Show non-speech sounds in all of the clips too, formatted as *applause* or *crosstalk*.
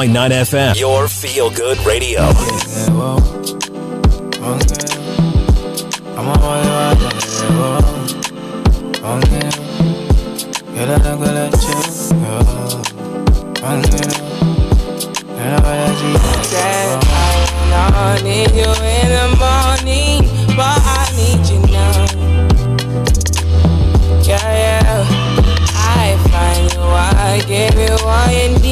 9 FM, your feel good radio. Yeah, well, I need you in the morning, but I need you now. Yeah, yeah. I find give you all you need.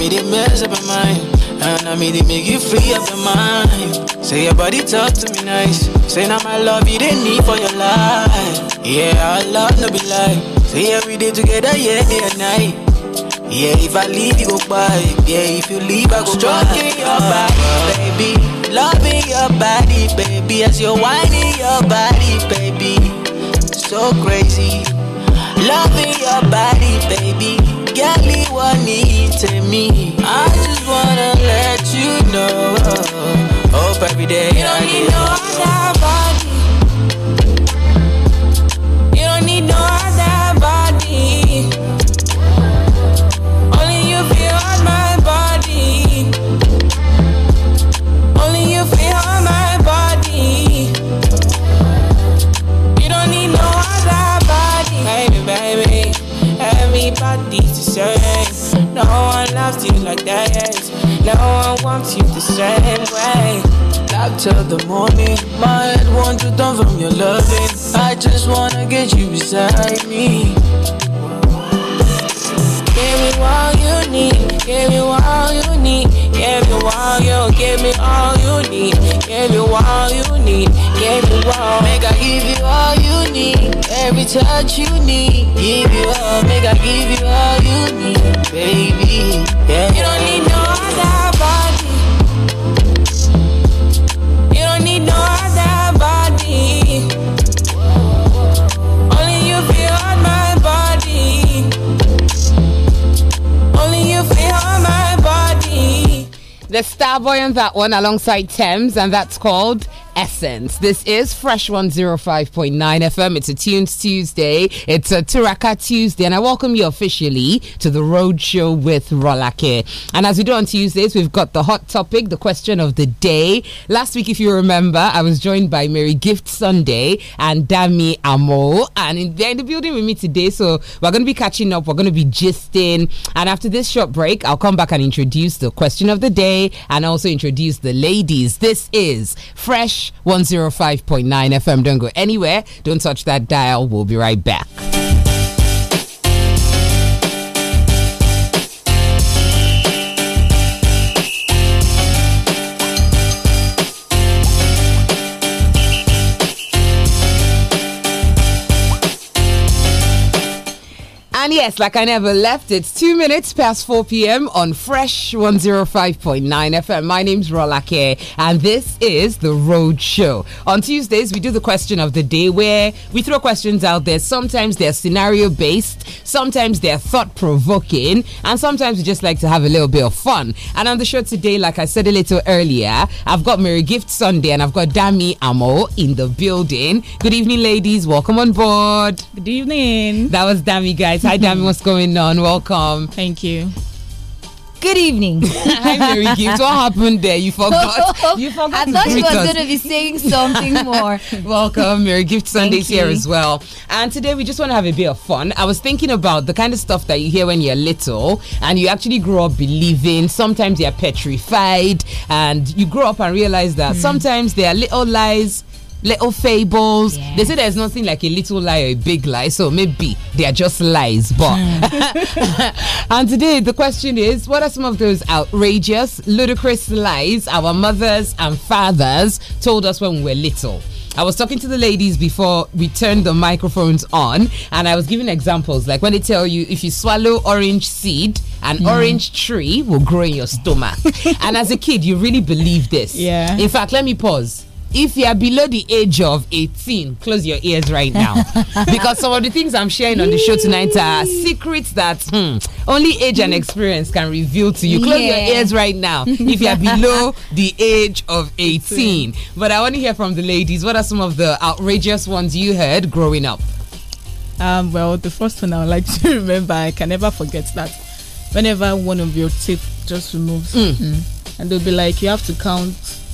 me they mess up your mind. And I mean they make you free up your mind. Say your body talk to me nice. Say now my love you didn't need for your life. Yeah, our love no be like. Say every day we did together, yeah, day and night. Yeah, if I leave, you go bye Yeah, if you leave, I go Stroking your body, baby. Loving your body, baby. As you're whining your body, baby. So crazy. Loving your body, baby. Girlie, what need to me? I just wanna let you know. Hope every day you don't need no other. know I want you the same way. Back till the morning, my head won't you down from your loving. I just wanna get you beside me. Give me all you need, give me all you need, give me all you, give me all you need, give me all you need, give me all. Make I give you all you need, every touch you need, give you all. Make I give you all you need, baby. Yeah. You don't need no. Starboy on that one alongside Thames, and that's called essence. This is Fresh 105.9 FM. It's a Tunes Tuesday. It's a Turaka Tuesday. And I welcome you officially to the Road Show with Rolake. And as we do on Tuesdays, we've got the hot topic, the question of the day. Last week, if you remember, I was joined by Mary Gift Sunday and Dami Amo. And in, they're in the building with me today. So we're going to be catching up. We're going to be gisting. And after this short break, I'll come back and introduce the question of the day and also introduce the ladies. This is Fresh 105.9 FM. Don't go anywhere. Don't touch that dial. We'll be right back. And yes, like I never left, it's two minutes past 4 p.m. on Fresh 105.9 FM. My name's Rolake, and this is The Road Show. On Tuesdays, we do the question of the day where we throw questions out there. Sometimes they're scenario based, sometimes they're thought provoking, and sometimes we just like to have a little bit of fun. And on the show today, like I said a little earlier, I've got Mary Gift Sunday and I've got Dami Amo in the building. Good evening, ladies. Welcome on board. Good evening. That was Dami, guys. Hi, Dami, what's going on? Welcome. Thank you. Good evening. *laughs* Hi, Mary Gibbs. What happened there? You forgot. *laughs* You forgot. I thought she was going to be saying something more. *laughs* Welcome, Mary Gift Sundays here as well. And today we just want to have a bit of fun. I was thinking about the kind of stuff that you hear when you're little and you actually grow up believing. Sometimes you're petrified and you grow up and realize that mm. sometimes there are little lies little fables. Yeah. They say there's nothing like a little lie or a big lie, so maybe they are just lies. But hmm. *laughs* and today the question is, what are some of those outrageous, ludicrous lies our mothers and fathers told us when we were little? I was talking to the ladies before we turned the microphones on, and I was giving examples like when they tell you if you swallow orange seed, an mm. orange tree will grow in your stomach. *laughs* and as a kid, you really believe this. Yeah. In fact, let me pause if you are below the age of 18, close your ears right now. *laughs* because some of the things I'm sharing on the show tonight are secrets that hmm, only age and experience can reveal to you. Close yeah. your ears right now if you are *laughs* below the age of 18. But I want to hear from the ladies. What are some of the outrageous ones you heard growing up? Um, well, the first one I would like *laughs* to remember, I can never forget that. Whenever one of your teeth just removes, mm. and they'll be like, you have to count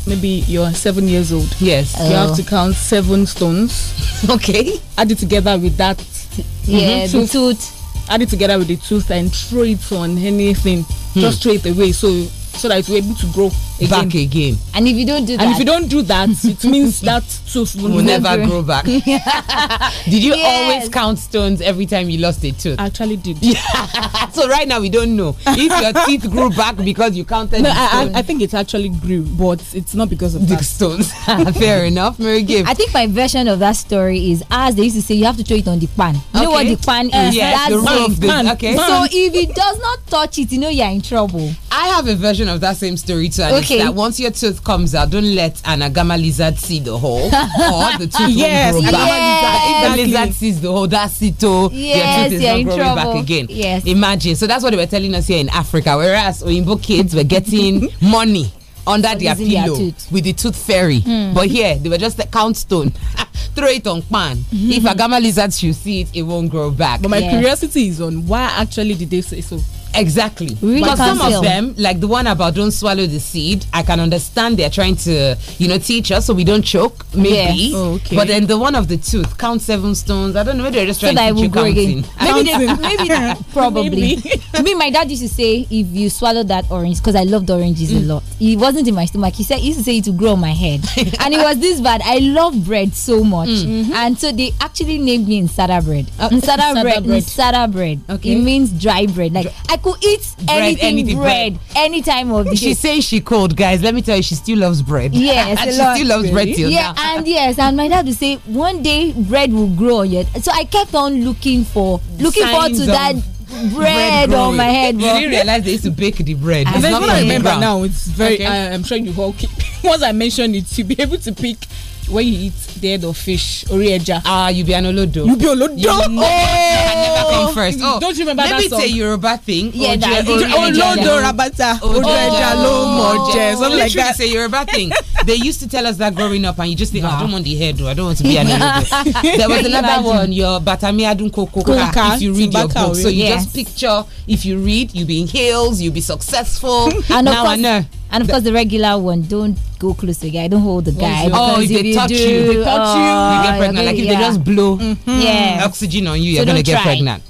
maybe you're seven years old. Yes. Oh. You have to count seven stones. *laughs* okay. Add it together with that. Yeah, mm-hmm. the tooth. Add it together with the tooth and throw it on anything. Hmm. Just throw it away. So so that you are able to grow again. Back again. And if you don't do that. And if you don't do that, *laughs* it means that tooth will, will never grow, grow back. *laughs* did you yes. always count stones every time you lost a tooth? I actually did. *laughs* so right now we don't know if your teeth grew back because you counted no, I, I, I, think it actually grew, but it's not because of the stones. Fair enough, Mary Gabe. I think my version of that story is as they used to say, you have to throw it on the pan. You okay. know what the pan is? Uh, yes, That's the, the pan. Okay. Pan. So if it does not touch it, you know you're in trouble. I have a version of that same story too. And okay. that once your tooth comes out, don't let an agama lizard see the hole *laughs* or the tooth yes, won't grow back. Yes, if lizard sees the hole, that's it. Oh, yes, your tooth is not growing trouble. back again. Yes. Imagine. So that's what they were telling us here in Africa. Whereas Oyinbo kids were getting *laughs* money under so their pillow their with the tooth fairy. Mm. But here, they were just a count stone. *laughs* Throw it on pan. Mm -hmm. If a gamma lizard should see it, it won't grow back. But my yeah. curiosity is on why actually did they say so? Exactly. Really but some of them, like the one about don't swallow the seed, I can understand they're trying to, you know, teach us so we don't choke, maybe. Yes. Oh, okay. But then the one of the tooth, count seven stones. I don't know. They're just trying so to teach counting. Maybe, they, *laughs* maybe *laughs* probably. Maybe. my dad used to say if you swallow that orange, because I loved oranges mm. a lot. It wasn't in my stomach. He said he used to say it to grow on my head, *laughs* and it was this bad. I love bread so much, mm. mm -hmm. and so they actually named me Nsada bread. Uh, Nsada, bread. bread. bread. Okay. It means dry bread. Like I could eat bread, anything, anything bread, bread, any time of the day. She's saying she cold, guys. Let me tell you, she still loves bread. Yes, *laughs* and she lot. still loves bread till yeah, now. and yes, and my dad would say one day bread will grow on yet. So I kept on looking for looking Signs forward to that bread, bread on my head. Bro. You didn't realize they used to bake the bread. It's not I remember ground. now. It's very. Okay. I, am sure you all keep. *laughs* Once I mentioned it, you'll be able to pick when you eat dead or of fish orieja. ah you be an olodo. you be olodo. you oh. never come first. oh don't you remember that song. maybe it's a Yoruba thing. yeah that is olodo rabata orieja lo mọ jẹ something like that. literally it's a Yoruba thing. *laughs* they used to tell us that growing up and you just think nah. I don't want the head though I don't want to be an olodo. *laughs* there was another one your batami Koka. if you read your book so you just picture if you read you be in hills, you be successful. and of course and of the, course, the regular one, don't go close to the guy. Don't hold the oh, guy. Oh, if, if they touch you, you, they touch oh, you, you get pregnant. like if yeah. they just blow mm-hmm, mm. yeah. oxygen on you, you're so gonna get try. pregnant.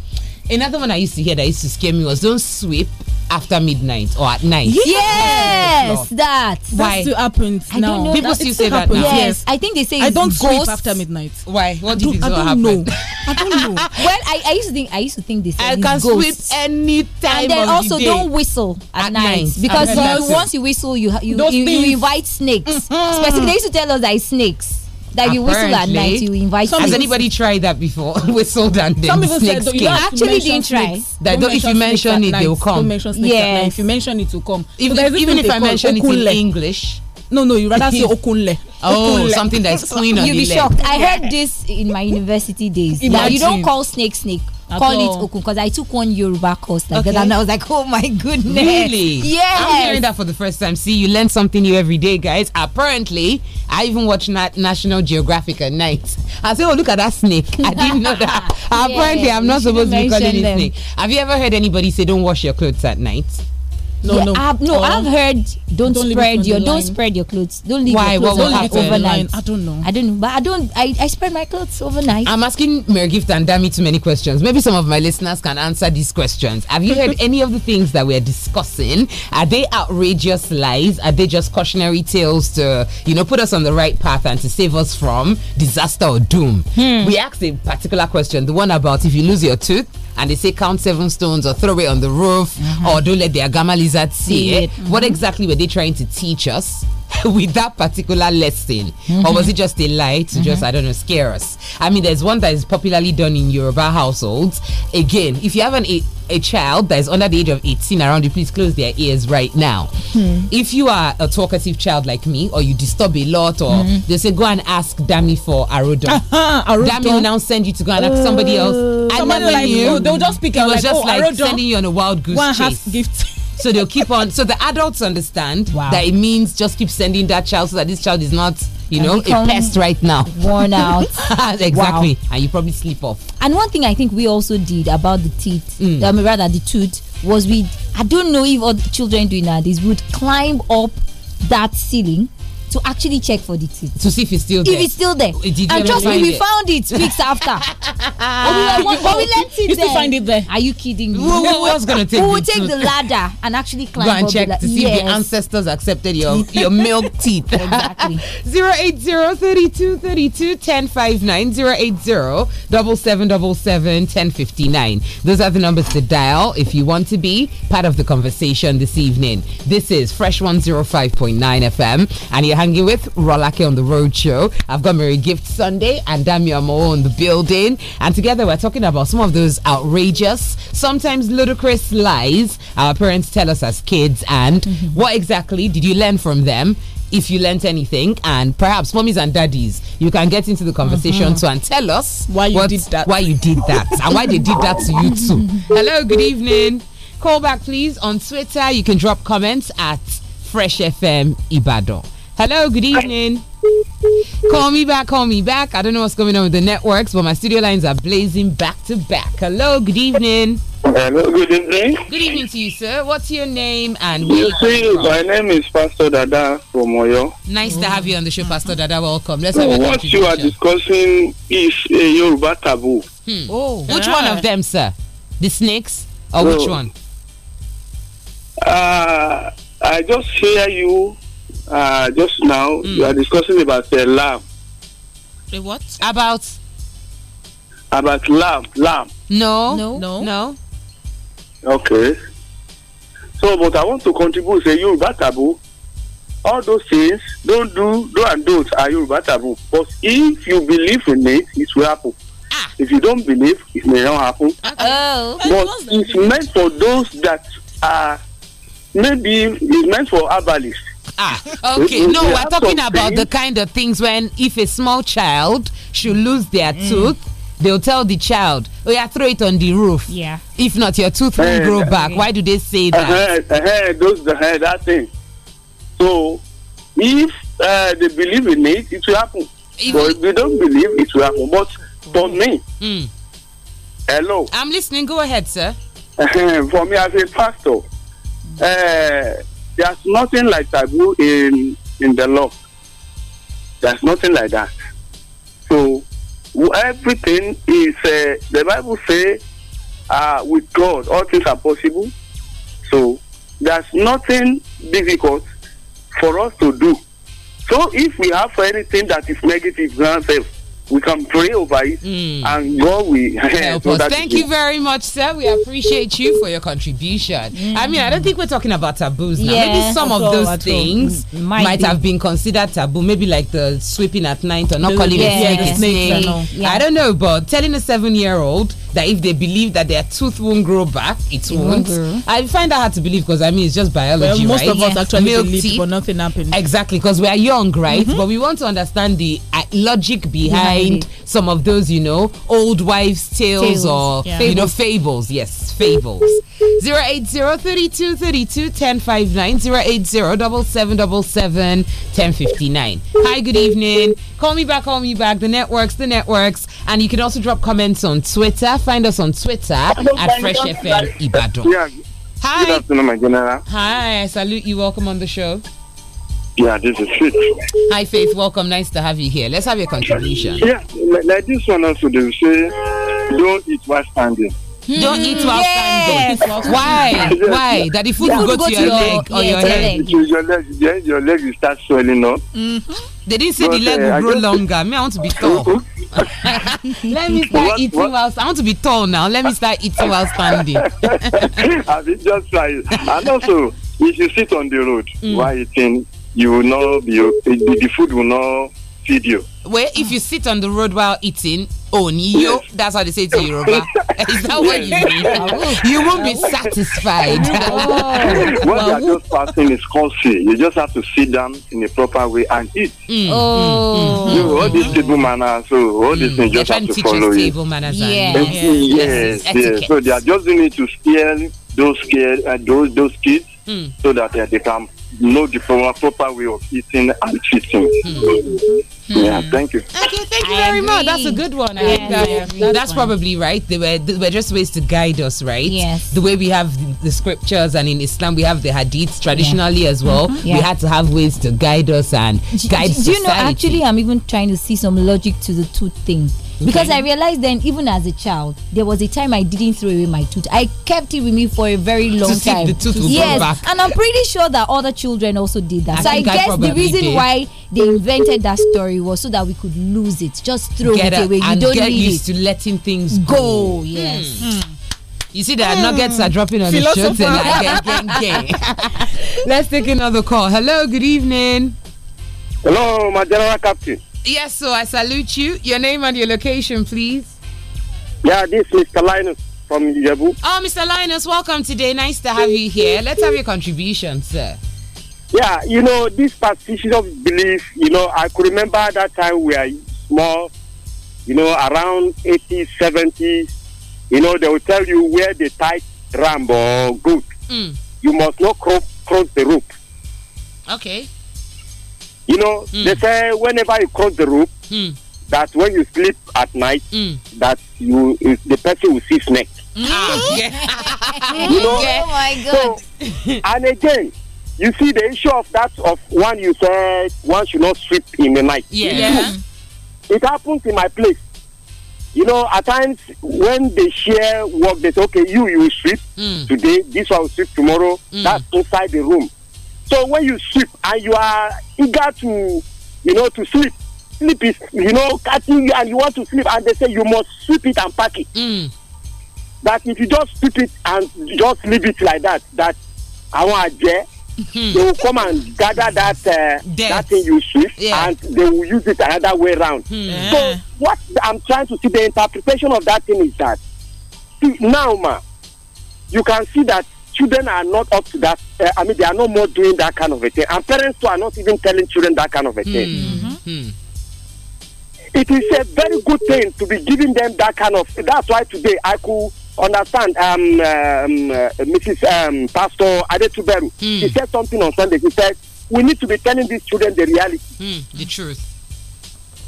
Another one I used to hear that used to scare me was don't sweep after midnight or at night. Yes, yes that. Why? it still happens. I now. don't know. People still say happens. that. Now. Yes. I think they say I don't ghosts. sleep after midnight. Why? What do you think I don't know. *laughs* I don't know. well, I, I used to think I used to think this. I can ghosts. sleep any time. And then also the don't whistle at, at night, because once you whistle, you you, you, you, invite snakes. Mm -hmm. Specifically, they used to tell us that it's snakes that you whistle at night, you invite. Some Has anybody tried that before? *laughs* Whistle and then Some people said, you actually didn't try. That don't, if you mention it, they'll come. yeah. If you mention it, will come. Even, so even if I mention it in English. No, no, you rather say okunle. Oh, something that's *laughs* clean on You'll be shocked. I heard this in my university days. Imagine. That you don't call snake snake. At call all. it Okun because I took one Yoruba course like okay. that and I was like, oh my goodness. Really? Yeah. I'm hearing that for the first time. See, you learn something new every day, guys. Apparently, I even watch Na National Geographic at night. I say, oh, look at that snake. I didn't know that. yeah, *laughs* Apparently, I'm not supposed to be calling them. it snake. Have you ever heard anybody say, don't wash your clothes at night? No, yeah, no. I've, no, um, I've heard don't, don't spread your don't spread your clothes. Don't leave Why? your clothes well, well, overnight. I don't know. I don't know, but I don't. I, I spread my clothes overnight. I'm asking Mary Gift and Dami too many questions. Maybe some of my listeners can answer these questions. Have you heard *laughs* any of the things that we're discussing? Are they outrageous lies? Are they just cautionary tales to you know put us on the right path and to save us from disaster or doom? Hmm. We asked a particular question, the one about if you lose your tooth and they say count seven stones or throw it on the roof mm -hmm. or don't let the agama lizard see it. Mm -hmm. What mm-hmm. exactly were they trying to teach us? *laughs* with that particular lesson? Mm -hmm. Or was mm-hmm. it just a lie to mm -hmm. just, mm-hmm. I don't know, scare us? I mean, there's one that is popularly done in Yoruba households. Again, if you have an, a, a child that is under the age of 18 around you, please close their ears right now. Mm. If you are a talkative child like me, or you disturb a lot, or mm. they say, go and ask Dami for Arodon. Uh -huh, Dami will now send you to go and ask somebody else. Uh, I never like, knew. You. they'll just pick it was like, just oh, like Arodon. sending you on a wild goose One chase. gift. *laughs* So they'll keep on. So the adults understand wow. that it means just keep sending that child so that this child is not you know, a pest right now. Worn out. *laughs* exactly. Wow. And you probably sleep off. And one thing I think we also did about the teeth, mm. um, rather the tooth, was we, I don't know if other children do that. Is would climb up that ceiling to actually check for the teeth. To see if it's still there. If it's still there. Did and trust me, we it? found it weeks after. *laughs* and we, were, but we left it you there. find it there. Are you kidding me? Who, was going to take We will take the ladder and actually climb Go and check to see yes. if the ancestors accepted your, your milk teeth. *laughs* exactly. 080 32 1059 080 7777 1059. Those are the numbers to dial if you want to be part of the conversation this evening. This is Fresh 105.9 FM and you're hanging with Rolake on the Road Show. I've got Mary Gift Sunday and Dami Amo on the building. And together we're talking about some of those outrageous, sometimes ludicrous lies our parents tell us as kids and mm -hmm. what exactly did you learn from them? if you learnt anything and perhaps mummies and daddies you can get into the conversation mm -hmm. too and tell us why you what, did that why you did that and why they did that to you too *laughs* hello good evening call back please on twitter you can drop comments at fresh fm ibadan Hello, good evening. call me back, call me back. I don't know what's going on with the networks, but my studio lines are blazing back to back. Hello, good evening. Hello, good evening. Good evening to you, sir. What's your name and where you from? My name is Pastor Dada from Oyo. Nice to have you on the show, mm-hmm. Pastor Dada. Welcome. Let's have so what you are discussing is a Yoruba taboo. Hmm. Oh, which one of them, sir? The snakes or so, which one? Uh, I just hear you uh, just now mm. you are discussing about uh, the lamb. A what? About. About lamb, lamb. No, no, no, no. Okay. So, but I want to contribute. Say Yoruba taboo. All those things, don't do, do and don't are Yoruba taboo. But if you believe in it, it will happen. Ah. If you don't believe, it may not happen. Okay. Oh. But it's meant for those that are maybe it's meant for herbalists ah, *laughs* okay. No, we're talking about the kind of things when if a small child should lose their mm. tooth, they'll tell the child, "Oh yeah, throw it on the roof." Yeah. If not, your tooth will grow back. Why do they say that? Uh, uh, those uh, that thing. So, if uh, they believe in it, it will happen. If but if they don't believe, it will happen. But for me, mm. hello. I'm listening. Go ahead, sir. *laughs* for me, as a pastor. Uh, there's nothing like taboo in in the law. There's nothing like that. So everything is uh, the Bible says uh, with God all things are possible. So there's nothing difficult for us to do. So if we have anything that is negative, ourselves, we can pray over it mm. and God will help so us. Thank you very much, sir. We appreciate you for your contribution. Mm. I mean, I don't think we're talking about taboos now. Yeah, Maybe some of those things might, might be. have been considered taboo. Maybe like the sweeping at night or not no, calling yeah, a snake yeah, snake. I don't know, but telling a seven year old that if they believe that their tooth won't grow back, it, it won't. won't I find that hard to believe because I mean it's just biology, well, most right? of us actually Milk believe, teeth. but nothing happens. Exactly, because we are young, right? Mm -hmm. But we want to understand the uh, logic behind mm -hmm. some of those, you know, old wives' tales, tales. or yeah. you know, fables. Yes, fables. 080-3232-1059 80 1059 Hi, good evening. Call me back, call me back. The networks, the networks. And you can also drop comments on Twitter, find us on Twitter at Fresh FM Ibadan. Yeah. Hi. Good afternoon, my general. Hi, I salute you. Welcome on the show. Yeah, this is Faith. Hi, Faith. Welcome. Nice to have you here. Let's have your contribution. Yeah, like this one also, they say, don't eat while standing. Hmm. Don't eat while yes. standing. Why? *laughs* Why? That the food yeah. will go, go, to your, your leg or yeah, your head. Your leg, then your leg will start swelling up. Mm-hmm. They didn't say but, the leg uh, will grow longer. Me, I want to be tall. *laughs* Let me start what, eating what? while I want to be tall now. Let me start eating while standing. *laughs* I mean, just like and also if you sit on the road mm. while eating, you will not be the, the food will not video. Well, if you sit on the road while eating, oh no, that's how they say to Yoruba. *laughs* Is that what you mean? you won't be satisfied. *laughs* Oh what you're just passing is culture. You just have to sit down in a proper way and eat. Mm. mm oh. You mm, mm, all these table manners, so all mm. these things just have to, to follow you. table manners. Yes. yes. Yes. yes. So they are just need to scare those kids, uh, those, those kids mm. so that uh, they can know the proper, way of eating and treating. Mm. Mm. Yeah, thank you. Okay, thank you I very agree. much. That's a good one. Yeah, that, yeah, that's one. probably right. They were, they were just ways to guide us, right? Yes. The way we have the scriptures and in Islam we have the hadiths traditionally yeah. as well. Mm -hmm. We had to have ways to guide us and do, guide do, do you know, actually, I'm even trying to see some logic to the tooth thing. Okay. Because I realized then, even as a child, there was a time I didn't throw away my tooth. I kept it with me for a very long to time. The tooth will yes, back. and I'm pretty sure that other children also did that. I so I guess the reason did. why they invented that story he was so that we could lose it. Just throw get it away. You don't get need used to letting things go. go yes. Mm. Mm. You see that mm. nuggets are hmm. dropping on Philosopher. the shirt *laughs* Let's take another call. Hello, good evening. Hello, my general captain. Yes, so I salute you. Your name and your location, please. Yeah, this is Mr. Linus from Yebu. Oh, Mr. Linus, welcome today. Nice to have you here. Let's have your contribution, sir. Yeah, you know, this of belief, you know, I could remember that time we are small, you know, around 80s, 70s, you know, they will tell you where the tight ram or goat. Mm. You must not cross, cross the rope. Okay. You know, mm. they say whenever you cross the rope, mm. that when you sleep at night, hmm. that you the person will see snake. Oh, ah, *laughs* you know? Oh my god. So, and again, you see the issue of that of one you said one should not sleep in the night. Yeah. yeah. It happens in my place. You know, at times when they share work, they say, okay, you, you sleep mm. today, this one will sleep tomorrow. Mm. That's inside the room. So when you sleep and you are eager to, you know, to sleep, sleep is, you know, cutting you and you want to sleep and they say you must sleep it and pack it. Mm. That if you just sleep it and just leave it like that, that I want to mm They will come and gather that uh, that thing you see, yeah. and they will use it another way around. mm So uh-huh. what I'm trying to see the interpretation of that thing is that see, now, ma, you can see that children are not up to that. Uh, I mean, they are no more doing that kind of a thing, and parents too are not even telling children that kind of a thing. Hmm. Mm-hmm. It is a very good thing to be giving them that kind of. That's why today I could understand um, um, uh, Mrs. Um, Pastor Adetuberu. Mm. She said something on Sunday. She said, "We need to be telling these children the reality, mm, the truth."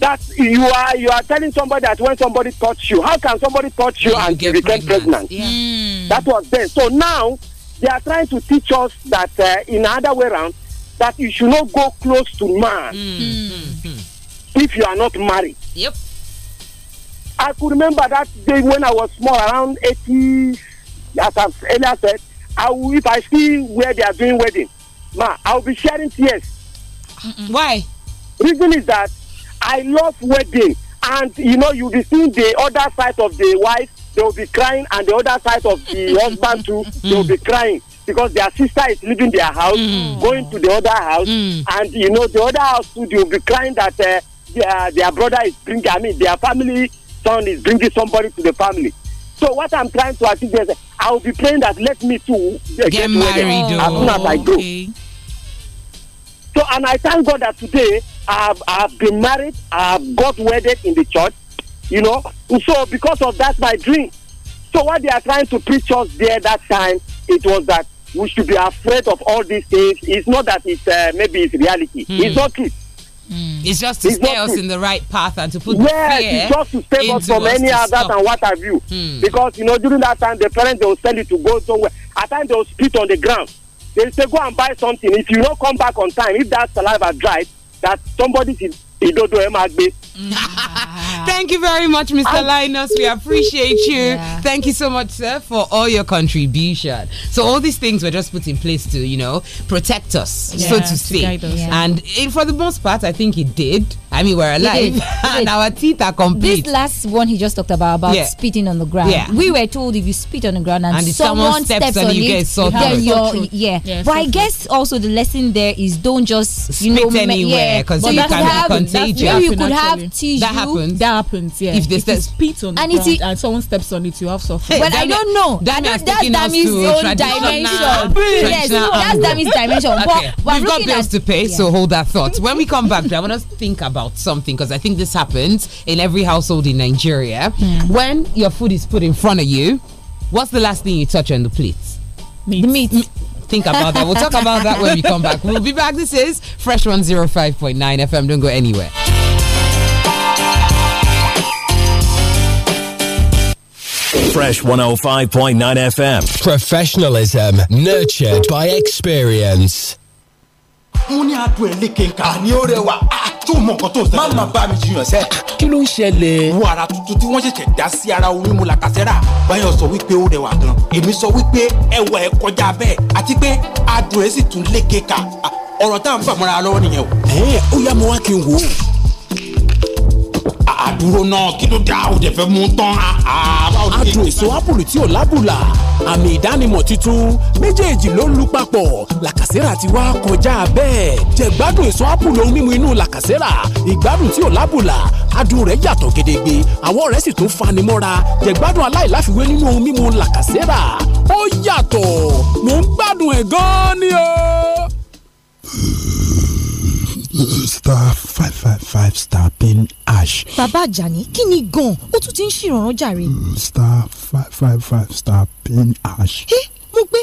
That you are you are telling somebody that when somebody touch you, how can somebody touch you and get become pregnant? pregnant? Yeah. Mm. That was then. So now they are trying to teach us that uh, in another way around that you should not go close to man mm. if you are not married. Yep. I could remember that day when I was small, around 80, as I've earlier said, I will, if I see where they are doing wedding, ma, I'll be sharing tears. Mm -mm. Why? Reason is that I love wedding, and you know, you'll be seeing the other side of the wife, they'll be crying, and the other side of the *laughs* husband too, *laughs* they'll be crying because their sister is leaving their house, mm. going to the other house, mm. and you know, the other house too, they'll be crying that uh, their, their brother is bringing, I mean, their family son is bringing somebody to the family. So what I'm trying to achieve is I will be praying that let me to get, get married as soon as oh, I grow. Okay. So and I thank God that today I've, I've been married, I've got wedded in the church, you know. And so because of that, my dream. So what they are trying to preach us there that time, it was that we should be afraid of all these things. It's not that it's uh, maybe it's reality. Mm. It's hmm. not true. Mm. It's just to it's us to, in the right path and to put yes, fear it's just to save us from us any other than and what have you. Mm. Because you know during that time the parents they will send you to go somewhere. At times they will spit on the ground. They say go and buy something. If you don't come back on time, if that saliva dries, that somebody is ìdodo ẹ máa gbé. *laughs* Thank you very much, Mr. I, Linus. We appreciate you. Yeah. Thank you so much, sir, for all your contribution. So all these things were just put in place to, you know, protect us, yeah, so to, to say. Yeah. And it, for the most part, I think it did. I mean, we're alive, it *laughs* and our teeth are complete. This last one he just talked about about spitting on the ground. Yeah. we were told if you spit on the ground and, and someone, someone, steps, steps on, you get then you yeah. but so I guess also the lesson there is don't just you spit know anywhere because you can be contagious. Maybe you could actually. have tissue. That happens. That happens. Yeah. If they step spit on and the ground and someone steps on it, you have suffered. Well, I don't know. That's that's Dami's own dimension. Yes, that's Dami's dimension. Okay. We've got bills to pay, so hold that thought. When we come back, I want to think about something because I think this happens in every household in Nigeria. Hmm. When your food is put in front of you, what's the last thing you touch on the plate? Meat. The meat. Think about that. We'll talk about that when we come back. We'll be back. This is Fresh 105.9 FM. Don't go anywhere. Fresh 105.9 FM. Professionalism nurtured by experience. Ah, tó mọ nǹkan tó ṣẹlẹ̀. má má bá mi jiyàn sẹ́. kí ló ń ṣẹlẹ̀. wo ara tuntun tí wọ́n ṣẹ̀ṣẹ̀ dá sí ara orin mu làkàṣẹ́rà. báyọ̀ sọ wípé ó rẹwà gan. èmi sọ wípé ẹwà ẹ kọjá bẹ́ẹ̀ àti pé adùn ẹ sì tún lékeka. ọ̀rọ̀ tá à ń fàmọ́ra lọ́wọ́ nìyẹn o. ẹ ó yá mo wá kí n wò ó àdúró náà kí ló dé àwọn jẹ̀fẹ́ mú tán. adùn èso ápùlù tí ò lábùlà àmì ìdánimọ̀ tuntun méjèèjì ló ń lu papọ̀ làkàsẹ́rà ti wá kọjá bẹ́ẹ̀ jẹ̀gbádùn èso ápùlù ohun mímu inú làkàsẹ́rà ìgbádùn tí ò lábùlà adùn rẹ̀ yàtọ̀ gedegbe àwọ̀ rẹ̀ sì tún fani mọ́ra jẹ̀gbádùn aláìláfiwé nínú ohun mímu làkàsẹ́rà ó yàtọ̀ mò ń gbádùn ẹ̀ gan-an ni o star five five five star pin ash. bàbá àjàní kí ni gan-an ó tún ti ń ṣèrànràn jàre. Mm, star five five five star pin ash. ẹ mo gbé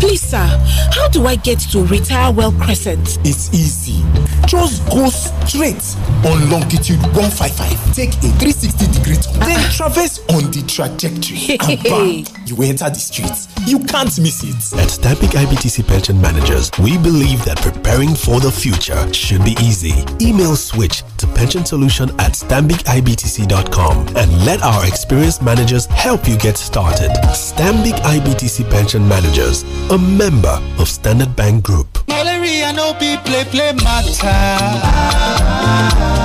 Please, sir, how do I get to Retire Well Crescent? It's easy. Just go straight on longitude 155. Take a 360 degree turn. Uh -uh. Then traverse on the trajectory. *laughs* and bam, you enter the streets. You can't miss it. At Stambik IBTC Pension Managers, we believe that preparing for the future should be easy. Email switch to pensionsolution at stambicibtc.com and let our experienced managers help you get started. Stambic IBTC Pension Managers a member of Standard Bank Group. Malaria no be play play matter.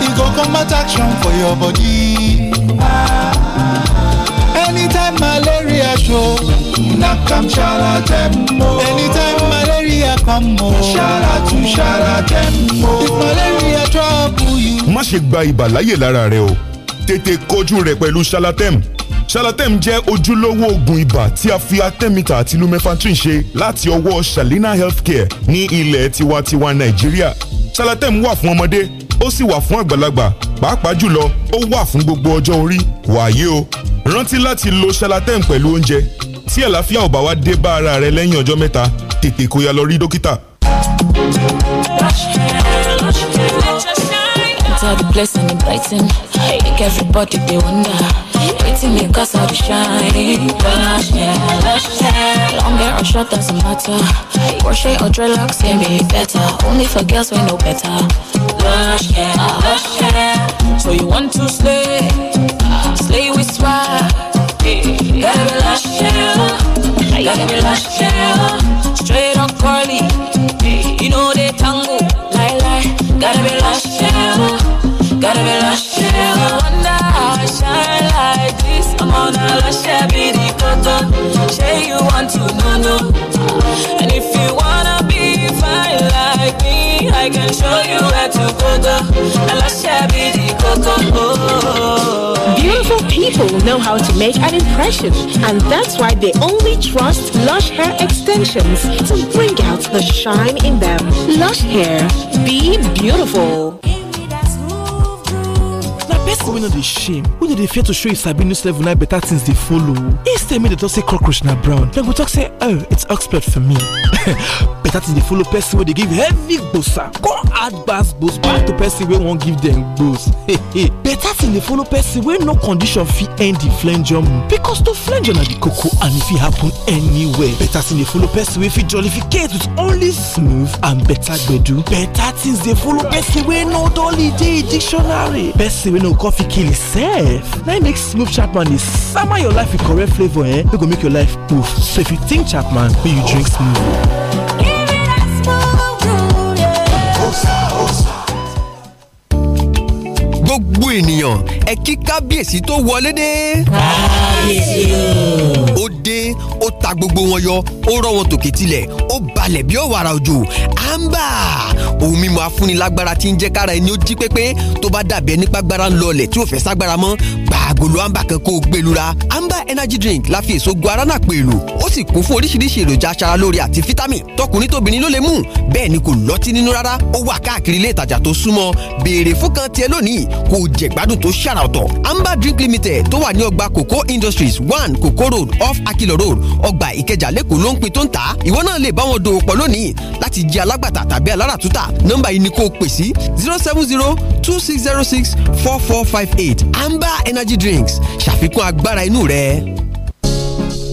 You go combat action for your body. Anytime malaria show, knock am shala tempo. Anytime malaria come o, shala tu shala tempo. If malaria trouble you. Má ṣe gba ibà lára rẹ o, tètè kojú rẹ̀ pẹ̀lú Shalatem Shalatem jẹ́ ojúlówó oògùn ibà tí a fi atẹ́mítà àti lumefantrine ṣe láti ọwọ́ Shalina Healthcare ní ilẹ̀ tiwantiwa Nàìjíríà. Shalatem wà fún ọmọdé ó sì wà fún àgbàlagbà pàápàá jùlọ ó wà fún gbogbo ọjọ́ orí wàyé o. Rántí láti lo Shalatem pẹ̀lú oúnjẹ tí àlàáfíà ò bá wá dé bá ara rẹ lẹ́yìn ọjọ́ mẹ́ta tètè kó ya lọ rí dókítà. It's all the blessing and blessing. Make everybody they wonder. Pretty me cause all the shine Lush, yeah, lush, yeah Long hair or short doesn't matter Crochet or dreadlocks can be better Only for girls we know better Lush, yeah, lush, yeah So you want to slay uh, Slay with swag Gotta be lush, yeah Gotta be lush, yeah Straight or curly You know they tango Lie, lie Gotta be lush, yeah Gotta be lush, yeah shine like this. I'm on a be the cotton. Say you want to know, no. And if you wanna be fine like me, I can show you where to go, go. A lash, be the cotton. Oh. Beautiful people know how to make an impression, and that's why they only trust Lush Hair Extensions to bring out the shine in them. Lush Hair, be beautiful. person wey no dey shame wey no dey fear to show you sabi news level na better things dey follow if say make dem talk say cockroach na brown dem go talk say oh it's expert for me *laughs* better thing dey follow person wey dey give heavy gbosa come add gbas gbos back to person wey wan give dem gbos better thing dey follow person wey no condition fit end the flenjum because to flenjum na the koko and e fit happen anywhere better thing dey follow person wey fit jollificate with only smooth and better gbedu better things dey follow person wey no dolly dey dictionary person wey no coffee kill himself na im make smooth chapman dey sama your life with correct flavour eh wey go make your life poof so if you think chapman make you drink smooth. gbogbo ènìyàn ẹ kí kábíyèsí tó wọlé dé. kábíyèsí o. ó dé ó ta gbogbo wọn yọ ó rọ wọn tòkè tilẹ̀ ó balẹ̀ bí ọ̀wàrà òjò àǹbà ohun mímu afúnilágbára tí ń jẹ́ kára ẹni ó jí pépé tó bá dàbí ẹni pàgbára ń lọlẹ̀ tí ò fẹ́ ságbára mọ́ gbàgòlò àǹbà kan kó o gbẹlura àǹbà energy drink la fi èso guarana pẹ̀lú ó sì kún fún oríṣiríṣi èròjà aṣaralóore àti fítámì tọkùnrin tóbìnrin ló lè mú bẹ́ẹ̀ ni kò lọ́tí nínú rárá ó wà káàkiri ilé ìtajà tó súnmọ́ béèrè fún kan tiẹ̀ lónìí kó o jẹ gbádùn tó ṣàrà ọ̀tọ̀ amber drink limited tó wà ní ọgbà coco industries one coco road off akilo road ọgbà ìkẹjà lẹ́kọ̀ọ́ ló ń pin tó ń tà ìwọ náà lè bá wọn dòwò pọ̀ lónìí láti jẹ alágbàtà tàbí aláràtúntà nọ́mbà yìí ni kó pè sí zero seven zero two six zero six four four five eight amber energy drinks ṣàfikún agbára inú rẹ.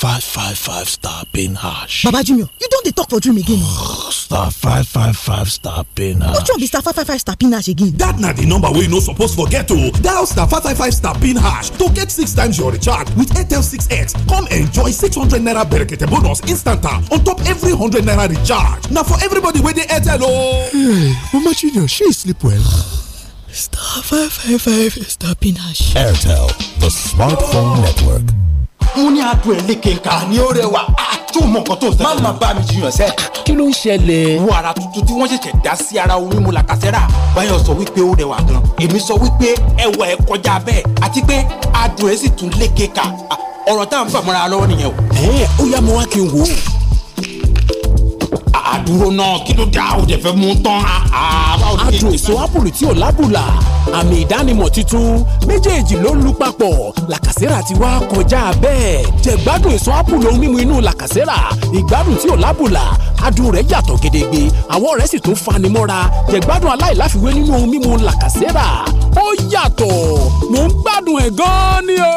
five five five star being harsh. baba jr you don't talk for dream again *sighs* star five five five star being harsh. What you be star five five five star being harsh again. That na the number we no supposed forget o oh. dial star five five five star being harsh to get six times your recharge with airtel 6x come enjoy six hundred naira berekete bonus instant ah, on top every hundred naira recharge Now for everybody wey dey airtel o. Oh. hey mama junior she sleep well. star five five five star pin hash. airtel the smartphone network. mo ní adùn ẹ̀ lékè nǹkan. àní ó rẹwà tó mọ nǹkan tó ń má má bá mi jiyàn sẹ́. kí ló ń ṣẹlẹ̀. wo ara tuntun tí wọ́n ṣẹ̀ṣẹ̀ dá sí ara ohun mímu làkàṣẹ́rà báyọ̀ sọ wípé ó rẹwà gan. èmi sọ wípé ẹwà ẹ̀ kọjá bẹ́ẹ̀ àti pé adùn ẹ̀ sì tún lékè ká ọ̀rọ̀ tá à ń fàmọ́ra lọ́wọ́ nìyẹn o. ẹ ó yá mo wá kí n wò ó àdúró náà kí ló dé àwọn òjẹ̀fẹ́ mú tán. adùn èso ápùlù tí ò lábùlà àmì ìdánimọ̀ tuntun méjèèjì ló ń lu papọ̀ làkàsẹ́rà ti wá kọjá bẹ́ẹ̀ jẹ̀gbádùn èso ápùlù ohun mímu inú làkàsẹ́rà ìgbádùn tí ò lábùlà adùn rẹ̀ yàtọ̀ gedegbe àwọ̀ rẹ̀ sì tún fani mọ́ra jẹ̀gbádùn aláìláfiwé nínú ohun mímu làkàsẹ́rà ó yàtọ̀ mò ń gbádùn ẹ̀ gan-an ni o.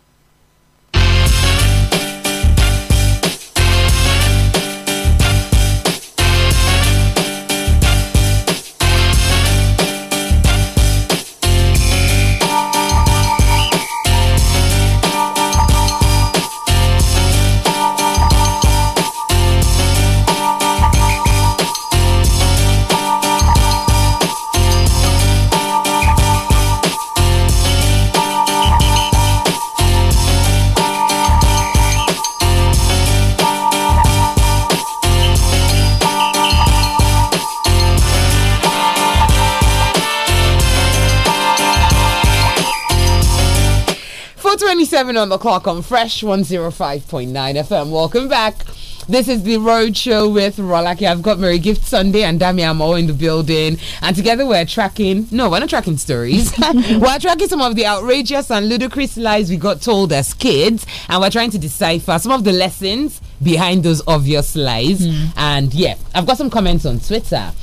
27 on the clock on Fresh 105.9 FM. Welcome back. This is the Road Show with Rolaki. I've got Mary Gift Sunday and Dami Amo in the building. And together we're tracking, no, we're not tracking stories. *laughs* we're tracking some of the outrageous and ludicrous lies we got told as kids. And we're trying to decipher some of the lessons behind those obvious lies. Mm. And yeah, I've got some comments on Twitter.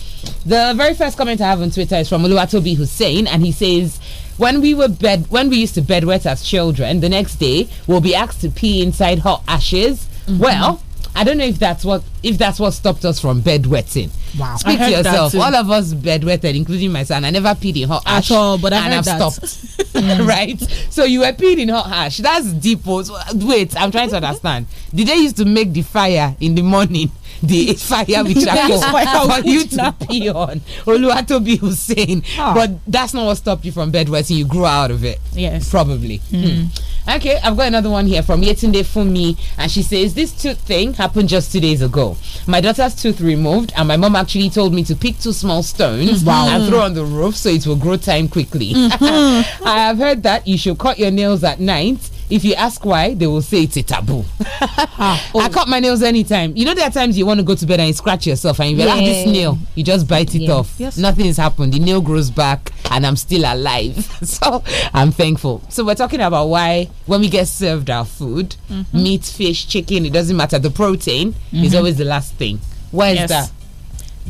The very first comment I have on Twitter is from Oluwatobi Hussein. And he says, when we were bed, when we used to bed wet as children, the next day we'll be asked to pee inside hot ashes. Mm -hmm. Well, I don't know if that's what if that's what stopped us from bedwetting. Wow. Speak to yourself. All of us bedwetted, including my son. I never peed in hot ash. At all, but I and I've that. stopped. *laughs* *laughs* right? So you were peeing in hot ash. That's deep. Oh. Wait, I'm trying to understand. Did they used to make the fire in the morning? The *laughs* fire which charcoal for you to now. pee on. Oluwatobi Hussein. Ah. But that's not what stopped you from bedwetting. You grew out of it. Yes. Probably. Mm. Mm. Okay, I've got another one here from Yetunde Fumi, and she says this tooth thing happened just two days ago. My daughter's tooth removed, and my mom actually told me to pick two small stones mm -hmm. and throw on the roof so it will grow time quickly. Mm -hmm. *laughs* I have heard that you should cut your nails at night if you ask why, they will say it's a taboo. *laughs* ah, oh. I cut my nails anytime. You know, there are times you want to go to bed and you scratch yourself and you're ah, yeah. like, this nail, you just bite it yeah. off. Yes. Nothing has happened. The nail grows back and I'm still alive. *laughs* so I'm thankful. So we're talking about why, when we get served our food, mm -hmm. meat, fish, chicken, it doesn't matter. The protein mm -hmm. is mm-hmm. always the last thing. Why yes. is that?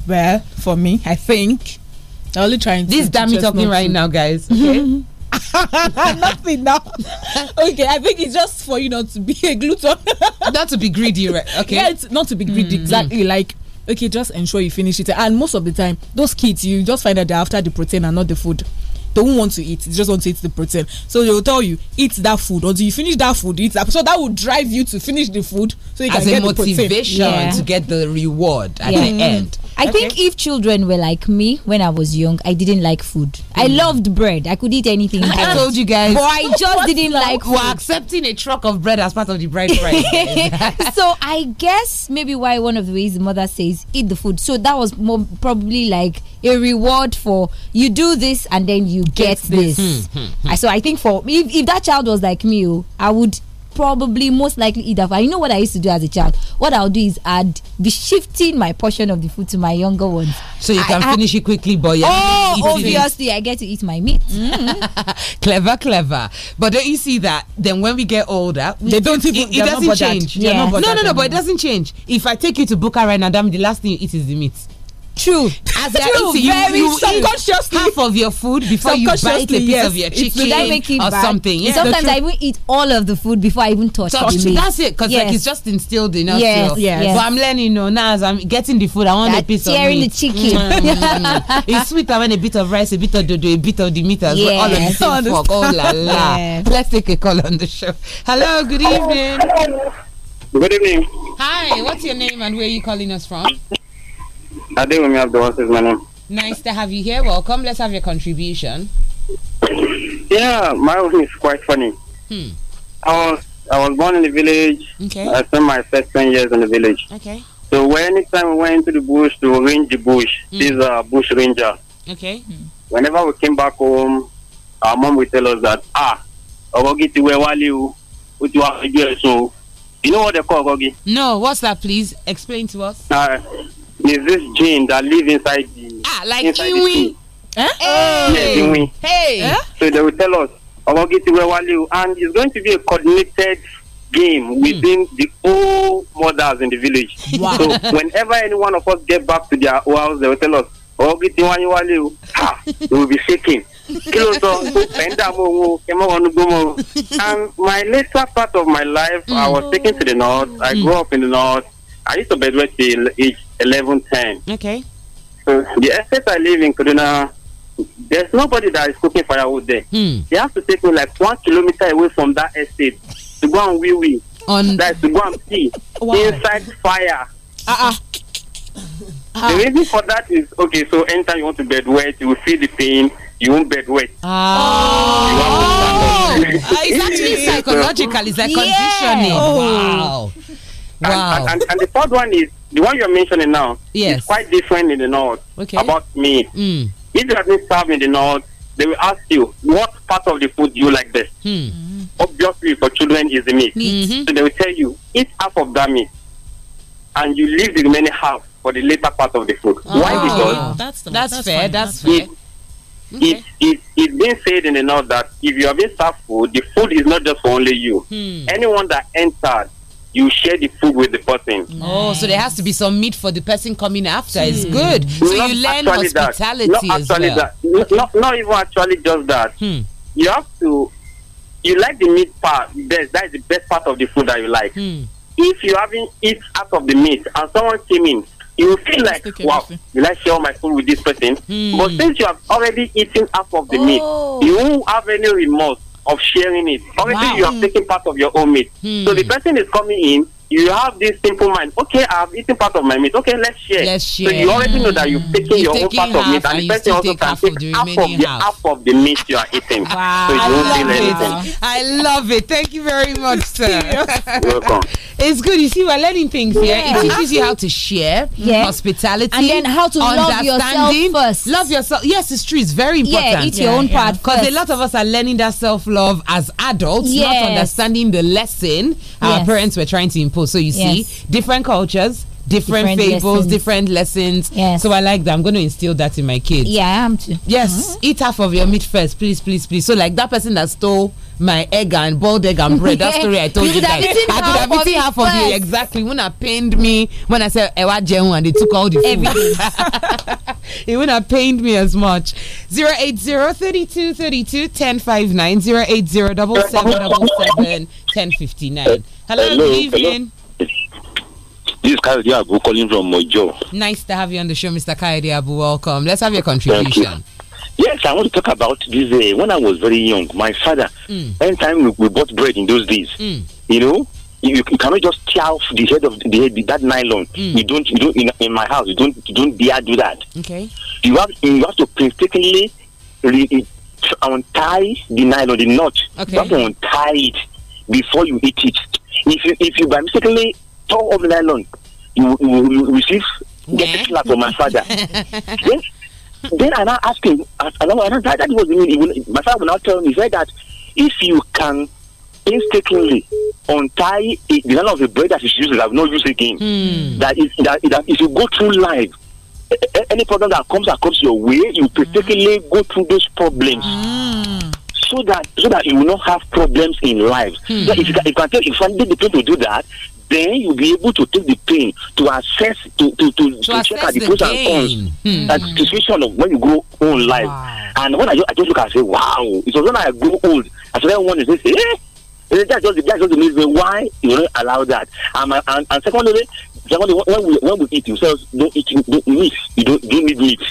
Well, for me, I think. I'm only trying to. This damn me talking right food. now, guys. Okay. *laughs* Nothing now. okay, I think it's just for you not to be a glutton. not to be greedy, right? Okay. Yeah, it's not to be greedy, mm exactly. Like okay, just ensure you finish it. And most of the time, those kids, you just find that they're after the protein and not the food. They won't want to eat, they just want to eat the protein. So they will tell you, eat that food do you finish that food, eat that. So that will drive you to finish the food so you As can get motivation the protein. Yeah. to get the reward at yeah. the mm. end. I think if children were like me when I was young, I didn't like food. Mm. I loved bread. I could eat anything. *laughs* I told you guys. But I just didn't like. Food. We're accepting a truck of bread as part of the bride price. *laughs* so I guess maybe why one of the ways the mother says eat the food. So that was more probably like a reward for you do this and then you get, get this. this. Hmm, hmm, hmm. So I think for if, if that child was like me, oh, I would probably, most likely, either. I know what I used to do as a child. What I'll do is I'd be shifting my portion of the food to my younger ones. So you can I, finish I, it quickly, boy. Oh, obviously, it. I get to eat my meat. Mm *laughs* clever, clever. But don't you see that? Then when we get older, we they don't even. It, it doesn't change. Yeah. No, no, no. Anymore. But it doesn't change. If I take you to Bukhara now, Adam, the last thing you eat is the meat. True. As they True, are eating, you, you eat half of your food before you bite a piece yes. of your chicken or bad? something. Yeah. Sometimes I even eat all of the food before I even touch, touch it. That's it, because yes. like it's just instilled in us. Yes, so. yes. But I'm learning, you know, now as I'm getting the food, I want that a piece of meat. the chicken. Mm, mm, mm, mm. *laughs* it's sweet. I want a bit of rice, a bit of dodo, a bit of the meat as well. All of the same fork. Oh la la. Let's take a call on the show. Hello, good evening. Good evening. Hi, what's your name and where are you calling us from? we have the is my name. Nice to have you here. Welcome. Let's have your contribution. Yeah, my own is quite funny. Hmm. I was I was born in the village. Okay. I spent my first ten years in the village. Okay. So when anytime we went into the bush to range the bush, mm. these are uh, bush ranger. Okay. Hmm. Whenever we came back home, our mom would tell us that ah, ogogi ti wẹ wálé o, o so. You know what they call ogogi? No, what's that? Please explain to us. Uh, is this gene that lives inside the ah like inside iwi. Eh? Hey. Hey. Eh? So they will tell us about Waliu, and it's going to be a coordinated game hmm. within mm. the old mothers in the village. *laughs* Wow. So whenever any one of us get back to their house, they will tell us, "Ogitiwanyuwaliu, ha!" we will be shaking. *laughs* and my later part of my life, mm. I was hmm. taken to the north. I grew hmm. up in the north. I used to bedwet wet till age 11, 10. Okay. So the estate I live in Kaduna, there's nobody that is cooking firewood there. Hmm. They have to take me like one kilometer away from that estate to go and wee wee. On that's to go and pee wow. inside fire. Uh-uh. Uh, the ah. reason for that is okay. So anytime you want to bed wet, you will feel the pain. You won't bed wet. Oh, oh. uh, it's actually psychological. It's like yeah. conditioning. Oh. Wow. Wow. And, and, and, the third one is the one you're mentioning now. Yes. It's quite different in the north. Okay. About me. Mm. If you have been served in the north, they will ask you what part of the food you like best. Mm. Obviously, for children is the meat. Mm -hmm. So mm-hmm. they will tell you eat half of that meat, and you leave the remaining half for the later part of the food. Oh. Why? Because that's, the, that's, that's fair. Fine. That's fair. It, Okay. It, it, it's been said in the north that if you have been served food, the food is not just for only you. Hmm. Anyone that entered you share the food with the person. Mm. Oh, so there has to be some meat for the person coming after. Mm. It's hmm. good. So not you learn hospitality that. Not as well. That. Okay. Not, not even actually just that. Hmm. You have to. You like the meat part best. That is the best part of the food that you like. Hmm. If you haven't eat out of the meat and someone came in, you feel like wow will i share my food with this person hmm. but since you have already eaten half of the oh. meat you won't have any remorse of sharing it. only wow. you are taking part of your own meat. Hmm. So the hmm. person is coming in, you have this simple mind. Okay, I've eaten part of my meat. Okay, let's share. Let's share. So you already know that you've mm. taken you're your own part of meat, and the person also can take half of, the, half of the meat you are eating. Wow, so you I love it. I love it. Thank you very much, *laughs* sir. Welcome. It's good. You see, we're learning things here. Yeah. It teaches you how to share, yeah. hospitality, and then how to love yourself first. Love yourself. Yes, it's true. It's very important. Yeah, eat your yeah, own part because a lot of us are learning that self love as adults, yes. not understanding the lesson yes. our parents were trying to impose people. So you yes. see, different cultures, different, different fables, lessons. different lessons. Yes. So I like that. I'm going to instill that in my kids. Yeah, I am too. Yes. Mm -hmm. Eat half of your meat first, please, please, please. So like that person that stole my egg and boiled egg and bread. that story I *laughs* told you, you guys. I could have eaten half of you exactly. When I pained me when I said Ewa Jehu and they took all the food. it wouldn't have pained me as much. 080 32 1059 Hello, good evening. This is Abu calling from Mojo. Nice to have you on the show, Mr. Kayode Abu. Welcome. Let's have your contribution. Yes, I want to talk about this. Uh, when I was very young, my father, mm. anytime we, we, bought bread in those days, mm. you know, you, you, cannot just tear off the head of the, head, that nylon. Mm. You don't, you don't in, in, my house, you don't, you don't dare do that. Okay. You have, you have to painstakingly re- untie the nylon, the knot. Okay. You have to untie it before you eat it. If you, if you by mistakenly tore off the nylon, you, will receive yeah. get slap from my father. yes. *laughs* then I now asked him, that, that, that was the meaning. My father would now tell me, he said that if you can painstakingly untie the none of the bread that you use that I've not use again, mm. that, is, that, that if you go through life, any problem that comes that comes your way, you painstakingly mm. go through those problems. Mm. So that so that you will not have problems in life. Mm. So if you can, if you can tell if somebody to do that, then you'll be able to take the pain to assess to to to, to, to check out the pros and cons hmm. that hmm. situation of when you grow old life wow. and when I just, I just look and say wow it's when I grow old I said, started wondering say eh? eh that's just that's just the reason why you don't allow that and my, and, and secondly secondly when we when we eat yourselves don't eat don't meat you don't don't need meat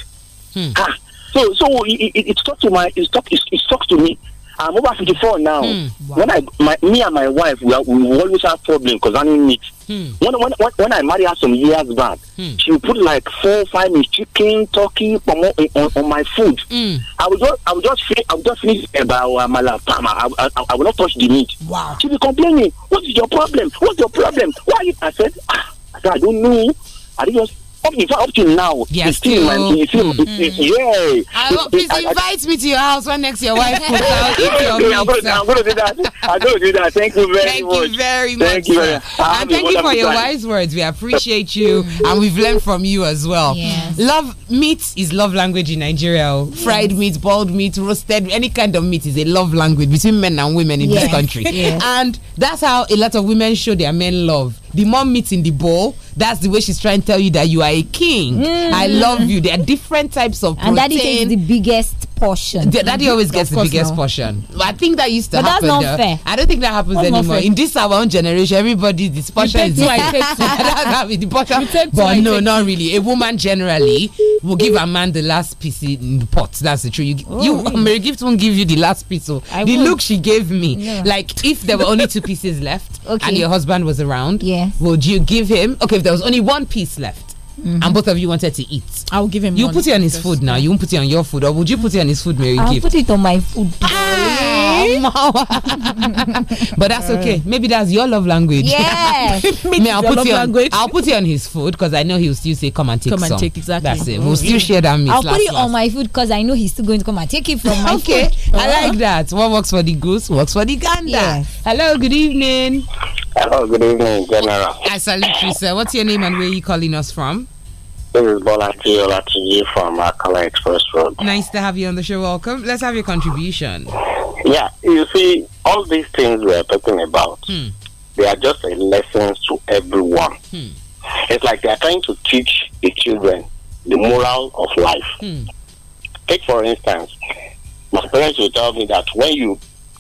hmm. ah so so it, it, it stuck to my it stuck it, it stuck to me I'm over 54 now. Mm, wow. When I, my, me and my wife, we, are, we always have problems concerning meat. Mm. When, when, when I married her some years back, mm. she put like four, five meat, chicken, turkey, on, eh, eh, on, on my food. Mm. I would just, I would just, I would just finish about my life I, I, I, will not touch the meat. Wow. She be complaining. What is your problem? What's your problem? Why? You? I said, ah, I don't know. I just up, in fact, up to now, yes, it's still, man, still, mm. yeah. Ah, please I, invite I, me to your house when next your wife comes *laughs* out. I'm going to do that. I'm going to do that. Thank you very thank much. Thank you very much. Thank you. And thank you for your time. wise words. We appreciate you, *laughs* and we've learned from you as well. Yes. Love meat is love language in Nigeria. Yes. Fried meat, boiled meat, roasted, any kind of meat is a love language between men and women in yes. this country, and that's how a lot of women show their men love the more meat in the bowl that's the way she's trying to tell you that you are a king mm. i love you there are different types of protein. and that is the biggest portion. The daddy always gets the biggest no. portion. I think that used to but happen. But that's not fair. I don't think that happens that's anymore. In this our own generation, everybody this portion is two, I *laughs* take two. *laughs* take the portion. Two, but no, not really. A woman generally will give a man the last piece in the pot. That's the truth. You, oh, you really? Mary Gift won't give you the last piece. So oh. the look she gave me, yeah. like if there were only two *laughs* pieces left okay. and your husband was around, yes. would you give him? Okay, if there was only one piece left -hmm. and both of you wanted to eat. I'll give him. You put it on his food now. You won't put it on your food, or would you put it on his food, Mary? I'll put it on my food. Ah, *laughs* but that's okay. Uh. Maybe that's your love language. Yeah. *laughs* Me, I'll put it on. Language. I'll put it on his food because I know he'll still say, "Come and take come and take exactly. That's it. We'll still mm-hmm. share that. I'll last, put it last. on my food because I know he's still going to come and take it from my *laughs* okay. food. Okay, I like uh-huh. that. What works for the goose works for the gander. Hello. Good evening. Hello, good evening, General. I salute you, sir. What's your name and where are you calling us from? This is Bola Tiola to you from Akala Express Road. Nice to have you on the show. Welcome. Let's have your contribution. Yeah, you see, all these things we are talking about, hmm. they are just a lesson to everyone. Hmm. It's like they are trying to teach the children the moral of life. Hmm. Take, for instance, my parents will tell me that when you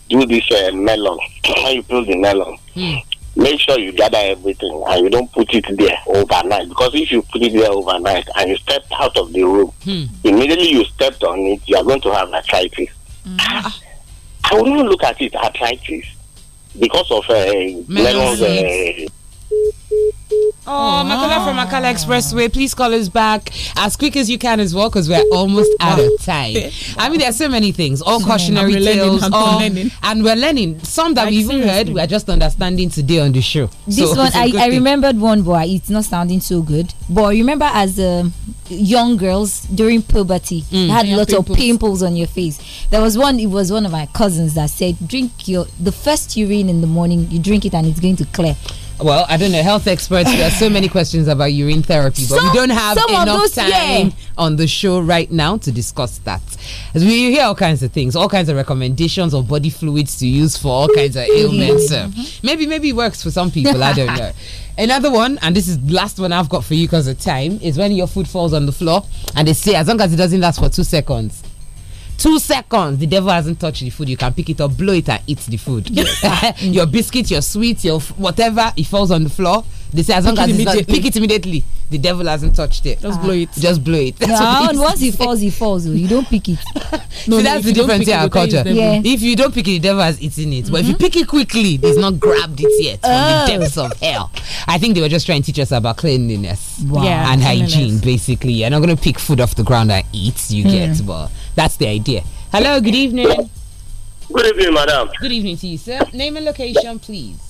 do this uh, melon, *coughs* when you peel the melon, hmm make sure you gather everything and you don't put it there overnight because if you put it there overnight and you step out of the room hmm. immediately you stepped on it you are going to have arthritis mm. ah, i wouldn't look at it arthritis because of uh, melons, uh, Oh, Makala from Makala Expressway, please call us back as quick as you can as well because we're almost out of time. I mean, there are so many things, all cautionary tales, learning, all, and we're learning. Some that like, we even seriously. heard, we're just understanding today on the show. This so, one, I, I remembered one, boy, it's not sounding so good. But remember, as um, young girls during puberty, mm. had lots pimples. of pimples on your face. There was one, it was one of my cousins that said, Drink your, the first urine in the morning, you drink it and it's going to clear well, I don't know, health experts. There are so many questions about urine therapy, but some, we don't have enough time yeah. on the show right now to discuss that. As we hear all kinds of things, all kinds of recommendations of body fluids to use for all kinds of ailments. Mm-hmm. maybe, maybe it works for some people. I don't know. *laughs* Another one, and this is the last one I've got for you because of time, is when your food falls on the floor and they say as long as it doesn't last for two seconds, two seconds, the devil hasn't touched the food. You can pick it up, blow it, and eat the food. Yes. *laughs* your biscuit, your sweet, your whatever, it falls on the floor. They say as pick long as it's not, pick it immediately. The devil hasn't touched it. Just blow it. Just blow it. No, *laughs* and once it *laughs* falls, it falls. Oh. You don't pick it. no, See, that's the difference in our culture. Yeah. If you don't pick it, the devil has eaten it. Mm -hmm. But if you mm-hmm. pick it quickly, it's not grabbed it yet from oh. the depths of hell. I think they were just trying to teach us about cleanliness wow. yeah, and cleanliness. hygiene, basically. You're not going to pick food off the ground and eat. You mm. get, but that's the idea. Hello, good evening. Good evening, madam. Good evening to you, sir. Name and location, please.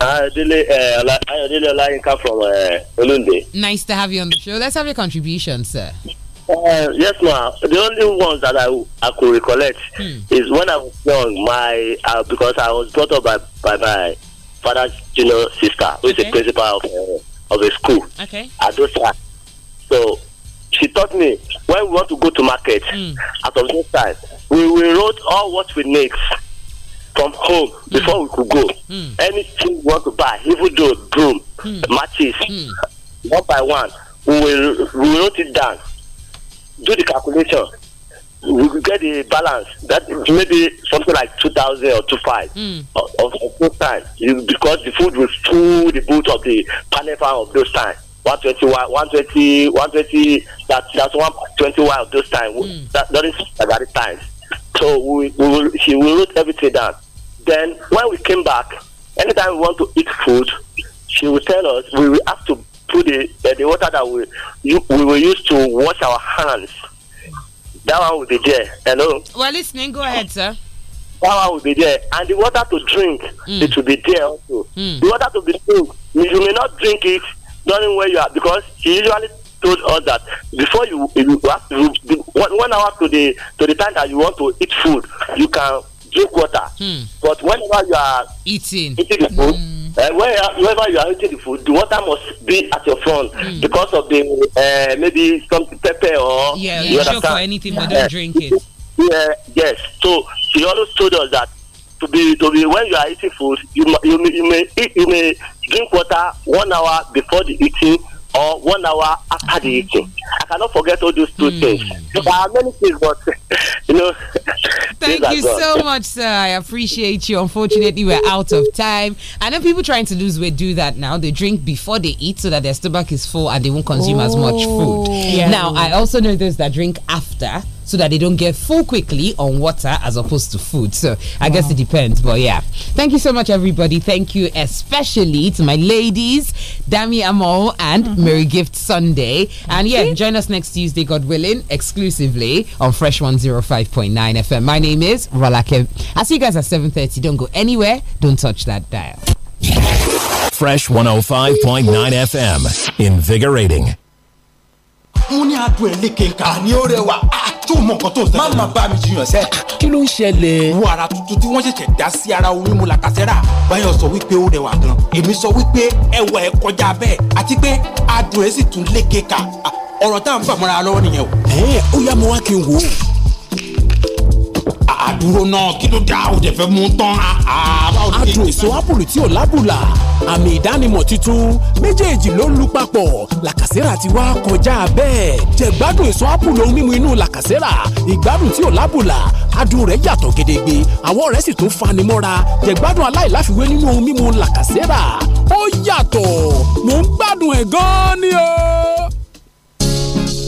I uh, eh, from eh, Olunde. Nice to have you on the show. Let's have your contribution, sir. Uh, yes, ma'am. The only ones that I, I could recollect hmm. is when I was young, my uh, because I was brought up by, by my father's you know, sister, who is okay. the principal of, uh, of a school. Okay. At those time. So she taught me when we want to go to market mm. at of this time we we wrote all what we need from home mm. before we could go mm. anything we want to buy even though broom hmm. matches hmm. one by one we will we wrote it down do the calculation we get the balance that maybe something like two thousand or two five mm. of, of, those time you, because the food was through the boot of the panel of those times one twenty one twenty one twenty that that's one twenty one those times mm. that during Sagari times. So we we she will wrote everything down. Then when we came back, anytime we want to eat food, she will tell us we will have to put the uh, the water that we you, we will use to wash our hands. That one will be there. Hello. Well, listening. Go ahead, sir one will be there and the water to drink mm. it will be there also mm. the water to be drink you may not drink it knowing where you are because she usually told us that before you, you have you, one hour to the to the time that you want to eat food, you can drink water. Hmm. But whenever you are eating, eating the food, mm. uh, whenever you are eating the food, the water must be at your front hmm. because of the uh, maybe some pepper or yeah, you anything, yeah. but don't eh, drink it. Yeah, yes. So she always told us that to be to be when you are eating food you may, you you may eat you may drink water one hour before the eating or one hour after the mm. eating. I cannot forget all those two mm. things. There are many things, but *laughs* you know. *laughs* Thank you so much, sir. I appreciate you. Unfortunately, we're out of time. I know people trying to lose weight do that now. They drink before they eat so that their stomach is full and they won't consume oh, as much food. Yeah. Oh. Now, I also know those that drink after so that they don't get full quickly on water as opposed to food. So I wow. guess it depends, but yeah. Thank you so much, everybody. Thank you especially to my ladies, Dami Amol and mm -hmm. Merry Gift Sunday. And yeah, join us next Tuesday, God willing, exclusively on Fresh 105.9 FM. My name is Rolake. I'll see you guys at 7.30. Don't go anywhere. Don't touch that dial. Fresh 105.9 FM. Invigorating. mo ní adùn ẹ̀ léke nǹkan. àní ó rẹwà ah, ah, tó mọ nǹkan tó ṣẹlẹ̀. má má bá mi jiyàn sẹ́. Ah, kí ló ń ṣẹlẹ̀. wo ara tuntun tí wọ́n ṣẹ̀ṣẹ̀ dá sí ara onímù làkàṣẹ́rà báyọ̀ sọ wípé ó rẹwà gan. èmi sọ wípé ẹwà ẹ̀ kọjá bẹ́ẹ̀ àti pé adùn ẹ̀ sì tún léke kà ọ̀rọ̀ tá à ń fàmọ́ra lọ́wọ́ nìyẹn o. ẹ ó yá mo wá kí n wò ó dúró náà kí ló dé àwọn òjẹ̀fẹ́ mú tán. àdùnsó ah, ah, ápùlù tí ò lábùlà àmì ìdánimọ̀ tuntun méjèèjì ló ń lu papọ̀ làkàsẹ́rà ti wá kọjá bẹ́ẹ̀ jẹ̀gbádùn èso ápùlù ohun mímu inú làkàsẹ́rà ìgbádùn tí ò lábùlà adùn rẹ̀ yàtọ̀ gedegbe àwọ̀ rẹ̀ sì tún fanimọ́ra jẹ̀gbádùn aláìláfiwé nínú ohun mímu làkàsẹ́rà ó yàtọ̀ mò ń gbádùn ẹ̀ gan-an ni o.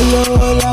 Lola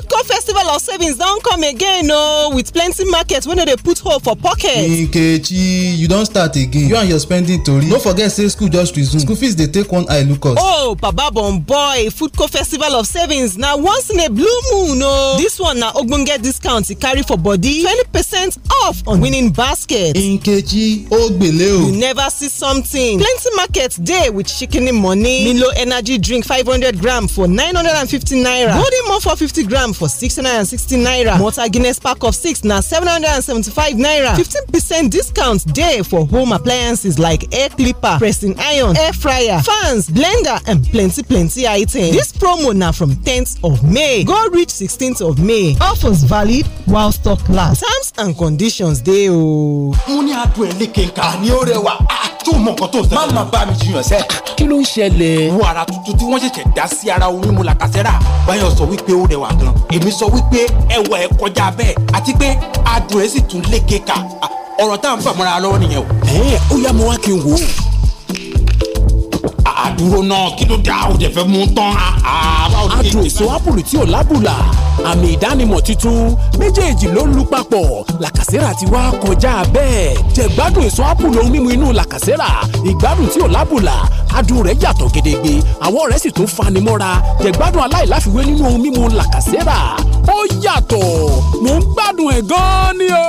foodco festival of savings don come again o oh, with plenty market wey no dey put hole for pocket. nkechi you don start again you and your spending tori no forget say school just resume school fees dey take one eye look us. oh baba bon boy foodco festival of savings na once in a blue moon o oh. this one na ogbonge discount e carry for body twenty percent off on winning basket. nkechi o gbele o. you never see something plenty market dey with shikini money milo energy drink five hundred gram for nine hundred and fifty naira Body more for fifty gram yam for six hundred and sixty naira malta guinness pack of six na seven hundred and seventy-five naira fifteen percent discount dey for home appliances like air clipper pressing iron air fryer fans blender and plenty plenty items dis promo na from tenth of may go reach sixteenth of may offers valid while stock last terms and conditions dey o. mo ní adùn ẹ̀ lékè ká ní ó tó mọ nǹkan tó ṣẹlẹ̀. má má bá mi jiyàn sẹ́. kí ló ń ṣẹlẹ̀. wo ara tuntun tí wọ́n ṣẹ̀ṣẹ̀ dá sí ara onímọ̀lá kásẹ́rà báyọ̀ sọ wípé ó rẹwà gan èmi sọ wípé ẹwà ẹ kọjá bẹ́ẹ̀ àti pé adùn ẹ sì tún lékeka ọ̀rọ̀ tá à ń fàmọ́ra lọ́wọ́ nìyẹn o. ẹ ó yá mo wá kí n wò ó àdúró náà kí ló dé àwọn òjẹ̀fẹ́ mú tán. àdòso apple tí ò lábùlà àmì ìdánimọ̀ tuntun méjèèjì ló lu papọ̀ làkàsẹ́rà ti wá kọjá bẹ́ẹ̀ jẹ̀gbádùn èso apple ohun mímu inú làkàsẹ́rà ìgbádùn tí ò lábùlà adùn rẹ̀ yàtọ̀ gedegbe àwọ̀ rẹ̀ sì tún fanimọ́ra jẹ̀gbádùn aláìláfiwé nínú ohun mímu làkàsẹ́rà ó yàtọ̀ mò ń gbádùn ẹ̀ gan-an ni o.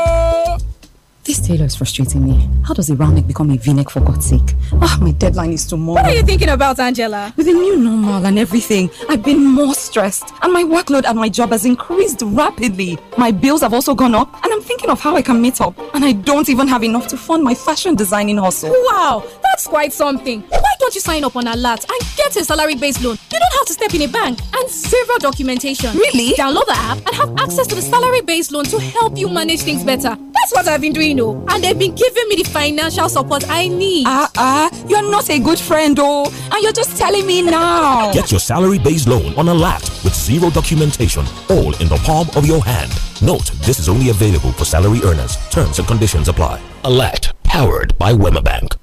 This tailor is frustrating me. How does a round neck become a v-neck for God's sake? Ah, oh, my deadline is tomorrow. What are you thinking about, Angela? With the new normal and everything, I've been more stressed, and my workload at my job has increased rapidly. My bills have also gone up, and I'm thinking of how I can meet up, and I don't even have enough to fund my fashion designing hustle. Wow, that's quite something. Why don't you sign up on Alert and get a salary based loan? You don't have to step in a bank and zero documentation. Really? Download the app and have access to the salary based loan to help you manage things better. That's what I've been doing, though, And they've been giving me the financial support I need. Ah, uh, ah, uh, you're not a good friend, though, And you're just telling me now. Get your salary based loan on Alert with zero documentation, all in the palm of your hand. Note, this is only available for salary earners. Terms and conditions apply. Alert, powered by Wemabank.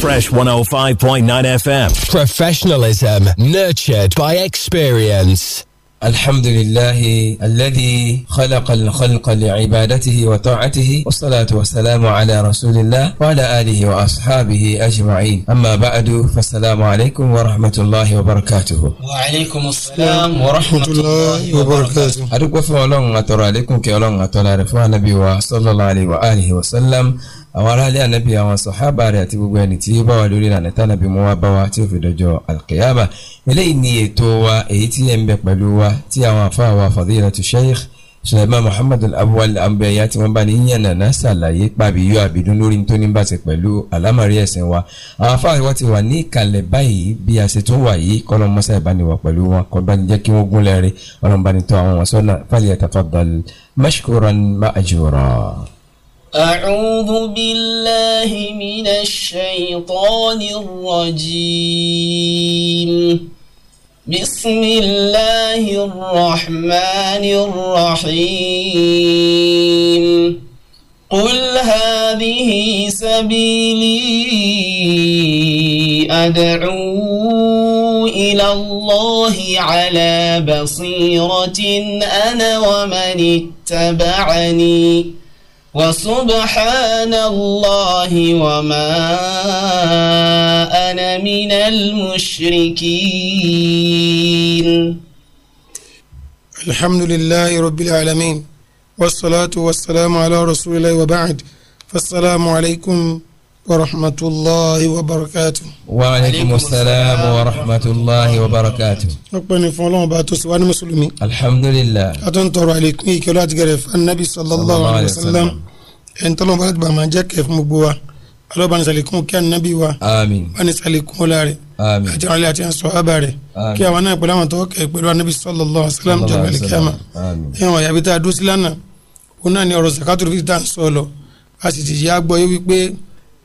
Fresh 105.9 FM. Professionalism nurtured by experience. الحمد لله الذي خلق الخلق لعبادته وطاعته والصلاة والسلام على رسول الله وعلى آله وأصحابه أجمعين أما بعد فالسلام عليكم ورحمة الله وبركاته وعليكم السلام ورحمة الله وبركاته أدوك وفو لون أترى لكم كي لون أترى رفوان نبي صلى الله عليه وآله وسلم àwọn aráàlú ànábì àwọn sọ̀hábà rẹ̀ àti gbogbo ẹni tí bá wà lórí ìlànà tánàbí mú wá bá wa tí ó fi dọjọ́ alkiyama eléyìí ni ètò wa èyí tí ẹ̀ ń bẹ pẹ̀lú wa tí àwọn àfáà wa fadilatu sheikh Sulaiman Muhammad Al-Awwal tí wọ́n bá ní yànnà náà ṣàlàyé pàbí yóò àbídún lórí tó ní bàṣẹ pẹ̀lú àlámàrí ẹ̀sìn wa àwọn afáàrí wa ti wà ní ìkàlẹ̀ báyìí bí a ṣe tún wà yìí kọ́lọ́ mọ́sá ìbániwà pẹ̀lú wọn kọ́ bá ní jẹ́ kí wọ́n gúnlẹ̀ rí ọlọ́mọbanitọ́ àwọn wọn sọ́nà falyatafaddal mashkuran ma'jura. أعوذ بالله من الشيطان الرجيم بسم الله الرحمن الرحيم قل هذه سبيلي أدعو إلى الله على بصيرة أنا ومن اتبعني وسبحان الله وما أنا من المشركين الحمد لله رب العالمين والصلاة والسلام على رسول الله وبعد فالسلام عليكم ورحمة الله وبركاته وعليكم السلام ورحمة الله وبركاته أقبل فلان باتوس وأنا مسلمي الحمد لله أتنطر عليكم كلا تقرف النبي صلى الله عليه وسلم أنت لو بلد بما جاك في مبوا ألو بنسالكم كان النبي و آمين بنسالكم لاري آمين أجعل لي أتين صحابة ري كي وانا يقول أما توقع يقول النبي صلى الله عليه وسلم جمع الكامة آمين يوم يبتا دوس لنا وناني أرزقات رفيق دان سولو أسيتي جاك بوي ويقول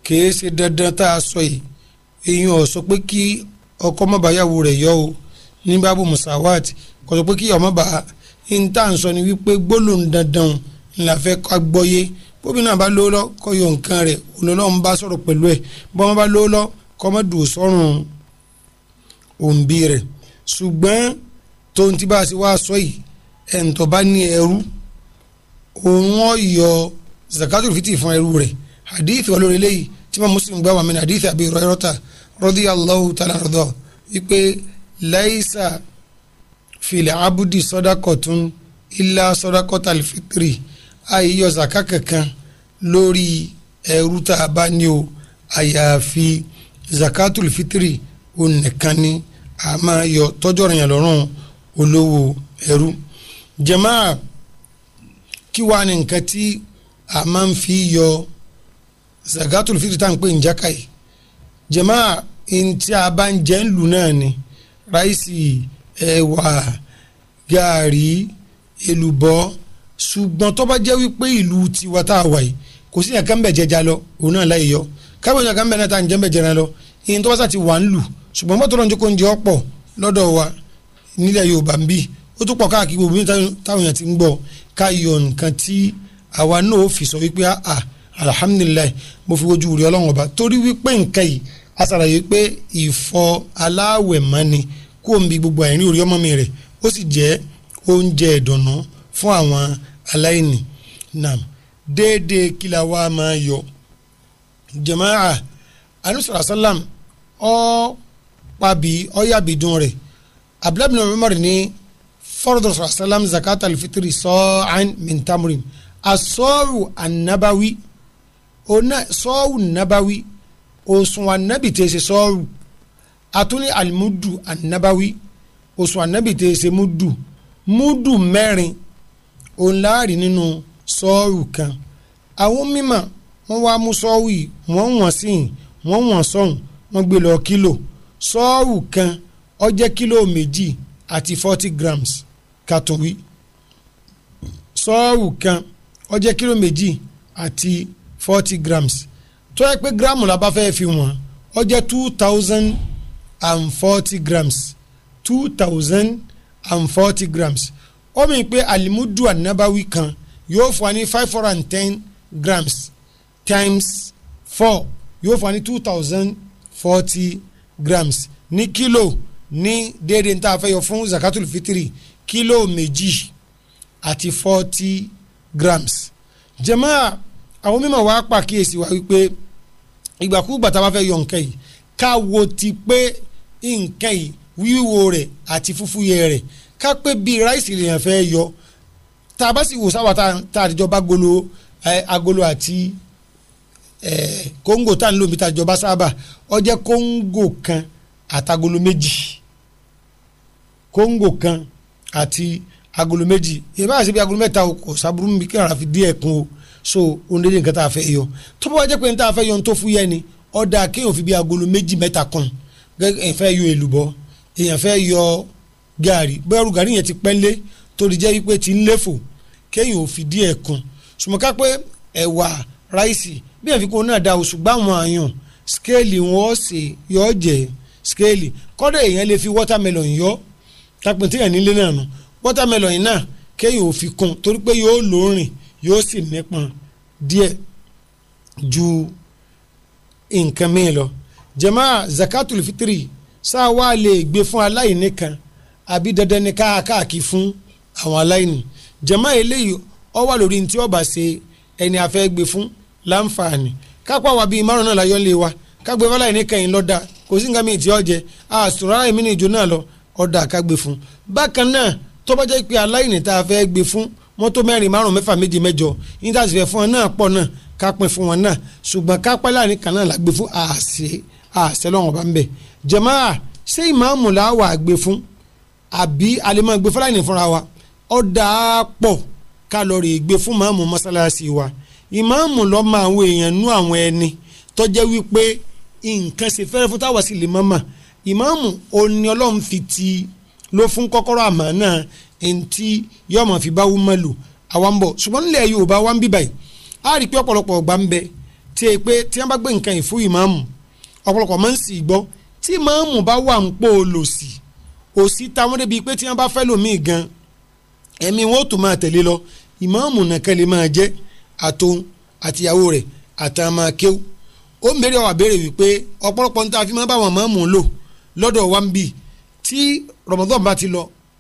kìí ṣe dandan tá a sọ yìí èèyàn ò sọ pé kí ọkọ má yàwó rẹ̀ yọ o ní bábù musawat kò sọ pé kí ọmọ bá ń tà ń sọ ni wípé gbólóhùn dandan la fẹ́ ká gbọ́yé bóbi náà bá lówó lọ kọ́ yọ nǹkan rẹ̀ olólọ́run bá sọ̀rọ̀ pẹ̀lú ẹ̀ bọ́mọ bá lówó lọ kọ́ mọ́ dùn sọ́run òǹbí rẹ̀ ṣùgbọ́n tóun ti bá a ṣe wá sọ yìí ẹ̀ǹtọ́ bá ní ẹrú òun ọ̀ yọ zakatul fiti fún ẹrú rẹ̀ hadith wà lórí eléyìí tí ma muslim gbà wà mí hadith àbí rọ́ọ̀rọ́ta radiyallahu ta'ala rọ́dọ̀ wípé laisa fìlẹ̀ abudi sọ́dákọ̀tún ilá sọ́dákọ̀tà fitiri àìyọ zaka kankan lórí ẹrú tá a bá ní o àyàfi zakatul fitiri òun nìkan ni a máa yọ tọ́jọ́ rìn lọ́rùn olówó ẹrú jàmáà kí wàá ní nǹkan tí a máa ń fi yọ zakatul fitri tá à ń pè ní jákàyè jẹ̀máà ntí a bá ń jẹ́ ń lù náà ni ráìsì ẹ̀wà gààrí èlùbọ́ ṣùgbọ́n tó bá jẹ́ wípé ìlú tiwa tá a wà yìí kò sí ẹ̀ka ń bẹ̀ jẹja lọ òun náà láyé yọ kábíyèsí ẹ̀ka ń bẹ̀ náà tá à ń jẹ́ ń bẹ̀ jẹran lọ ìyẹn tó bá sà ti wà ń lù ṣùgbọ́n mọ́tò náà ń jókòó ń jẹ́ ọ̀pọ̀ lọ́dọ̀ wa nílẹ̀ Yorùbá ń bì ó tún pọ̀ káàkiri gbogbo táwọn èèyàn ti ń gbọ́ ká nǹkan tí àwa náà fi sọ wípé àà alihamudulilayi mo fi wojú rí ọlọ́run ọba torí wípé nǹkan yìí a ṣàlàyé pé ìfọ aláwẹ̀ mọ́ni kó o ń bi gbogbo àìrí orí ọmọ mi rẹ̀ ó sì jẹ́ oúnjẹ ìdùnnú fún àwọn aláìní nam déédéé kí la wá máa yọ jamaa anusra salam ọ pabi ọyàbìdún rẹ̀ abdulayi bin umar ní fọlọdọ salam zakat alfitiri sọ ain mintamurim asọrù anabawi ona sọ́ọ̀wù nabawi òsùn anabi tẹ̀ ṣe sọ́ọ̀wù atúní alimudu anabawi òsùn anabi tẹ̀ ṣe mudu mudu mẹ́rin òun láàrin nínú sọ́ọ̀wù kan àwọn mímọ̀ wọ́n wá mú sọ́ọ̀wù yìí wọ́n wọ̀n sí i wọ́n wọ̀n sọ́hùn wọ́n gbé kilo. kílò sọ́ọ̀wù kan ó jẹ́ kílò méjì àti forty grams kàtòwí sọ́ọ̀wù kan ó jẹ́ kílò méjì àti forty grams tó yẹ pé gíráàmù la bá fẹ́ fi wọ̀n ó jẹ́ two thousand and forty grams two thousand and forty grams ó mì pé alimudu anabawi kan yóò fún wa ní five hundred and ten grams times four yóò fún wa ní two thousand forty grams ní kílò ní déédéé níta fẹ́ yọ fún zakatul fitiri kílò méjì àti forty grams jẹ́mọ́ àwọn mímọ̀ wá pàkíyèsí wa wípé ìgbàkúgbà tá a bá fẹ́ yọ nǹkan yìí ká wo ti pé nǹkan yìí wíwo rẹ̀ àti fúfúyẹ rẹ̀ ká pé bíi ráìsì lèèyàn fẹ́ yọ tá a bá sì wò sáwà tá a àdìjọba gbolo agolo àti kóńgò tá à ń lò mí tá a jọba sábà ó jẹ́ kóńgò kan àtagolo méjì kóńgò kan àti agolo méjì ìbáraṣẹ́ bíi agolo mẹ́ta kò sábúrú mi kí ara fi díẹ̀ kún o so onílé nǹkan tá a fẹ́ yọ tó bá wá jẹ́ pé n tá a fẹ́ yọ n tó fúyẹ́ ni ọ̀dà kéèyàn fi bí agolo méjì mẹ́ta kan èèyàn fẹ́ yọ èlùbọ́ èèyàn fẹ́ yọ gàrí bẹ́ẹ̀rù gàrí yẹn ti pẹ́ lé torí jẹ́ wípé ti ń léfò kéèyàn ò fi díẹ̀ kan sùmọ́ká pé ẹ̀wà ráìsì bí ẹ̀fikún náà da oṣù gbáwọn àyàn skéèlì wọn ṣe yọ jẹ skéèlì kọ́dà èèyàn lè fi wọ́tàmẹ́lọ̀ yọ tapẹ̀tẹ̀yàn nílé náà nù wọ́tàmẹ́lọ̀ náà kéèyàn ò fi kún torí pé yóò lóorìn yóò sì nípọn díẹ̀ ju nǹkan míì lọ jama zakatul fitiri sáà wá lè gbé fún aláìní kan àbí dandan ni káàkiri fún àwọn aláìní jama eléyìí ọ wà lórí ntí ọba ṣe ẹni afẹ́ gbé fún láǹfààní kápá wa bíi márùn náà láyọ̀ ńlẹ̀ wa kágbé fún aláìní kan yìí lọ́dà kò sí nǹkan míì tí ọ jẹ àsùnrọ̀ aláìní ìjọ náà lọ ọ̀dà kágbé fún bákan náà tó pé aláìní tá a fẹ́ gbé fún wọ́n tó mẹ́rin márùn mẹ́fà méje mẹ́jọ nígbàtí fẹ́ fún wọn náà pọ̀ náà ká pin fún wọn náà ṣùgbọ́n ká pẹ́ láàrin kan náà lágbè fún àṣẹ àṣẹ lọ́wọ́n bá ń bẹ̀ jàmáà ṣé ìmáàmù làwà gbé fún àbí alẹ́mọ̀ gbé fúláìní fúnra wa ó dáa pọ̀ ká lọ rè gbé fún màmù mọ́sálásí wa ìmáàmù lọ́ máa àwọn èèyàn nú àwọn ẹni tó jẹ́ wípé nǹkan ṣe fẹ́rẹ́ fún táwa sì lè mọ́mọ́ ìmáàmù òní ọlọ́run fi ti ló fún kọ́kọ́rọ́ àmọ́ náà ntí yóò máa fi báwo máa lò àwa ń bọ̀ ṣùgbọ́n nílẹ̀ Yorùbá wa ń bí báyìí a rí pé ọ̀pọ̀lọpọ̀ ọ̀gbà ń bẹ tí e pé tí wọ́n bá gbé nǹkan ìfún ìmáàmù ọ̀pọ̀lọpọ̀ máa ń sì gbọ́ tí ìmáàmù bá wà ń pò lòsì òsì táwọn débi pé tí wọ́n bá fẹ́ lòmíì gan ẹ̀mí wọn ò tún máa tẹ̀lé lọ ìmáàmù nìkan lè máa jẹ́ àtòun àtìyàwó rẹ̀ àtàmà máa bá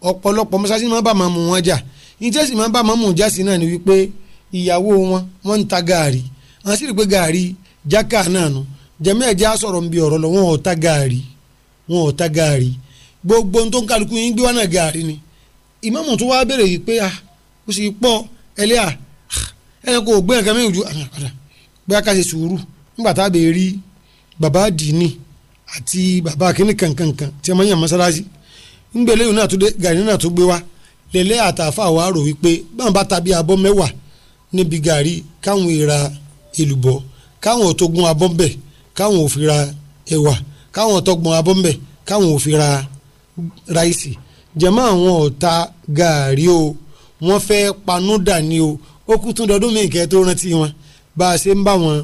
ọ̀pọ̀lọpọ̀ mọ́sáàsì máa bá màmú wọn jà níjẹ́ sì máa bá màmú jà sí náà ni wípé ìyàwó wọn wọ́n ń ta gàárì wọ́n sì rí pé gàárì jákà náà nu jẹ́mi ẹ̀jẹ̀ á sọ̀rọ̀ wọn ò ta gbogbo tó ń kálukú yín ni tó wá yìí pé ah ó sì pọ̀ ah, kò gbé nǹkan mẹ́rin a ngbèlè yìí náà tún dé gàrí náà tún gbé wá lẹ́lẹ́ àtàfà wa rò wípé báwọn bá ta bí abọ́ mẹ́wàá níbi gàrí káwọn ìra èlùbọ́ káwọn ò tó abọ́ bẹ̀ káwọn ò ẹ̀wà káwọn ò abọ́ bẹ̀ káwọn ò ráìsì jẹ̀mọ́ àwọn ò gàrí o wọ́n fẹ́ panú dà ní o ó kú tún dọdún mí kẹ́ tó rántí wọn bá a ṣe ń bá wọn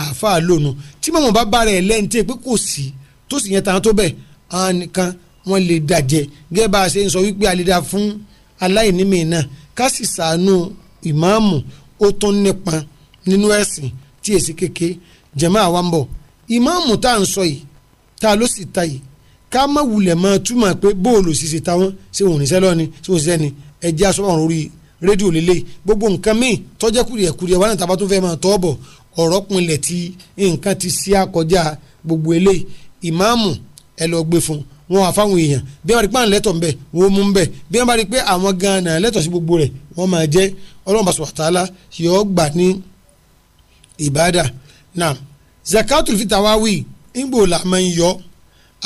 àáfàá lónìí tí mọ̀mọ́ bá bá rẹ̀ lẹ́ni tí èpè kò sí tó sì yẹn tàn tó bẹ̀ àwọn nìkan wọ́n lè dàjẹ́ gẹ́gẹ́ bá a ṣe ń sọ wípé àleda fún aláìní mi náà ká sì sàánú ìmáàmù ó tún nípọn nínú ẹ̀sìn tí èsì kéke jẹ̀mọ́ àwa ń bọ̀ ìmáàmù tá à ń sọ yìí tá a ló sì ta yìí ká má wulẹ̀ mọ́ túmọ̀ pé bóòlù ṣiṣẹ́ táwọn ṣé òun níṣẹ́ lọ́ni ṣé òun ṣiṣẹ́ ni ẹjẹ́ asọ́mọ̀rún orí rédíò lélẹ̀ gbogbo nǹkan míì tọ́jẹ́ kúrìẹ̀ kúrìẹ̀ wà ní tàbá tó fẹ́ máa tọ́ bọ̀ ọ̀rọ̀ pinlẹ̀ tí nǹkan ti ṣí àkọjá gbogbo eléyìí ìmáàmù ẹ lọ gbé fún un wọn wà fáwọn èèyàn bí wọn bá rí pé àwọn lẹ́tọ̀ ń bẹ wọn mú ń bẹ bí wọn bá rí pé àwọn gan náà lẹ́tọ̀ sí gbogbo rẹ̀ wọn máa jẹ́ ọlọ́run bàṣọ àtàlà yọ̀ọ́ gbà ní ìbádà náà zakatul fitawawi ńgbò la máa ń yọ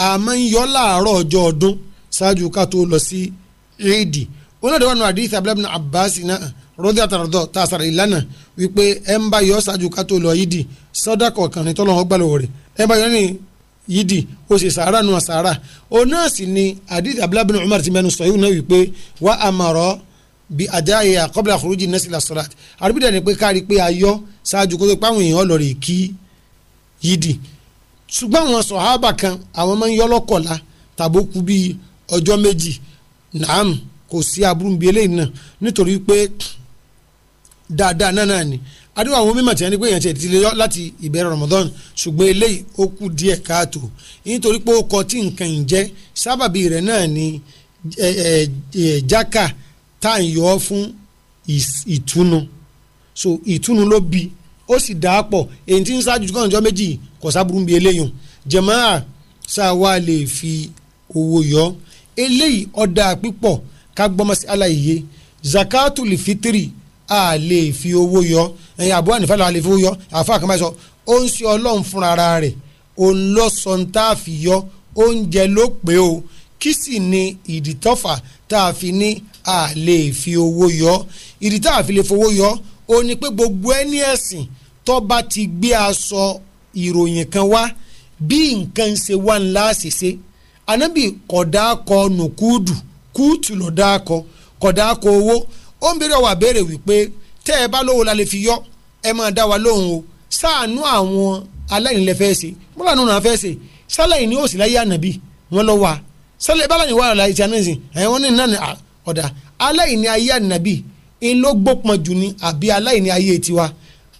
a máa ń yọ láàárọ̀ ọjọ́ ọdún ṣáájú ká tó lọ sí éèdì wọn náà dẹ́wọ́n nu àdìsí abúlé abbas náà rọ́dí àtàrọ̀dọ̀ tá a sàrẹ̀ ìlànà wípé ẹ ń bá yọ ṣáájú ká tó lọ yídì sọ́dà kọ̀ọ̀kan ní Yidi ó sì sàárà nù sàárà òun náà sì ni hadith abdullahi bin umar ti mẹ́nu sọ yìí náà wípé wà á máa rọ bí ajáyé àkọ́bílà kúrújì nẹ́sì làṣọ́lá àrùbídà ni pé kárí pé ayọ́ ṣáájú kó tó páwọn èèyàn lọ rè kí yídì ṣùgbọ́n àwọn sọ̀hábà kan àwọn máa ń yọ́ lọ́kọ̀ọ́lá tàbó bíi ọjọ́ méjì naam kò sí aburú bíi eléyìí náà nítorí pé dáadáa náà náà ni adúrà àwọn mímọ̀ tí wọ́n ní pé èèyàn ti ti lè yọ láti ìbẹ̀rẹ̀ Ramadan ṣùgbọ́n eléyìí ó kù díẹ̀ káàtó nítorí pé ó kọ tí nǹkan yìí jẹ́ sábàbí rẹ̀ náà ni jaka tá à ń yọ ọ́ fún ìtúnu so ìtúnu ló bi ó sì dáa pọ̀ èyí tí ń ṣáájú kọ́ ọ̀njọ́ méjì kò sábúrú ń bi eléyìí jẹ̀máà sáà lè fi owó yọ eléyìí ọ̀dà pípọ̀ ká gbọ́mọ sí aláìyé zakatul fitiri a lè fi owó yọ ẹ̀yin àbúrò ànífà làwọn lè fi owó yọ àfa kan báyìí sọ ó ń ṣe ọlọ́run fúnra rẹ̀ òun lọ sọ ní tá a fi yọ oúnjẹ ló pé o kí sì ni ìdí tọ́fà tá a fi ní a lè fi owó yọ ìdí tá a fi lè fowó yọ ó ní pé gbogbo ẹni ẹ̀sìn tó ti gbé aṣọ ìròyìn kan wá bí nǹkan ṣe wá ńlá ṣèṣe ànábì kọ̀dá kọ nùkúdù kúùtù lọ́dá kọ kọ̀dá kọ owó ó ń béèrè ọwà béèrè wípé tẹ́ ẹ bá lówó la lè fi yọ ẹ máa dá wa lóhùn o ṣàánú àwọn aláìnílẹ̀ fẹ́ ṣe múlá nínú àwọn fẹ́ ṣe sálẹ̀ ní òsì láyé ànàbì wọn lọ wà sálẹ̀ bá láyé wà láyé tí a náà sìn ẹ̀yìn wọn ní nàní ọ̀dà aláìní ayé ànàbì ń ló gbópọn jù ní àbí aláìní ayé tiwa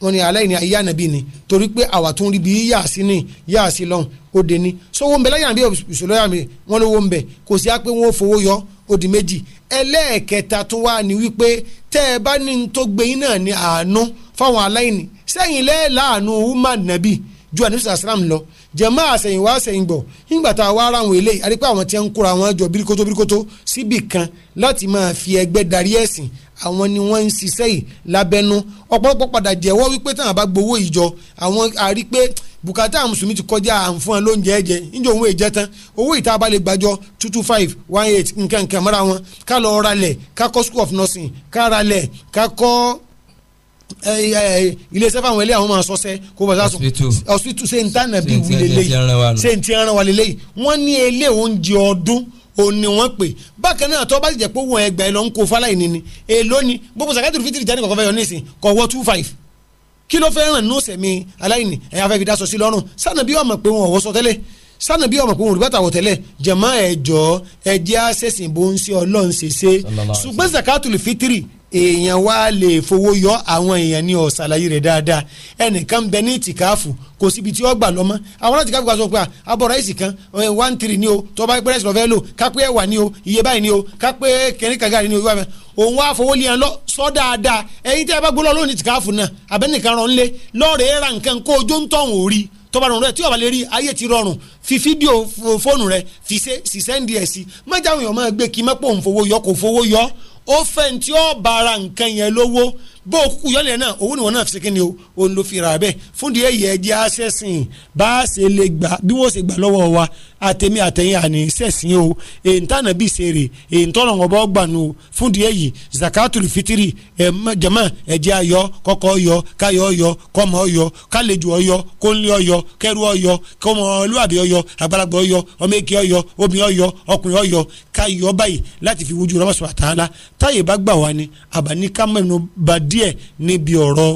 wọn ni aláìní ayé ànàbì ni torí pé àwa tó ń rí bí yáàsí ni yáàsí lọ́hùn ó dé ní so wọn bẹ láyé àbí òṣèlú yàrá mi wọn ló wọn bẹ kò sí á pé wọn ò fowó yọ ó di méjì ẹlẹ́ẹ̀kẹta tó wá ní wípé tẹ́ ẹ bá ní tó gbé yín náà ní àánú fáwọn aláìní sẹ́yìn lẹ́ẹ̀ láàánú umar nabi ju àníṣe asram lọ jẹ̀mọ́ àṣẹ̀yìn wá àṣẹ̀yìn bọ̀ nígbà tá a wá ara àwọn eléyìí àrípẹ́ àwọn tí wọ́n ń kóra wọn jọ bíríkótó bíríkótó síbì kan láti máa fi ẹgbẹ́ darí ẹ̀sìn àwọn ni wọ́n ń ṣiṣẹ́ yìí lábẹ́nú ọ̀pọ̀lọpọ̀ padà jẹ́wọ́ wípé táwọn bá gbowó ìjọ àwọn àrípẹ́ bùkátà mùsùlùmí ti kọjá àǹfọ̀n lóúnjẹ ẹ̀jẹ̀ níjẹ́ òun èjẹ́ tán owó ìta abalẹ̀ gbàjọ two two five one eight nǹkan nǹkan mọ́ra wọn ká lọ ralẹ̀ ká kọ́ school of nursing ká ralẹ̀ ká kọ́ iléeṣẹ́ fáwọn ilé àwọn máa sọ́sẹ́ kó bá sásùn hospital ṣe ń tànà bí wílé léyìí ṣe ń ti ẹran wa léyìí wọ́n ní ilé oúnjẹ ọdún òní wọ́n pè bákan náà tó bá jẹ́ pé wọ́n ẹgbẹ́ lọ ń kó fáláì nìní èló ni gbogbo sàkátìrì fìtìrì jáde kọ̀ọ̀kan fẹ́ yọ ní ìsìn kọ̀ọ̀wọ́ two five kí ló fẹ́ ràn nínú sẹ̀mí aláìní ẹ̀yà fẹ́ fi dasọ sí lọ́rùn sànàbí ọmọ pé wọn ò wọ́sọ tẹ́lẹ̀ sànàbí ọmọ pé wọn ò rí bàtà wọ̀ tẹ́lẹ̀ jẹ̀mọ́ ẹ̀jọ́ ẹ̀jẹ̀ àṣẹ̀sìn bó ń ṣe ọlọ́run ṣe ṣe ṣùgbọ́n zakatul fitiri èèyàn wá lè fowó yọ àwọn èèyàn ní ọ̀sàlàyé rẹ̀ dáadáa ẹnìkan bẹ ní tìkáàfù kò síbi tí ó gbà lọ́mọ́ àwọn láti káfíńkà sọ pé abọ́ ráìsì kan one three ni o tọ́ba pẹ́rẹ́sì lọ́fẹ́ lò kápẹ́ ẹ̀wà ni o iye báyìí ni o kápẹ́ kẹrin kàgàrí ni o òun wá fowó lé ẹ lọ sọ dáadáa ẹ̀yin tẹ́ ẹ bá gbólọ́ lónìí tìkáàfù náà abẹ́nìkan rán lé lọ́ọ̀rẹ́ ra nǹkan kó ojó ń tọ̀hún òrí tọ́ba rọrùn rẹ tí ọba lè rí ayé ti rọrùn fi fídíò fóònù rẹ fi ṣe ṣiṣẹ́ ń di ẹ̀ sí mọ́jáwìn ọmọ ẹgbẹ́ kí mẹ́pọ̀ òun fowó yọ kò fowó yọ ó fẹ́ ní tí ó bára nǹkan yẹn lówó bó o kúkú yọlẹ̀ náà owó ni wọn náà fi ṣe kí ni o òun ló fi rà bẹ́ẹ̀ fún di èyí ẹ̀jẹ̀ àṣẹ̀sìn bá a ṣe lè gbà bí wọ́n ṣe gbà lọ́wọ́ wa àtẹ̀mí àtẹ̀yìn àní ṣẹ̀sìn o èntànà bíi ṣeré èntọ́nà ọ̀bọ gbànú fún di èyí zakatul fitiri jama ẹ̀jẹ̀ ayọ kọ́kọ́ ọyọ káyọ ọyọ kọ́mọ ọyọ kálejò ọyọ kónlé ọyọ kẹrù ọyọ kọ́mọ olúwàbí ọyọ àgbàlagbà ọyọ ọmọ èké ọyọ obìnrin ọyọ ọkùnrin ọyọ káyọ báyìí láti fi wújú rọmọsọ àtàlà táyè bá gbà wá ni àbáníkàmẹ́nu bá díẹ̀ níbi ọ̀rọ̀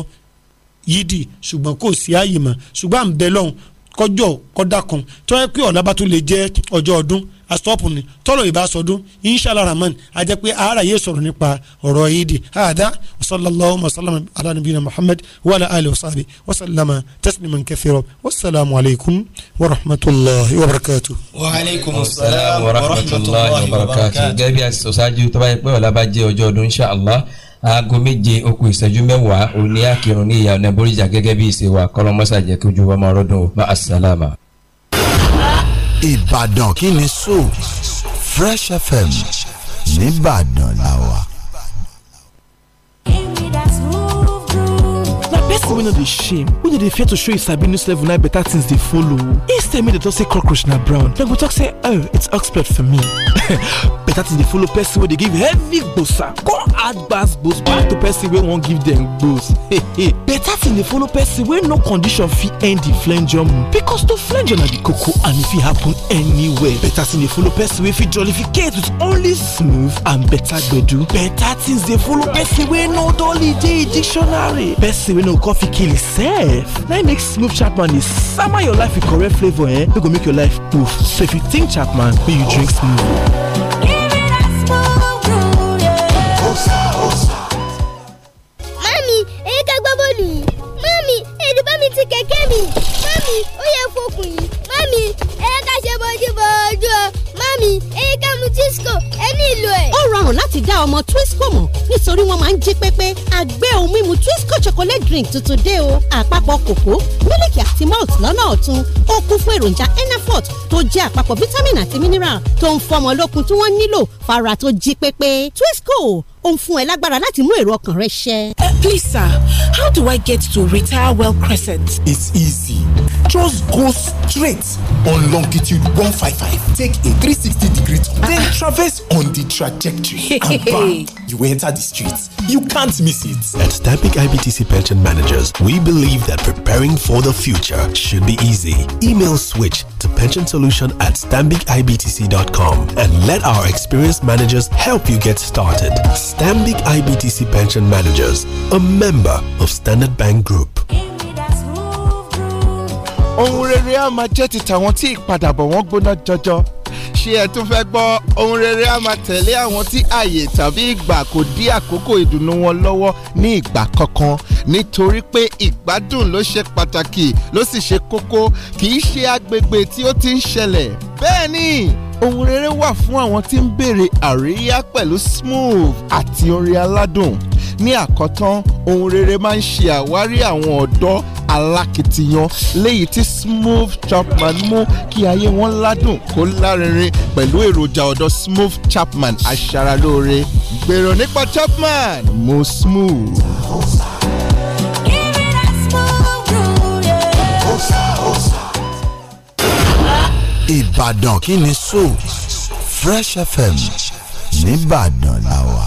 yídì ṣùgbọ́n kò sí ààyè mọ́ ṣùgbọ́n à ń bẹ lọ́hùn kọjọ kọdà kan tó yẹ pé ọ̀la bá tún lè jẹ́ ọjọ́ ọdún asọ́pù ni tọ́lọ̀ ìbá sọdún inshallah rahman a jẹ́ pé ara yẹ sọ̀rọ̀ nípa ọ̀rọ̀ yídì àdá wasallallahu wasallam ala nabiyina muhammad wa ala alihi wasabi wasallama tasliman kathira wasalaamu alaykum wa rahmatulahi wa barakatu. wa aleykum salaam wa rahmatulahi wa barakatu. gẹ́gẹ́ bí a ti sọ ṣáájú tó bá yẹ pé ọ̀la bá jẹ́ ọjọ́ ọdún inshallah aago méje ó kù ìṣẹ́jú mẹ́wàá òní àkìrùn ní ìyá ọ̀nà ìbóríjà gẹ́gẹ́ bí ìṣe wa kọ́lọ́mọ́sà jẹ́ kí ojú wa máa rọ́dùn ó máa ṣàlámà. Ìbàdàn kí ni so Fresh FM nìbàdàn làwà. pipo wey no dey shame wey no dey fear to show you sabi news level na better things dey follow Instead dem make dem talk say cockroach na brown dem go talk say oh it's expert for me *laughs* better things dey follow person wey dey give heavy gbosa Go add gbas gbos back to person wey wan give dem gbos *laughs* better things dey follow person wey no condition fit end the flenjum because to flenjum na the koko and e fit happen anywhere better things dey follow person wey fit jollificate with only smooth and better gbedu better things dey follow person wey no dolly dey dictionary person wey no come fit kill itself na im make smooth chapman dey sama your life with correct flavour eh wey go make your life poof so if you think chapman make you drink smooth. Mami, èyí ká gbá bọ́ọ̀lù yìí. Mami, èdè bá mi ti kẹ̀kẹ́ mi mami ó yẹ fokùn yìí mami ẹyẹ ká ṣe bójúbójú o mami ẹyẹ ká mu Twisco ẹ nílò ẹ. ó rọrùn láti dá ọmọ Twisco mọ̀ nítorí wọ́n máa ń jí pépé àgbẹ̀ ohun mímu Twisco chocolate drink tuntun dé o àpapọ̀ kòkó mílìkì àti malt lọ́nà ọ̀tun ó kún fún èròjà enafort tó jẹ́ àpapọ̀ vitamin àti mineral tó ń fọmọ lókun tí wọ́n nílò fara tó jí pépé Twisco ó ń fún ẹ lágbára láti mú èrò ọkàn rẹ ṣẹ. Eh, please sir, how do I get to Retire Well Crescent? It's easy. just go straight on longitude 155 take a 360 degree turn then ah. traverse on the trajectory *laughs* and bam you enter the streets you can't miss it at stabic ibtc pension managers we believe that preparing for the future should be easy email switch to pension solution at stambicibtc.com and let our experienced managers help you get started stambic ibtc pension managers a member of standard bank group ohun rere á máa jẹ́ ti tàwọn tí ìpadàbọ̀ wọn gbóná jọjọ ṣé ẹ tún fẹ́ gbọ́ ohun rere á máa tẹ̀lé àwọn tí àyè tàbí ìgbà kò dí àkókò ìdùnnú wọn lọ́wọ́ ní ìgbà kankan nítorí pé ìgbádùn ló ṣe pàtàkì ló sì ṣe kókó kì í ṣe agbègbè tí ó ti ń ṣẹlẹ̀ bẹ́ẹ̀ ni ohun rere wà fún àwọn tí ń béèrè àríyá pẹ̀lú smooth àti orin aládùn ní àkọ́tán ohun rere máa ń ṣe àwárí àwọn ọ̀dọ́ alákìtiyan léyìí tí Smooth Chapman mú kí ayé wọn ládùn kó lárinrin pẹ̀lú èròjà ọ̀dọ̀ Smooth Chapman aṣaralóore gbèrò nípa Chapman mo smooth. Ìbàdàn kí ni so Fresh FM nìbàdàn làwà.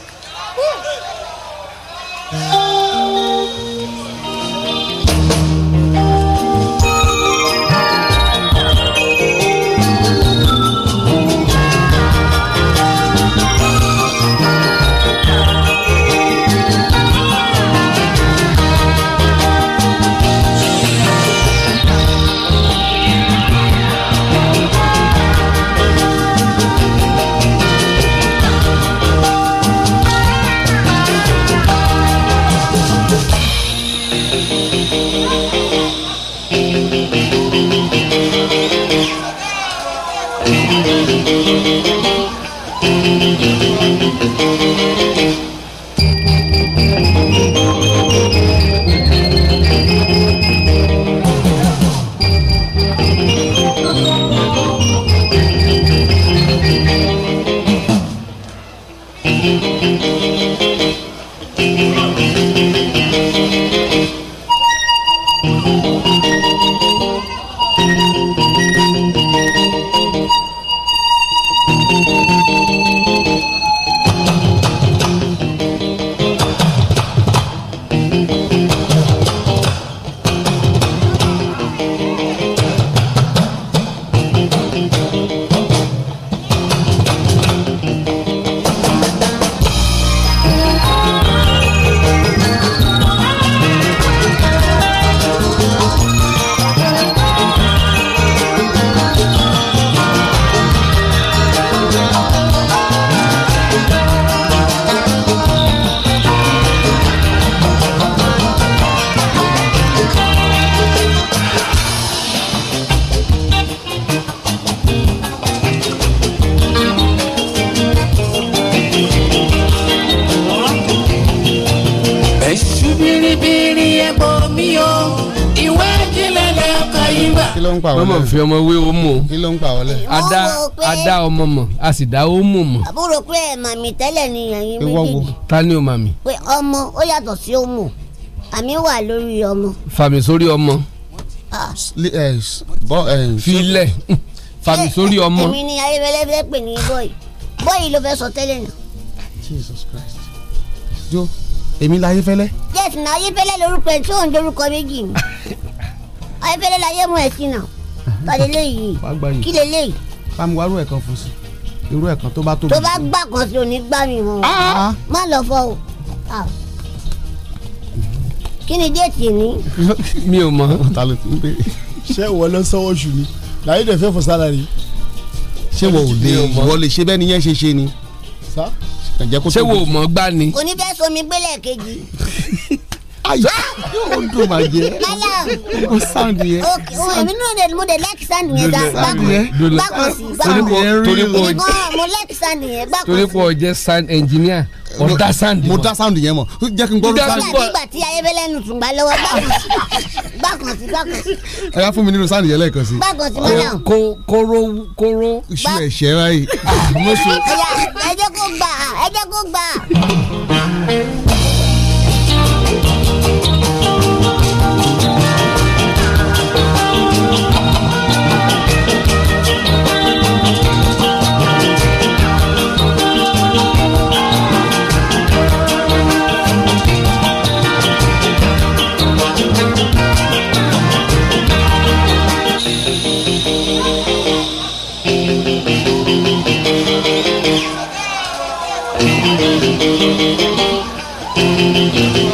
thank mọ̀ mọ̀ a sì dá ó mọ̀ mọ̀. àbúrò pé ẹ̀ màmí tẹ́lẹ̀ ni ẹ̀yin méjèèjì. ta ni o màmí. pé ọmọ ó yàtọ̀ sí ọmọ àmì wà lórí ọmọ. fàmì sórí ọmọ. filẹ̀ *laughs* fàmì sórí ọmọ. èmi ni ayébẹ́lẹ́ fẹ́ pè ní bọ́ọ̀ì bọ́ọ̀ì ló fẹ́ sọ tẹ́lẹ̀ náà. Jesus Christ. jo èmi la ayéfẹ́lẹ́. yes na ayéfẹ́lẹ́ lórúkọ ẹ̀ tí òun dorúkọ méjì ni *laughs* ayéfẹ́lẹ́ la yé mu ẹ̀ sí náà kí lélẹ́yìí kí bá mi wá irú ẹ̀kan fún sí irú ẹ̀kan tó bá tóbi. tó bá gbà kan sí òní gbà mí wọn ah, ah, ah. má lọ fọ o kí ni déètì ní. *laughs* mi ò mọ ta ló ti ń bèrè. ṣé ìwọ ló sọwọ́ ṣù ni láyé dẹ̀ fẹ́ fọ sálárì. ṣé wọ́n ò lè wọ́n lè ṣe bẹ́ẹ̀ ni yẹn ṣe ṣe ni. ṣé wọ́n ò mọ̀ gbá ni. kò ní fẹ́ somi gbélé kejì. *laughs* ayi o n dùn ma jẹ o sound yẹ. èmi náà dẹ̀ mo dẹ̀ like sound yẹn dá bákan bákan sí bákan torí pọ̀ mo like sound yẹn bákan sí. torí pọ̀ jẹ́ sound engineer mo da sound mo da sound yẹn mọ jẹ́ kí n gbọ́dọ̀ sound. nígbà nígbà tí ayébẹ́lẹ́ nù tún gbà lọ́wọ́ bákan sí bákan sí. ẹ yà fún mi nínú sound yẹn lẹ́ẹ̀kan sí. bákan sí mọ́nà. kó kóró kóró. iṣu ẹ̀ṣẹ̀ báyìí. Ah, ẹ jẹ́ kó gbà ẹ jẹ́ kó gbà.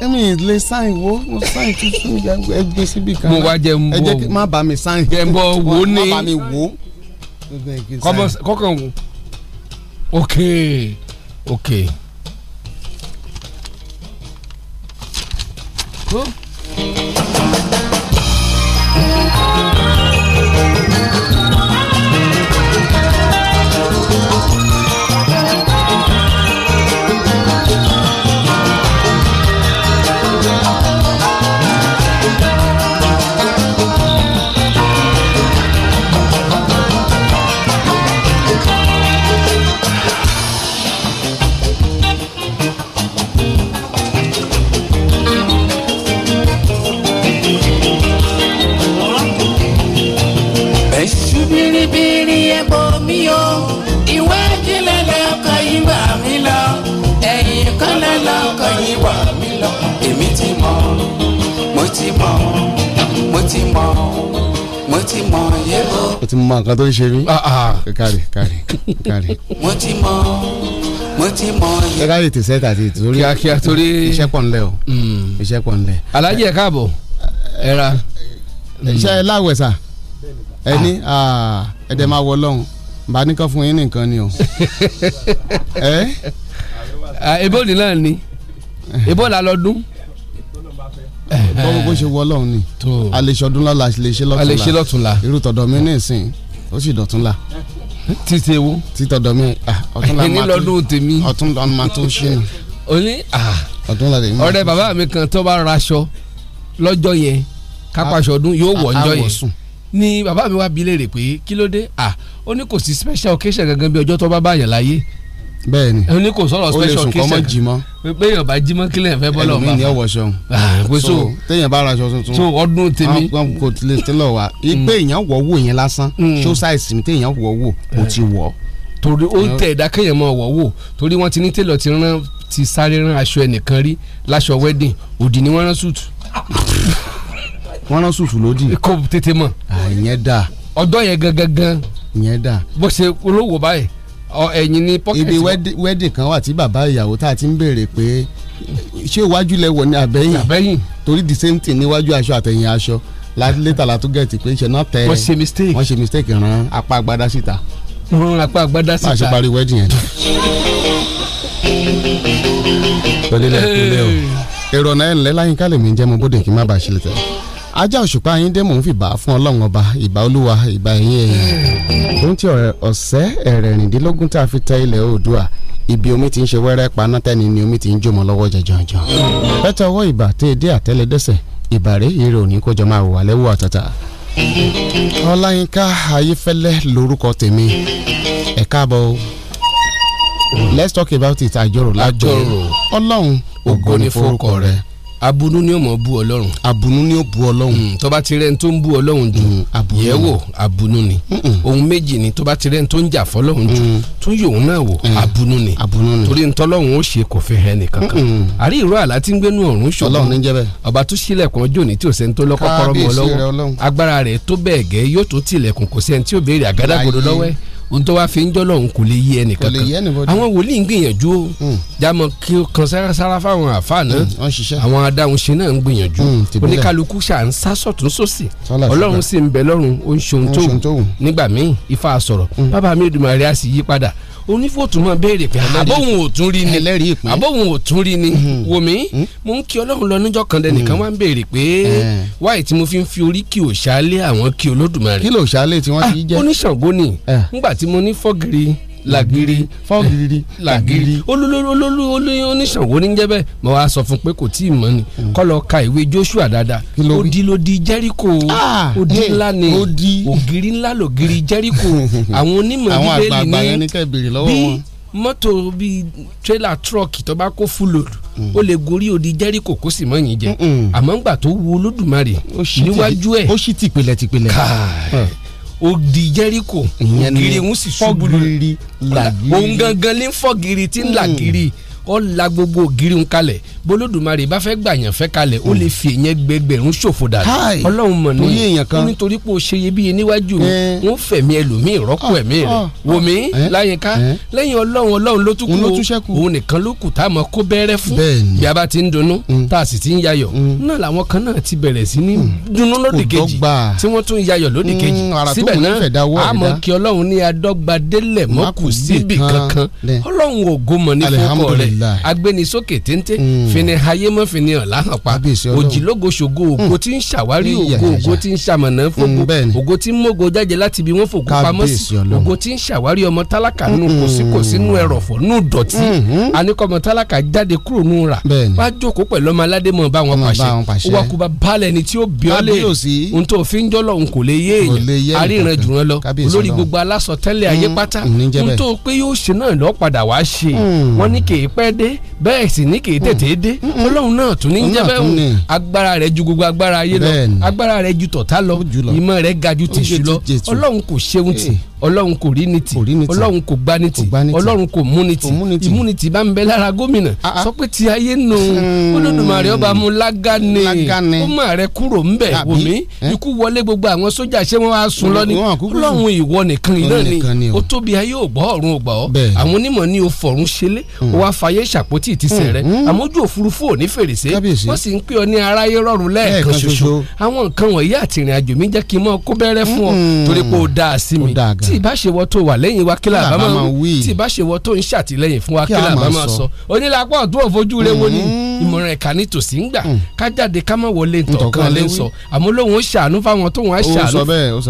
èmi lè sáìn wo mo sáìn tuntun ẹ gbé síbi kan. mo wá jẹ n bọ ẹ jẹ kí má bàa mi sáìn. jẹ n bọ *laughs* wo ni má bàa mi wo. kọ́kàn wo. ok ok. Cool. mọ nǹkan tó ń ṣe mí. Ah, ah. kárí kárí kárí. mo ti mọ mo ti mọ yẹn. kárí ètò sẹ́ta àti ètò torí kíákíá torí iṣẹ́ pọ̀ ńlẹ̀ o hmm. iṣẹ́ pọ̀ ńlẹ̀. alájí ẹ̀ káàbọ̀ ẹ ra. iṣẹ́ ẹ hmm. láwẹ̀ sà ẹ ní ah. ẹ dẹ̀ máa wọ lọ́hùn bá nìkan fún yín nìkan ni o. ebo *laughs* nìlànà ni ebo là lọ dún bọ́wọ́ bó ṣe wọ ọlọ́run ni a la, ṣọdún lọ́la a lè ṣe lọ́túnla a lè ṣe lọ́túnla irú tọ̀dọ̀ mi ní ìsìn ó sì dọ̀túnla. títí ewu títọ̀dọ̀ mi ọ̀túnla máa tó lọ́dún tèmi ọ̀túnla máa tó ṣe nù. *laughs* o ní ọ̀túnla tèmi. ọ̀rẹ́ bàbá mi kan tó bá raṣọ lọ́jọ́ yẹn kápáṣọ ọdún yóò wọ̀ ọ́jọ́ yẹn ni bàbá mi wá bi léèrè pé kí ló dé ó ní kò sí special occasion gangan bí ọjọ́ tó bá báyàn láyé bẹ́ẹ̀ni o ní kò sọ̀rọ̀ special case kan pé yóò jimọ kí lẹ́yìn fẹ́ ọba ẹlòmíì ni ọwọ́ ah, sọ̀hún so téèyàn bá raṣọ tuntun so ọdún tèmi kò lè tẹ́lọ̀ wá mm. pé èèyàn wọ̀ wò yẹn lásán show mm. size mi téèyàn wọ̀ wò kò ti wọ̀ torí ó ń tẹ̀ ẹ̀dá kéèyàn máa wọ̀ wò torí wọ́n ti ní télọ̀ ti rán ti sáré rán aṣọ ẹnìkan rí láṣọ wedding òdì ni wọ́n rán sùtù. wọ́n rán sùtù lódì. kò tètè mọ̀. àyẹ̀dà. ọdọ́ yẹn gangan. yẹn ẹ̀yìn ni pocket. ibi wedding kan wà tí bàbá ìyàwó tá a ti ń béèrè pé ṣé iwájú lẹ wọ̀ ní àbẹ́yìn àbẹ́yìn torí the same thing níwájú aṣọ àtẹ̀yìn aṣọ later la tún gẹ̀ẹ́tì pé ṣe náà tẹ wọ́n ṣe mistake wọ́n ṣe mistake ran apá agbada síta. ran apá agbada síta bá a ṣe parí wedding yẹn. pẹ̀lú ilẹ̀ ìpínlẹ̀ o èrò ọ̀nà ẹ̀ ńlẹ́ láyínká lèmi ń jẹ́ mo bóde kí n má bàa ṣe lè tẹ̀lé ajá òṣùpá yín dé mò ń fìbà fún ọlọ́run ọba ìbà olúwa ìbà ẹ̀yìn ẹ̀yìn ohun tí ọ̀sẹ́ ẹ̀rẹ̀rìndínlógún tá a fi tẹ ilẹ̀ oòdùà ibi omi ti ń ṣe wẹ́rẹ́ paná ni omi ti ń jòmọ́ lọ́wọ́ jẹjọ́jọ́ ẹ tọwọ́ ìbà tẹ́ ẹ dé àtẹ́lẹdẹ́sẹ̀ ìbàrẹ́ ìrẹ́ òní kó jọ máa wò wálẹ́ wò àtàtà ọláyínká ayéfẹ́lẹ́ lórúkọ tèmi ẹ káàbọ̀ o let's talk about it àjọrò lájọrò ọlọ́run ògo ni forúkọ rẹ̀ abunú ni ó mọ̀ bú ọlọ́run. abunú ni ó bú ọlọ́run. Hmm, tó bá ti rẹ́ni tó ń bú ọlọ́run jù hmm, yẹ̀ wò abunú ni. ohun méjì ni tó bá ti rẹ́ni tó ń jà fọlọ́run jù hmm. tún yòun náà wò abunú ni. abunú ni torí ntọ́lọ́run ó ṣe kò fi hẹ́ nìkan kan. àrí ìró àlá tí ń gbénu ọ̀run ṣòwò ọlọ́run ní jẹ́bẹ̀. ọba tó ṣílẹ̀kùn ọjọ́ ní tí ò sẹ́ni tó lọ́kọ́ kọ́rọ́ mọ́ lọ́wọ́ agbára rẹ̀ tó bẹ́ẹ̀ gẹ́ ohun tó wá fi ń jọ́lọ̀ òun kò lè yé ẹnìkan kan àwọn wòlíì ń gbìyànjú o hmm. jámọ kí o kan sárasára fáwọn àáfàá náà hmm, àwọn adáhunṣe náà ń gbìyànjú hmm, oníkálukú ṣà sọ̀tún sósì ọlọ́run sì ń bẹ lọ́run ó ń ṣohun tóun nígbà míì ifá sọ̀rọ̀ bàbá mi Èdùmàrè á sì yí padà onífò tún máa béèrè pé àbóhùn ò tún rí ni àbóhùn ò tún rí ni hmm. wòmí hmm. mo ń kí ọlọ́run lọ níjọ́ kan dẹ nìkan hmm. wá ń béèrè pé eh. wáyé tí mo fi ń fi orí kí òṣàlẹ̀ àwọn kí olódùmarè kí lòṣàlẹ̀ tí wọ́n ti jẹ́ oníṣàngó ni eh. ngbà tí mo ní fọ́gìrì lagiri fọ́gìrì lagiri olólólólóló oníṣàngó ní jẹ́bẹ̀ mo wá sọ fún pé kò tí ì mọ̀ ni mm. kó ka ìwé Joshua dada odi ló di Jẹ́ríkò ah, odi ńlá ni ògiri ńlá lògiri Jẹ́ríkò *laughs* àwọn onímọ̀ bíbélì ní bí mọ́tò bíi tírélà tírọ́ọ̀kì tó bá kó full load mm. ó lè gorí odi jẹ́ríkò kó sì mọ́yìn jẹ àmọ́ ńgbà tó wu olódùmarè níwájú ẹ̀ ó sì tìpilẹ̀ tìpilẹ̀ káà odi jẹ́ríkò ògiri ń sì ṣubú lórí òun gangan lè giri tí ń là giri hmm. ó la gbogbo ògiri ń kalẹ̀ bólódùmarè bá fẹ́ gbàyàn fẹ́ kalẹ̀ ó lè hmm. fi èèyàn gbẹgbẹ̀rún ṣòfò dànù ọlọ́run mọ̀ ní nítorí pé o ṣe iyebíye níwájú eh. wọn fẹ̀mí ẹlòmíì rọ́pò ẹ̀mí rẹ̀ ah, ah. wòmí eh. láyínká eh. lẹ́yìn ọlọ́run ọlọ́run ló tún kú òun nìkan ló kù tá a mọ̀ kó bẹ́rẹ́ fún bí a bá ti ń dunnú hmm. tá a sì ti ń yayọ̀ hmm. náà làwọn kan náà ti bẹ̀rẹ̀ sí ní dunnú lódì kejì tí wọ́n tún yayọ̀ lódì kejì síbẹ̀ náà a mọ̀ kí ọlọ́run ní adọ́gba délẹ̀ mọ́ kù síbì kankan ọlọ́run ògo mọ̀ ní fọ́kọ̀ rẹ̀ agbénisókè téńté f èmi ni ayé mọ́ fi ni hàn láhàn pa òjìlógo ṣògo hmm. ògo tí ń ṣàwárí ògo ògo tí ń ṣamọ̀nà hmm, fògo ògo tí ń mógo jáde láti ibi wọ́n fògo pamọ́ sí ògo tí ń ṣàwárí ọmọ tálákà nù hmm. kòsíkòsí nù ẹrọ̀fọ̀ nù dọ̀tí àníkọ́mọ tálákà jáde kúrò nù rà wá jókòó pẹ̀lú ọmọ aládé mọ̀ bá wọn pàṣẹ wọ́n kú bá balẹ̀ ni tí ó bí ọ ohun tó fi ń jọ́lọ̀ n kò lè yé èèyàn aríran jù dé ọlọ́run náà tún ní jẹ́ bẹ́ẹ̀ agbára rẹ̀ ju gbogbo agbára ayé lọ agbára rẹ̀ ju tọ̀tá lọ ìmọ̀ rẹ̀ ga ju tìṣù lọ ọlọ́run kò ṣeun tì ọlọ́run kò rí ní ti ọlọ́run kò gbá ní ti ọlọ́run kò mú ní ti immunity bá ń bẹ lára gómìnà ah, ah. sọ pé ti ayé nù hmm. olódùmarè ọba mu lágànè ó mà rẹ kúrò ńbẹ wò mí eh? ikú wọlé gbogbo àwọn sójà ṣé wọn á sun lọ ní ọlọ́run ìwọ nìkan iná ni ó tóbi ayé ò gbọ́ ọ̀run ò gbọ́ àwọn onímọ̀ ni o fọ̀run ṣẹlẹ̀ o hmm. wa fàyè ṣàpótì ìtìsẹ̀ hmm. rẹ àmójú òfurufú ò ní fèrèsé wọ́n sì ń pè ọ ní aráyé rọrùn lẹ́ẹ̀kan ṣoṣo àwọn nǹkan wọ̀nyí àtìrìn àjò mi jẹ́ kí n mọ́ kó bẹ̀rẹ̀ fún ọ torí pé o dáa sí mi tí ìbá ṣèwọ tó wà lẹ́yìn wa kí làbá máa wí tí ìbá tó ń ṣàtìlẹ́yìn fún wa kí làbá máa sọ onílàpá ọ̀dún òfojú rẹ wo ni mm. ìmọ̀ràn ẹ̀ka ní tòsí ń gbà mm. ká jáde ká má wọlé ntọ̀kan lé ń sọ àmọ́ olóhùn ó ṣàánú fáwọn tóhùn á ṣàánú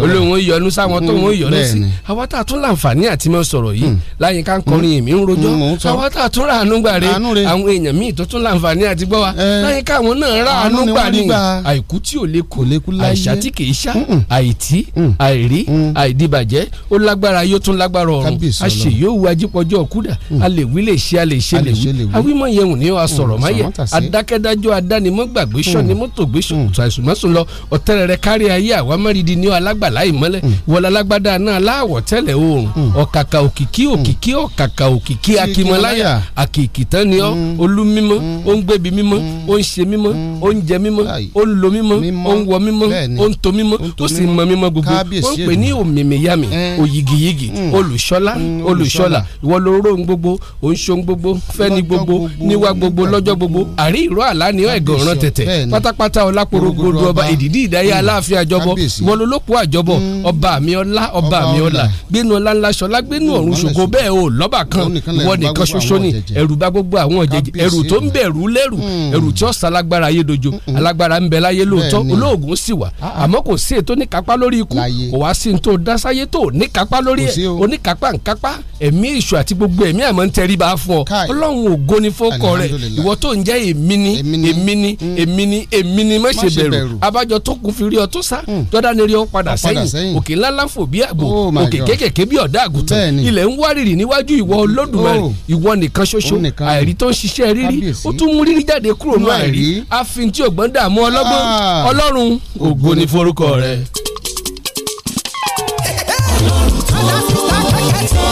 olóhùn ó yọnu sáwọn tóhùn ó mm, yọnu sí àwa tá a tún láǹfààní àti mọ́ sọ̀rọ̀ yìí láyìn ká ń kọrin èmi ń rojọ́ àwa tá a tún ràánú gbà àwọn èèyàn míì tó tún láǹfààní àti gbọ́ wa eh. láyìn káwọn náà ràánú gbà ní àìkú tí ò lè kò àìsà tí kì í ṣá àìtí àìrí àìdíbàjẹ́ ó lágbára yóò tún lágbára ọ̀run àṣẹ yóò wu ajípọ̀jọ́ kúdà a lè wí lè ṣe a lè ṣe lè wí awímọ̀ yẹn ò ní wa mm, sọ̀rọ̀ mm, mm. má yẹ adákẹ́dájọ́ adánimọ̀gbàgbé sọ́ni mọ́tò gbé sùnmọ́sùn lọ ọ̀tẹ́rẹrẹ kárí ayé àwa mẹ́rìndín ní alágbàlá ìmọ́lẹ̀ wọlé alágbádá náà láàwọ̀ tẹ́lẹ̀ oòrùn ọ̀kàkà òkìkí òkìkí ọ̀kàkà òkìkí akímọláyà àkìkì tán ni ọ́ olú mímọ́ ó ń gbébi mímọ́ ó ń ṣe mímọ́ ó ń jẹ mímọ́ ó ń lo mímọ́ ó ń wọ mímọ́ ó ń to mímọ́ ó sì mọ mímọ́ gbogbo ó ń pè ní òmìmíyàmì oyigiyigi mm. Mm. Mm, olùṣọ́lá olùṣọ́lá ìwọ ló róhun gbogbo òǹṣohun gbogbo fẹ́ni gbogbo níwá gbogbo lọ́jọ́ gbogbo àrí ìró àlá ni ọ̀ ẹ̀gàn ọ̀ràn tẹ̀tẹ̀ pátápátá ọlápòrò gbogbo ọba èdìdí ìdáyà aláàfin àjọbọ ìwọ ló lóko àjọbọ ọba mi ọlá ọba mi ọlá gbénu ọlá ńlá ṣọlá gbénu ọ̀run ṣògo bẹ́ẹ̀ o lọ́ba kan ìwọ nìkan ṣoṣo ni ẹ̀rù bá gbogbo àwọn ọ̀jẹ̀jẹ̀ ẹ̀rù tó ń bẹ̀rù lẹ́rù ẹ̀rù tí ó salágbára ayé dojo alágbára ń bẹ láyé lóòótọ́ olóògùn sì wà ah, ah. àmọ́ kò sí ètò ní kápá lórí ikú kò oníkápá lórí ẹ̀ oníkápá nkápá ẹ̀mí èṣù àti gbogbo ẹ̀mí àmọ́ ń tẹríba fún ọ ọlọ́run ògo ni fọ́kọ rẹ̀ ìwọ tó ń jẹ́ èmi ni èmi ni èmi ni mm. èmi ni má ṣe bẹ̀rù abájọ tó kún fi rí ọ tó sá mm. jọ́dá ni rí ọ padà sẹ́yìn òkè ńláńlá fò bí àgbò oh òkè kékèké bí ọ̀dà àgùntàn ilẹ̀ ń wárìrì níwájú ìwọ oh. olódùmarè ìwọ nìkan oh, ṣoṣo àìrí tó ń ṣiṣẹ́ rírí ó tún mú rírí jáde kúrò nù àìrí àfin tí ògbọ́n dààmú ọlọ́gbọ́n ah. ọlọ́run ògo forúkọ rẹ̀.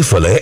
playfully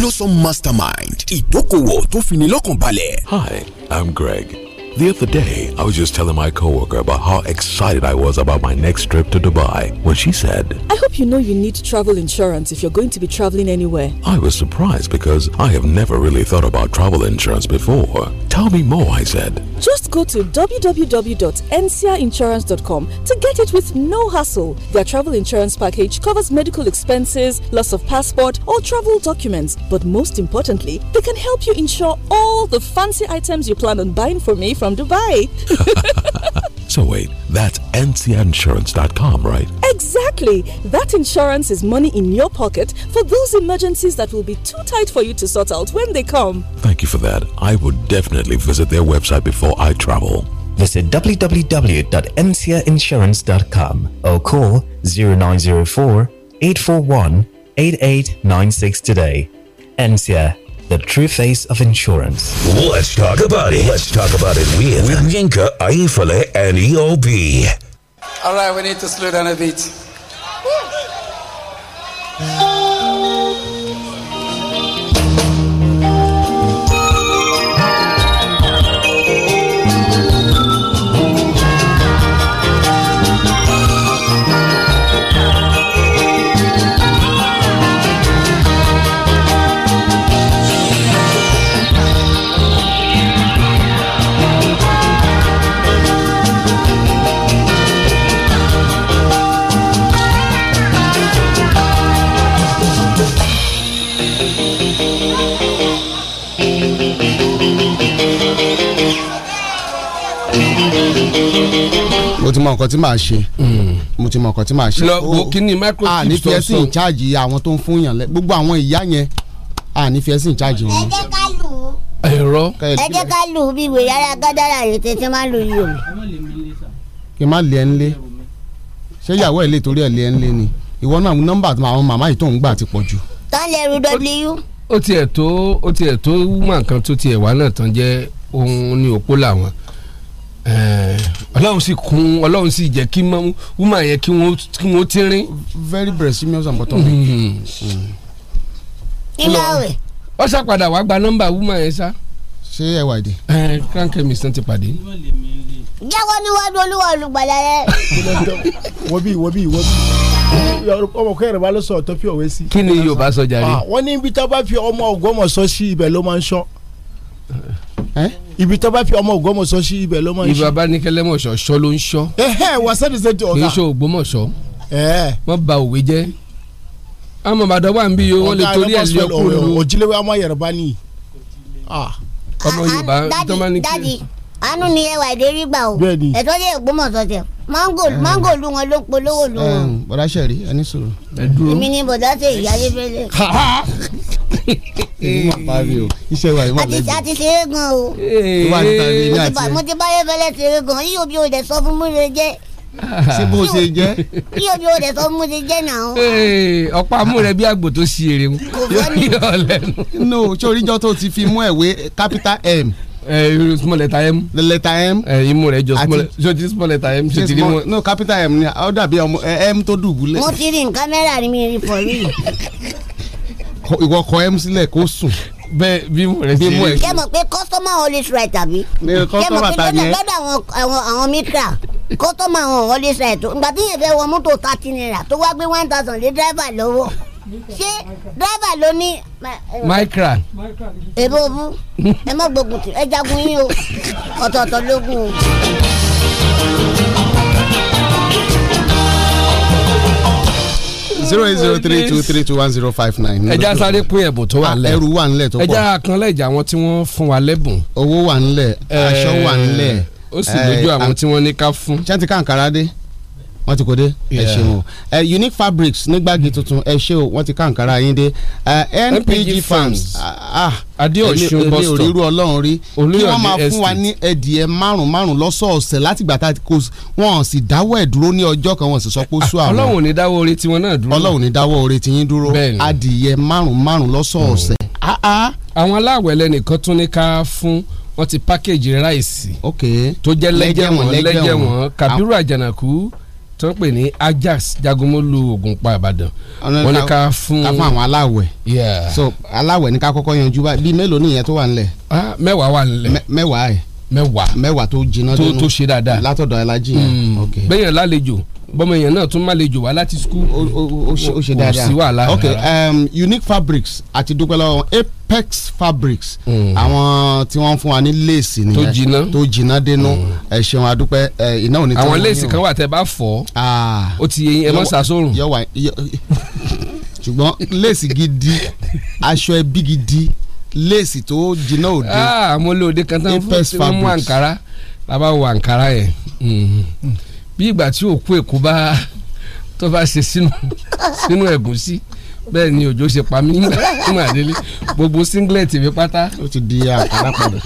Blossom Mastermind ìdókòwò tó fini lọ́kàn balẹ̀. Hi, I'm Greg. The other day, I was just telling my coworker about how excited I was about my next trip to Dubai when she said, I hope you know you need travel insurance if you're going to be traveling anywhere. I was surprised because I have never really thought about travel insurance before. Tell me more, I said. Just go to www.ncrinsurance.com to get it with no hassle. Their travel insurance package covers medical expenses, loss of passport, or travel documents. But most importantly, they can help you insure all the fancy items you plan on buying for me from Dubai. *laughs* so, wait, that's ncinsurance.com, right? Exactly. That insurance is money in your pocket for those emergencies that will be too tight for you to sort out when they come. Thank you for that. I would definitely visit their website before I travel. Visit www.ncinsurance.com or call 0904 841 8896 today. NCA the true face of insurance. Let's talk about it. Let's talk about it with, with Yinka, Aifale, and EOB. All right, we need to slow down a bit. mo ti mọ nǹkan tí màá ṣe hmm. mo ti mọ nǹkan tí màá ṣe. lọ wo kíní microchip sọ̀sọ̀. a ní fi ẹsìn in charge àwọn tó ń fún yàn lẹ gbogbo àwọn ìyá yẹn a ní fi ẹsìn in charge wọn. ẹ jẹ́ ká lù ú. ẹ jẹ́ ká lù ú bí ìwé yàrá gádàrà rẹ̀ tètè má lù yìí o. kí n má lé ẹ ń ṣé ìyàwó ẹ lè torí ẹ lé ẹ ń ni ìwọ náà nọ́mbà àwọn màmá yìí tó ń gbà ti pọ̀ jù. tán lẹ́rù w. ó tiẹ̀ tó ó tiẹ̀ tó wúmọ̀ kan tó tiẹ̀ wá náà tán jẹ́ ohun ní òpó làwọn Eh, ọlọ́run sì kún ọlọ́run sì jẹ́ kí wúmà yẹn kí wọ́n ti rín. very breastfeeding and bottom. iná rẹ̀. ó ṣàpadà wàá gba nọ́mbà wúmà yẹn sá. ṣé ẹ wà dé. ẹ eh, kranke mi sàn ti pàdé. jẹ́wọ́ níwájú olúwa olùgbàlà yẹn. wọ́bí wọ́bí wọ́bí ọmọ kẹrẹ wa ló sọ ọ̀tọ́ fi ọ̀wé sí. kí ni yorùbá sọ jàre. Ah, wọ́n ní ibi tá a bá fi ọmọ ọgọ́mọ̀ sọ sí ibẹ̀ ló máa ń sọ. Eh? ibi tó bá fi ọmọ Ògbómọ̀ṣọ́ sí ibẹ̀ ló máa ń ṣe. ibi abánikẹ́lẹ́ mọ̀ṣọ́ ṣọ́ ló ń ṣọ́. wàsẹ́ni ṣe ti ọ̀gá. kì í ṣe Ògbómọ̀ṣọ́. Eh. wọ́n ba òwe jẹ́. àmọ́ bàdọ́ wà ń bí yo wọ́n lè torí ẹ̀ lé ọkùnrin. ọ̀jílẹ̀wé ah. ọmọ Yorùbá ni. ọmọ Yorùbá tó máa ní kí àánú ni ẹwà èdè rí gbà o ẹ̀tọ́ yẹ Ògbómọ̀ṣọ́ tẹ mango mango, lu wọn ló polówó lu wọn. bọ̀dá sẹ̀rí ẹni sọ̀rọ̀ ẹ dúró. èmi ni bọ̀dá ṣe ìyáyé fẹ́lẹ́. èmi máa parí o iṣẹ́ wa yìí máa lẹ́bi. àti ṣe é gan o. ìwà níta ni ilé àti. mo ti báyé fẹ́lẹ́ ṣe é gan yíyó bí o dẹ̀ sọ fún mi lè jẹ́ ṣé bó ṣe jẹ́. kí omi ò dẹ̀ sọ mú ṣe jẹ́ náà. ọ̀pá mú rẹ bí àgbò tó ṣe eré mu yóò lẹ́nu. no sóríjọ́ tó ti fi mú ẹ̀wé capital M Eh, small letter m. letter m. Eh, imú rẹ̀ jọ small jọjí small letter m. ṣe ti no capital m ni ọ dàbí ọmọ eh, m tó dùbúlẹ̀. mo ti rí nǹkan mẹ́rà ni mi rí pọ̀ rí. ìwọ kọ m sílẹ̀ kó sùn bẹ́ẹ̀ bí mo rẹ ṣe rí. kẹ́ mọ̀ pé customer always right tàbí. kẹ́ mọ̀ pé lọ́dọ̀ lọ́dọ̀ àwọn àwọn mitra customer àwọn always right tó. ìgbà tí yẹn fẹ́ wọ mọ́tò naira tó wá gbé one thousand lé driver lọ́wọ́ ṣé dírẹ́bà ló ní. micra. èbó bú ẹ má gbógun tì ẹ jagun yín o ọ̀tọ̀ọ̀tọ̀ lógún o. zero eight zero three two three two one zero five nine. ẹja sáré pín ẹ̀bùn tó wà ah, lẹ̀. ẹrù wà ńlẹ̀ tó pọ̀. ẹja kanlẹ̀ ìjà wọn tí wọ́n fún wa lẹ́bùn. owó wà ńlẹ̀ aṣọ wà ńlẹ̀. ó sì lójú àwọn tí wọ́n ní ká fún. ṣé ti ká àǹkárá dé. wọ́n ti kó dé ẹ ṣeun o unique fabrics nígbàgì tuntun ẹ ṣe o wọ́n ti ká nkàrà yín dé npg farms ah, ah. adéòṣun bus stop onírú ọlọ́run rí kí wọ́n máa fún wa ní ẹ̀dìẹ̀ márùn márùn lọ́sọ̀ọ̀sẹ̀ láti gbà tá a kó wọn sì dáwọ́ ẹ̀ dúró ní ọjọ́ kan wọ́n sì sọ pé ó sú àwọn ọlọ́run ò ní dáwọ́ oore tiwọn náà dúró ọlọ́run ò ní dáwọ́ oore tiyín dúró adìyẹ márùn márùn lọ́sọ̀ọ̀sẹ̀ mm. ah, àwọn aláwẹ̀ lẹ́nìkan tún ní ká fún wọ́n ti package ráìsì tó jẹ́ lẹ́jẹ̀wọ̀n lẹ́jẹ̀wọ̀n Kàbírù Àjànàkú tó ń pè ní Ajax jagunmólu Ògùnpa Ìbàdàn wọ́n ní ká fún ká fún àwọn aláwẹ̀ so aláwẹ̀ ní ká kọ́kọ́ yanjú báyìí bíi mélòó nìyẹn tó wà nílẹ̀. Ah, mẹ́wàá wà nílẹ̀ mẹ́wàá ẹ̀ mẹ́wàá mẹ́wàá tó jiná dẹnu tó ṣe dáadáa látọ̀dọ̀ alájí yẹn. Hmm. bẹ́ẹ̀ yẹn lálejò bọ́mọ èèyàn náà tún má lè jò wá láti school. ó ṣe dáadáa ó sì wàhálà. ok um, unique fabrics àti dúpẹ́ lọ́wọ́ apex fabrics mm. àwọn tí wọ́n fún wa ní léèsì nìyẹn tó jiná tó jiná dénú mm. ẹ ṣeun adúpẹ́ iná ò ní tẹ́wọ́n. àwọn léèsì kan wà tẹ́ bá fọ́ ó ti yẹ ẹ mọ́ sàsórùn. *laughs* ṣùgbọ́n léèsì gidi aṣọ ẹbí gidi léèsì tó jiná ah, òde. àmọ́ lóde kan tán fún mi mú àǹkárá bàbá wo àǹkárá yẹn. Mm bí ìgbà tí òkú èkó bá tó bá ṣe sínú sínú ẹ̀gúsí bẹ́ẹ̀ ni òjò ṣe pa mí nígbà tí màá délé gbogbo singlet mi pátá. ó ti di àkàrà padà.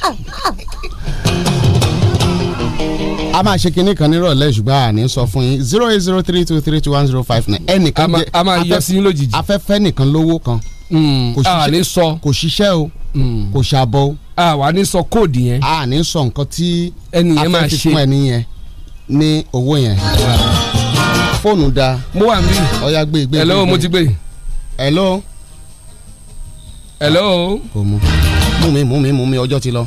a máa ṣe kinní kan nírọ̀lẹ́ ṣùgbọ́n àní sọ fún yín zero eight zero three two three two one zero five nine ẹnìkan jẹ́ a máa yọ sí lójijì afẹ́fẹ́ nìkan lówó kan hmm, a ní sọ kò ṣiṣẹ́ o hmm. kò ṣàbọ̀ o. a wà ní sọ kóòdù yẹn. a ní sọ nǹkan tí afẹ́fẹ́ fún ẹni yẹn ní owó yẹn. fóònù da. mo wà níbí. ọ̀ya gbé gbé. hello mo ti gbé. hello. hello. kò mú mú mi mú mi mú mi ọjọ́ ti lọ.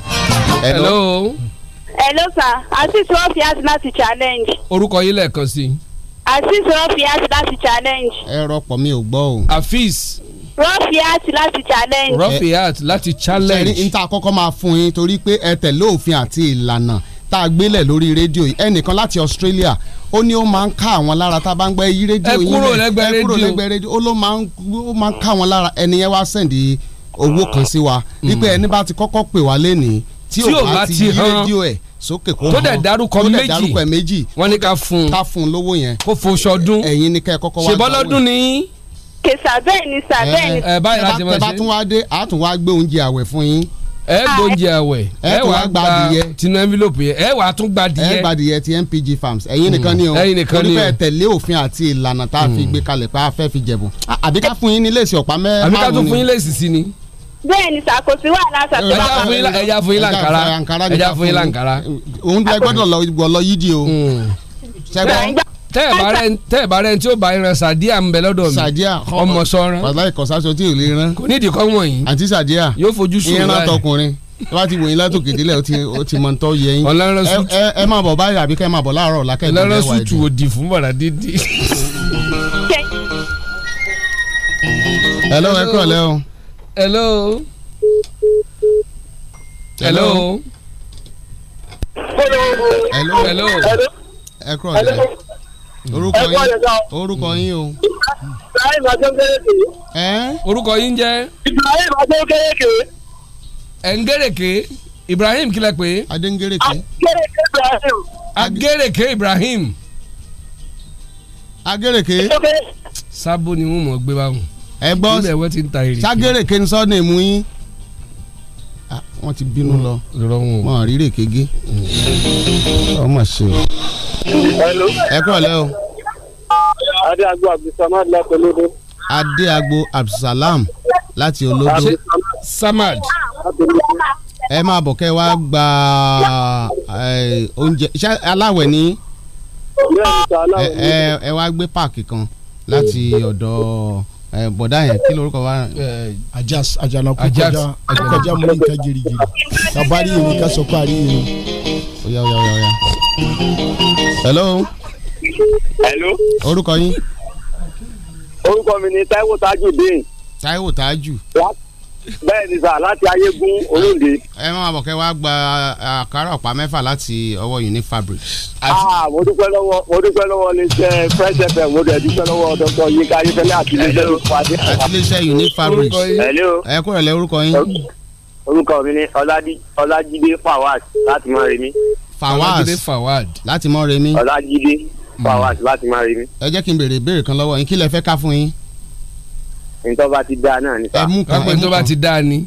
hello. hello sir asis rọ́fíàsì láti challenge. orúkọ yín lẹ́ẹ̀kan sí i. asis rọ́fíàsì láti challenge. ẹ rọpò mi ò gbọ́ o. afis rọ́fíàt láti challenge. rọ́fíàt láti challenge. ṣe ní níta kọ́kọ́ máa fún yín torí pé ẹ tẹ̀lé òfin àti ìlànà tá a gbélẹ̀ lórí rédíò yìí ẹnìkan láti Australia ó ní ó máa ń ká àwọn lára tá a bá ń gbẹ́ yí rédíò yìí ẹ kúrò lẹ́gbẹ̀ẹ́ rédíò ó ló máa ń ká àwọn lára ẹni yẹn wá sẹ́ndì owó kan sí wa hmm. wípé ẹni bá ti kọ́kọ́ pè wá lénìí tí ò bá ti yí rédíò ẹ̀ sókè kó hàn tó dẹ̀ dárúkọ méjì tó dẹ̀ dárúkọ méjì wọ́n ní ká fún un ká fún lówó yẹn kó fòṣọdún ẹ̀yin ni ká ẹ kọ́kọ́ wá gbà wọ́n kèsà bẹ́ẹ̀ ni sà bẹ́ẹ̀ ni. ẹ báyìí láti mọ̀ ṣe. tẹ bá tún wá dé àá wá gbé oúnjẹ àwẹ̀ fún yín ẹ gbóúnjẹ àwẹ̀ ẹ wàá gba tinú envelope yẹn ẹ wàá tún gba díẹ̀. ẹ gba díẹ̀ ti MPG Farms ẹ̀yin hmm. nìkan ni o ẹ̀yin nìkan ni o onífẹ̀ẹ́ tẹ̀lé òfin àti ìlànà tá a fi hmm. gbé kalẹ̀ pé a fẹ́ fi jẹ̀bù àbí ká fún yín ní lèsì ọ̀pá mẹ́rin. àbí ká tún fún yín lèsì sí ni. bẹ́ẹ̀ ni sàkóso wà láṣà tó bá wà. ẹja fún yín lankara ẹja fún yín lankara. òun gbọ́dọ̀ lọ yídìí o. sẹ́gbọ́n hmm tẹ́ ẹ̀ bá rẹ̀ tí ó bá ìran sàdíà ń bẹ lọ́dọ̀ mi sàdíà ọmọ sọ́ran pàtàkì kọ̀sáṣọ tí ò lè ran kò nídìí kọ́ wọ̀nyí àti sàdíà yóò fojú sùn láì ìran tọkùnrin wá ti wòyìn látòkè délẹ̀ ó ti mọ̀ ń tọ́ yẹ yín ẹ máa bọ̀ báyìí àbí kẹ́ máa bọ̀ láàárọ̀ ọ̀la kẹ́ẹ̀ lọ́rọ́ sùtù òdì fún bàrà dídì. hello ẹ kọ́ lẹ́ o. hello. hello. hello. hello. ẹ kọ́ lẹ́ o orúkọ yín orúkọ yín o. Ibrahim Adékèké. ẹ orúkọ yín jẹ́. Ibrahim Adékèké. ẹ̀ ń gẹ́rẹ̀kẹ́ Ibrahim kílẹ̀ pé. Adéǹgẹ́rẹ̀kẹ́. Adéǹgẹ́rẹ̀kẹ́ Ibrahim. Agẹ́rẹ̀kẹ́ Ibrahim. Agẹ́rẹ̀kẹ́. sábó ni wọ́n mọ̀ gbé báwọn. ẹ gbọ́ ságẹ́rẹ̀kẹ́ ń sọ ní ìmú yín wọ́n ti bínú lọ wọ́n rí rèkégé ọmọ ṣe o ẹ kúrọ̀lẹ́ o. adé agbo abdulsamad láti olódó. adé agbo abdulsalam láti olódó. samad. ẹ máa bọ̀ kẹ́ wá gba oúnjẹ ṣé aláwẹ̀ ni ẹ wá gbé páàkì kan láti ọ̀dọ̀ bọ̀dá yẹn kí lorúkọ wa. ajas ajalaku kọjá kọjá múlẹ̀ ìka girigiri tabari yìí ká sọ pé àríyìn ó yá yá yá yá. hello. hello. orúkọ yín. orúkọ mi ni Táíwò Tajudeen. Táíwò Tájù. bẹ́ẹ̀ ni sà láti ayégún olóde. ẹ má bọ̀ kẹ́ wá gba àkàrà ọ̀pá mẹ́fà láti ọwọ́ Unique Fabrics. Ah, mo dúpẹ́ lọ́wọ́ mo dúpẹ́ lọ́wọ́ iléeṣẹ́ Fresh FM mo dúpẹ́ lọ́wọ́ dr Yinka Ayéfẹ́lẹ́ àti iléeṣẹ́ Unique Fabrics. àti iléeṣẹ́ Unique Fabrics. ẹ kúrẹ̀lẹ̀ orúkọ yín orúkọ mi ni ọlájídé fawad láti mọ́remí. fawad fawad láti mọ́remí. ọlájídé hmm. fawad láti mọ́remí. ẹ jẹ́ kí n béèrè ìbéèrè kan lọ́wọ́ yín kí lẹ fẹ́ ká fún yín. ntọ́ ti dáa náà nípa. ẹmú kan ẹmú kan tó ti dáa ni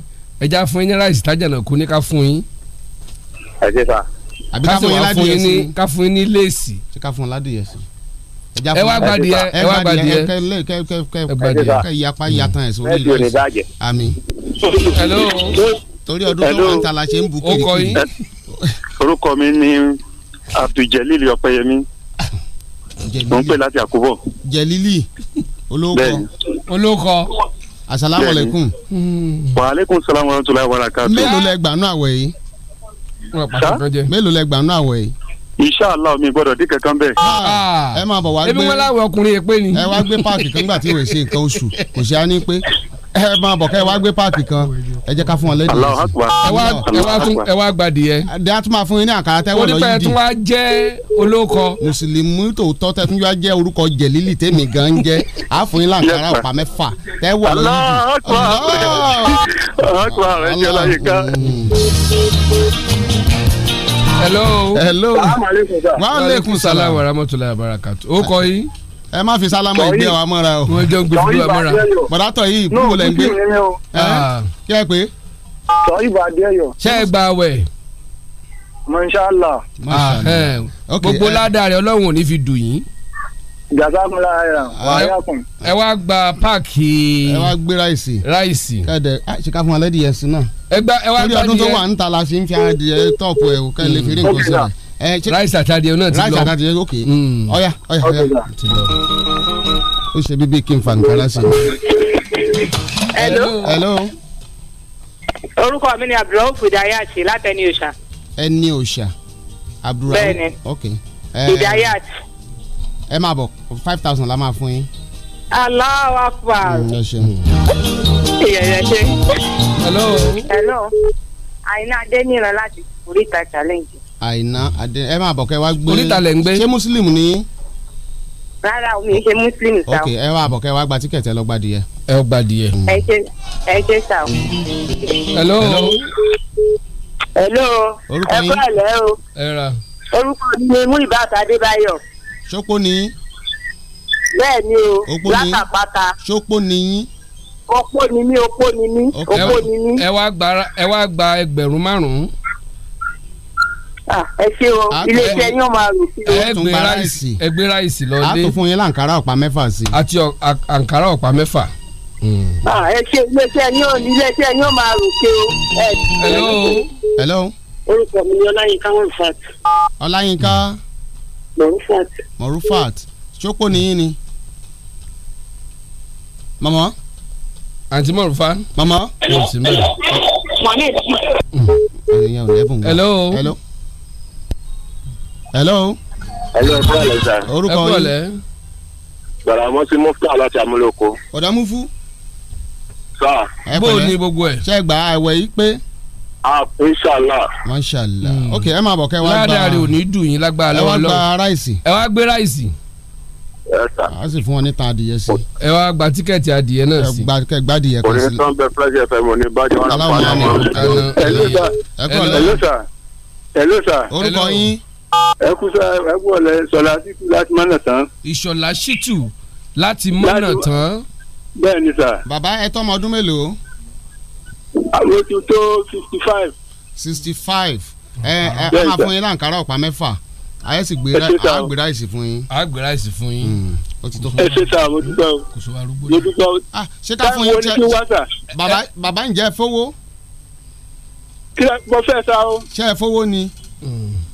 ẹja fún yín ní ráìsì tájà náà kú ní ká fún yín. ẹ ṣe sá. àbí ká fún yín ládìyẹ sí ká fún yín ní léèsì. ṣé ká fún ládìyẹ sí ẹ wá gbadìyẹ ẹ wá gbadìyẹ ẹ gbadìyẹ ẹ yapa hello torí ọdún tó wà ń ta la ṣe ń bu kirikiri. orúkọ mi ni abduljelil ọpẹyẹmí mo ń pè láti àkúbọ. jelili olóko olóko asalaamualeykum. Hmm. waaleykum salaam wa rahmatulahi wa barakatuh. mélòó lẹ gbàánú àwẹ̀ yìí. mélòó lẹ gbàánú àwẹ̀ yìí inshallah mi gbọ́dọ̀ dín kankan bẹ́ẹ̀. Ah, ah. ẹ máa bọ̀ wá gbé ẹ wá gbé páàkì kan gbà tí wọ́n ṣe nǹkan oṣù kò ṣe á ní pé ẹ máa bọ̀ kẹ́ ẹ wá gbé páàkì kan ẹ jẹ́ ká fún wọn lẹ́yìn ẹ wá fún ẹ wá gbadì yẹ. dẹ́ tún máa fún yín ní àkàrà tẹ́wọ̀ lọ́yìn dì. onípẹ̀ tún wá jẹ́ olóko. mùsùlùmí tòótọ́ tẹ́tún yóò jẹ́ orúkọ jẹ̀lílì tèmi gan ń jẹ́ a yín láǹkàrà ọ̀pá mẹ́fà tẹ́wọ̀ lọ́yìn dì. hello. hello. wa aleykum salaam wa rahmatulahi wa barakatu. o ẹ má fi sálámà ìgbé wa mọ́ra o. wọ́n jọ ń gbé fúlọ̀ mọ́ra. bọ̀dátọ̀ yìí kúrò lẹ́ ń gbé. Ah. kí ẹ pé. sọ ìbà adéyọ. ṣé ẹ gba awẹ. mọ̀nsálà. gbogbo ládàá rẹ ọlọ́run ò ní fi dùn yín. jàdákùnlá ẹ̀rà wàhálà kùn. ẹ wá gba páàkì. ẹ wá gbé ráìsì. ráìsì. kẹ́dẹ̀ ṣìkà fún alẹ́ díẹ̀ sí náà. ẹ wá gbá díẹ̀. torí ọdún tó wà ń ta la fi ń fi adìyẹ tọ́ọ̀pù ẹ̀ kẹ́lẹ́ fi rí nǹkan sílẹ̀ rice àtàdé náà ti lọ rice àtàdé ok ọ̀yà ọ̀yà ọ̀yà ti lọ ó ṣe bíbí kí n fa nǹkan lásìkò. hello. hello. orúkọ mi ni abdulrahman Idayat látẹni òòṣà. ẹni òòṣà abdulrahman bẹ́ẹ̀ni ok. Idayat. ẹ máa bọ̀ five thousand la máa fún yín. Allahu Akbar. Mm, ẹ ṣeun. ìyẹ̀yẹ̀ ṣe. hello. hello. àyìnlá adé níran láti orí ìta challenge àìná adé ẹ máa bọ̀ kẹ́ wá gbé oríta lẹ̀ ń gbé ṣé muslim ni. rárá mi ṣe muslim sá. ok ẹ máa bọ̀ kẹ́ wá gba tíkẹ̀tì ẹ lọ gba adìyẹ. ẹ gba adìyẹ. Mm. ẹ ṣe ẹ ṣe sá hello. hello. orúkọ yín ẹ kọ́ ẹ̀lẹ́ o. orúkọ mi ni Muibat Adébáyọ̀. ṣókó ni. bẹ́ẹ̀ ni o látàpáta. ṣókó ni yín opó ni mí opó ni mí opó ni mí. ẹ wá gba ẹgbẹ̀rún márùn-ún ẹ ṣe o ilé iṣẹ́ yín ó máa rò sí o. ẹ gbé ráìsì ẹ gbé ráìsì lọ dé. a tún fún yín láǹkárá ọ̀pá mẹ́fà sí. àti àǹkárá ọ̀pá mẹ́fà. ẹ ṣe ilé iṣẹ́ yín ilé iṣẹ́ yín ó máa sí o. hello. hello. orúkọ mi ni ọláyínká morufat. ọláyínká. morufat. morufat ṣókò nìyí ni. mama. àǹtí morufat. mama. mama. mọ̀nì. ẹ̀yin ò lẹ́bùn. hello. hello. hello? hello. hello ẹ kúrọ̀lẹ́ sà. orúkọ yín. bàrà mo ti mufta láti amúlòkó. ọ̀dà mufu. sà. ẹ pẹ̀lẹ́ bó o ní gbogbo ẹ̀. ṣe gba àwẹ̀ yìí pé. a ah, inshallah. mashallah hmm. ok ẹ máa bọ̀ kẹ́ wá gba. ládàá rẹ ò ní dùn yín lágbára lọ́wọ́ lọ́wọ́. ẹ wá gba ráìsì. ẹ wá gbé ráìsì. ẹ sà. a sì fún wọn níta adìyẹ sí. ẹ wá gba tíkẹ́ẹ̀tì adìyẹ náà sí. ẹ gba adìyẹ kan sí. òní sanbẹ fúlẹ́sì fm òní bá jẹ́ wọn. aláwọ̀ ẹ̀ ló sà ẹ kú sọ ẹ wọ lẹ sọlá ṣìtù láti mọ̀nà tán. ìṣọ̀lá ṣìtù láti mọ̀nà tán. bẹ́ẹ̀ ni sà. bàbá ẹ tọ́mọ ọdún mélòó. àwọn ti tó sixty five. sixty five ẹ ẹ á máa fún yín láǹkárá ọ̀pá mẹ́fà ayé sì gbé ráìsì fún yín. a gbé ráìsì fún yín. o hmm. ti tó fún mi. ẹ ṣe sá mo dúpẹ́ o. kò sọ arúgbó náà. mo dúpẹ́ o. ah ṣé ká fún yín jẹ bàbá bàbá ǹjẹ́ fowó. kí ẹ gbọ́ fẹ́ sá o. ṣé ẹ fowó ni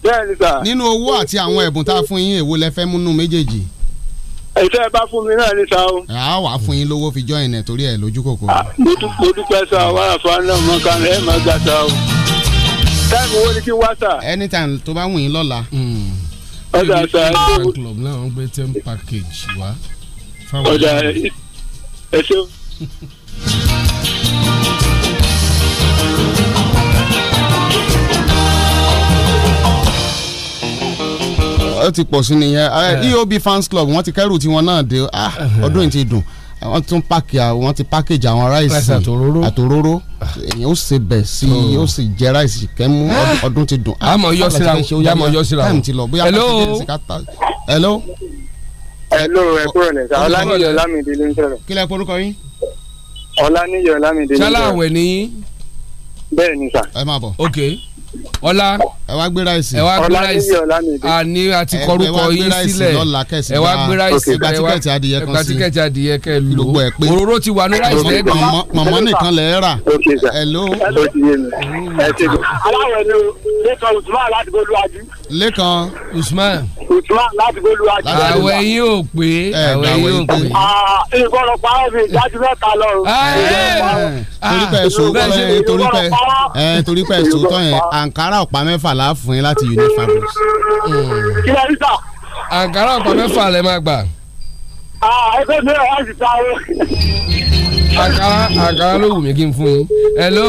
bẹ́ẹ̀ni sà. nínú owó àti àwọn ẹ̀bùn tá a fún yín èwo lẹ fẹ́ múnú méjèèjì. ìṣe ẹ bá fún mi náà ní sa o. a wà á fún yín lówó fi jọyìn ẹ torí ẹ lójú kòkó. mo dúpẹ́ sá wàrà fún ọ náà kan ẹ máa gbà sá o. táìmù wo ni kí n wá sà. anytime tó bá wù yín lọ́la. ọjà sà. club náà ń gbé ten package wá. ọjà ẹ ṣeun. ó ti pọ̀ sí nìyẹn EOB fans club wọ́n ti kẹ́rù tiwọn náà dé ah, ọdún yìí ti dùn wọ́n tún páàkì àwọn ti páàkìjì àwọn ráìsì àtòróró èyàn ó ṣe bẹ̀ sí i mm. ó sì jẹ ráìsì kẹ́mú ah. ọdún ti dùn. a mọ̀ yọ ah, síra o a mọ̀ yọ síra o hello. hello. hello ẹ kúrò ní sá ọlánìyọ lámìdí ló ń sọ̀rọ̀. kí lẹ porúkọ yín. ọlánìyọ lámìdí ló ń sọ̀rọ̀. ṣálá àwẹ̀ ni. sa olaniyo lamidi lo n soro ki le yin olaniyo lamidi lo n soro sala awe ni sà. ẹ máa bọ̀. okay. ọlá ẹ wá gbé ráìsì ẹ wá gbé ráìsì àní àti kọrúkọ yín sílẹ̀ ẹ wá gbé ráìsì ẹ wá gba tíkẹ́ẹ̀tì adìyẹ kẹ lò òróró ti wà ní ráìsì ẹ gbé. mọ̀mọ́ nìkan lẹ̀ ẹ́ rà ẹ̀ ló. aláwọ̀ ẹni o lẹ́kọ̀ọ́ usman aládùúgbò lọ́wọ́ lẹ́kan. usman. usman láti gbé lu àjọ. àwẹ̀ yín ò pé àwẹ̀ yín ò pé. Ah, ìbọ̀rọ̀ para mi ìdájú mẹ́ta lọ́rùn. Ah, ah, eh. eh. torípẹ́ sòótọ́ eh, yẹn torípẹ́ torípẹ́ sòótọ́ yẹn ankara ọ̀pá mẹ́fà la fún yín láti unifabrics. Mm. kí ló ń ta. ankara ọ̀pá mẹ́fà lẹ máa gbà. ẹgbẹ́ mi ò wá sí sáré. ankara ankara ló wù mí kí n fún yín. hello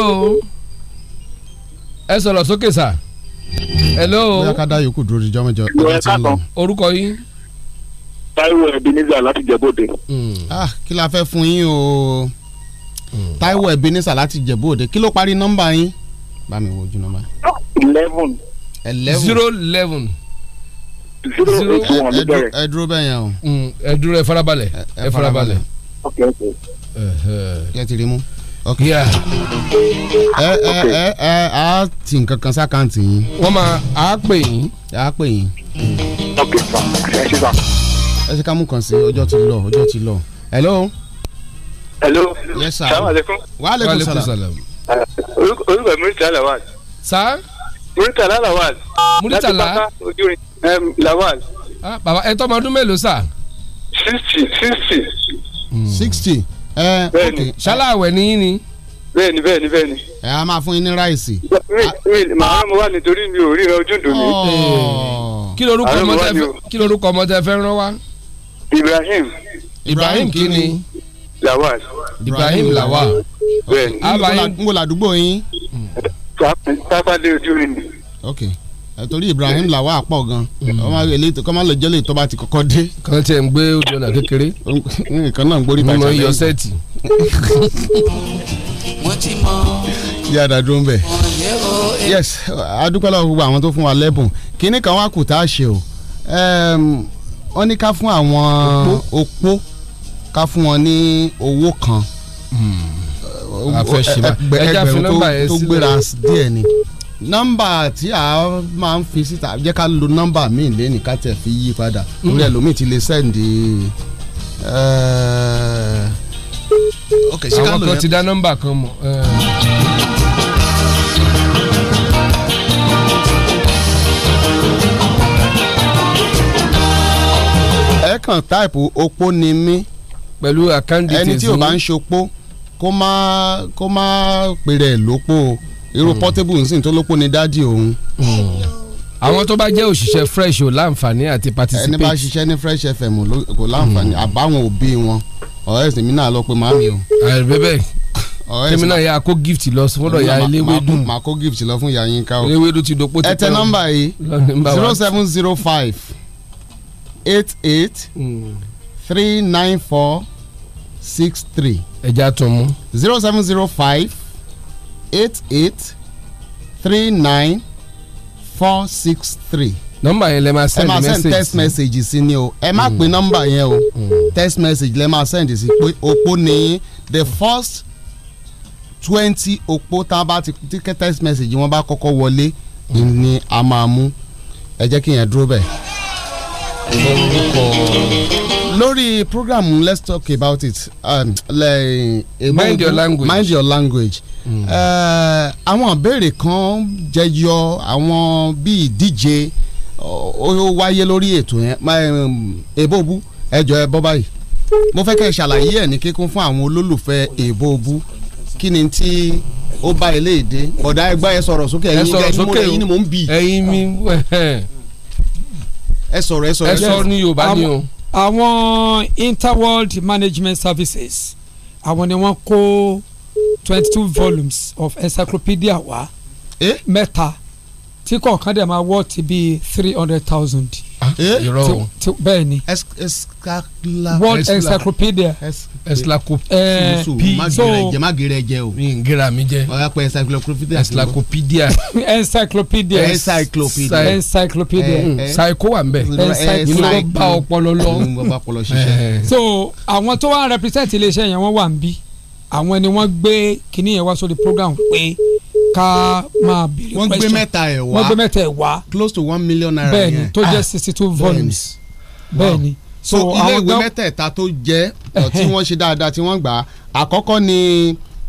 ẹ sọ̀rọ̀ sókè sáà hello. bóyá ká dá yòókù dúró di jọmọjọ. ìwé kàtọ. orúkọ yín. Táíwò Ebenezer láti Jẹ̀bọ́dé. Hmm. ah kí la fẹ́ fún yín o hmm. Táíwò Ebenezer láti Jẹ̀bọ́dé kí ló parí nọ́mbà yín bá mi wojú nọ́mbà. eleven. eleven zero eleven zero eight one ló bẹ̀rẹ̀. ẹ dúró bẹ́ẹ̀ yẹn o. Hmm, ẹ dúró ẹ farabalẹ̀ ẹ farabalẹ̀. ok ok. kí ẹ ti rí mú ok ẹ ẹ ẹ ẹ a ti nǹkan kan sákàǹtì yín. wọ́n máa a pè yín. a pè yín. ok sir ẹ ṣe sá. ẹ ṣe ká mú kan sí ọjọ́ ti lọ ọjọ́ ti lọ. hello. hello. yes sir. salaam aleykum. wa aleykum salaam. orúkọ mi Lawal. sa. Muritala Lawal. Muritala. láti pátá ojú rìn Lawal. Ah, bàbá ẹ tọ́ ọmọ mélòó sà. sixty sixty. sixty ẹ ok ṣaláwẹ̀ ni yín ni. bẹ́ẹ̀ni bẹ́ẹ̀ni bẹ́ẹ̀ni. ẹ a máa fún yín ní ráìsì. màá mo wà nítorí mi ò ríra ojú ìdùnnú. Oh. kí lorúkọ ọmọ tẹ fẹ́ rán wa. Ibrahim. Ibrahim kí ni. Lawal. Ibrahim Lawal. bẹ́ẹ̀ni. n kò ládùúgbò yín. sáfàdé ojú mi ni. ok. okay torí Ibrahim làwọn àpọ̀ gan mm. kọ́ máa lọ jẹ́ lè tó bá ti kọ́kọ́ dé. kan tẹ̀ ń gbé ojú ọ̀nà kékeré. nǹkan náà ń gbórí tàjà lẹ́yìn. mo mọ iyọ sẹ́ẹ̀tì. yíyá dàdúró ń bẹ̀. yes adúpẹ́ lọ́wọ́ gbogbo àwọn tó fún wa lẹ́bùn kínní kan wá kù tá a ṣe o wọ́n ní ká fún àwọn opó ká fún wọn ní owó kan. Hmm. a fẹ́ ṣe bá ẹgbẹ̀rún tó gbéra díẹ̀ ni nọ́mbà tí a máa ń fi síta jẹ́ ká lo nọ́mbà míì lẹ́nu ká tẹ̀ fi yí padà lórí mhm. ẹlòmíì ti lè sẹ́ǹdì eh, àwọn kan ti dá nọ́mbà kan mọ̀. Eh. ẹ kàn táìpù opó ni mí pẹ̀lú àkáǹdì tẹ̀sán ẹni tí ò bá ń ṣopó kó má kó má pèrè lópó o irú portable nsìn tó lópó ni dádì òun. àwọn tó bá jẹ́ òṣìṣẹ́ fresh ò láǹfààní àti participate. ẹni bá ṣiṣẹ́ ní fresh fm kò láǹfààní hmm. àbáwọn òbí wọn ọ̀rẹ́ ìsìn mi náà lọ pé màmí o. bẹ́ẹ̀ tèmi náà yà kó gift lọ fọdọ̀ ya eléwédú. mà kó gift lọ fún yàyín ká o. eléwédú ti dopó ti pẹ́ o. ẹ tẹ nọ́mbà yìí zero seven zero five eight eight hmm. three nine four six three. ẹja tó mú. zero seven zero five eight eight three nine four six three. nọ́mbà yẹn lè máa send message ẹ máa send text message sí ni o ẹ má hmm. pe nọ́mbà yẹn o hmm. text message lè máa send sí pé òpó ni the first twenty òpó tá a bá ti text message wọn bá kọ́kọ́ wọlé hmm. ni a máa mú ẹ jẹ́ kí yẹn dúró bẹ́ẹ̀ lórí program let's talk about it um, like, mind your language mind your language hmm. uh, àwọn ìbéèrè kan jẹyọ àwọn bíi ìdíje ó wáyé lórí ètò yẹn èbóbu um, ẹjọ ẹ bọ́ báyìí mo fẹ́ kẹ́ ẹ ṣàlàyé ẹ̀ ní kíkún fún àwọn olólùfẹ́ èbóbu kí ni tí ó bá ilé èdè ọ̀dà ẹgbẹ́ ẹ sọ̀rọ̀ sókè ẹ̀yin ni mo ń bì. ẹ̀yin mi ah ẹ sọ̀rọ̀ ẹ sọ̀rọ̀ ẹ sọ̀rọ̀ ní yorùbá ni o. àwọn interworld management services àwọn ni wọ́n kó twenty two volumes of encyclopedia Wa. Eh? mẹ́ta. Eh? tí kọ̀ọ̀kan dẹ̀ máa wọ́ ti bíi three hundred thousand. Ah, eh? bẹ́ẹ̀ ni world eh, encyclopedia. encyclopedia. so *laughs* má encyclopedia. encyclopedia. encyclopedia. encyclopedia. Eh, encyclopedia. psycho wà nbẹ. encyclopedia. bá ọpọlọ lọ. so àwọn tó wá represent iléeṣẹ́ yẹn wọ́n wà ń bí àwọn ni wọ́n gbé kinní yẹn wá sórí program pé ká máa béèrè question wọ́n gbé mẹ́ta ẹ̀ wá wọ́n gbé mẹ́ta ẹ̀ wá close to one million naira yẹn bẹ́ẹ̀ni tó jẹ́ ah, sixty two volumes bẹ́ẹ̀ni. so ilé ìwé mẹ́tẹ̀ẹ̀ta tó jẹ́ *laughs* tí wọ́n ṣe dáadáa tí wọ́n gbà á àkọ́kọ́ ni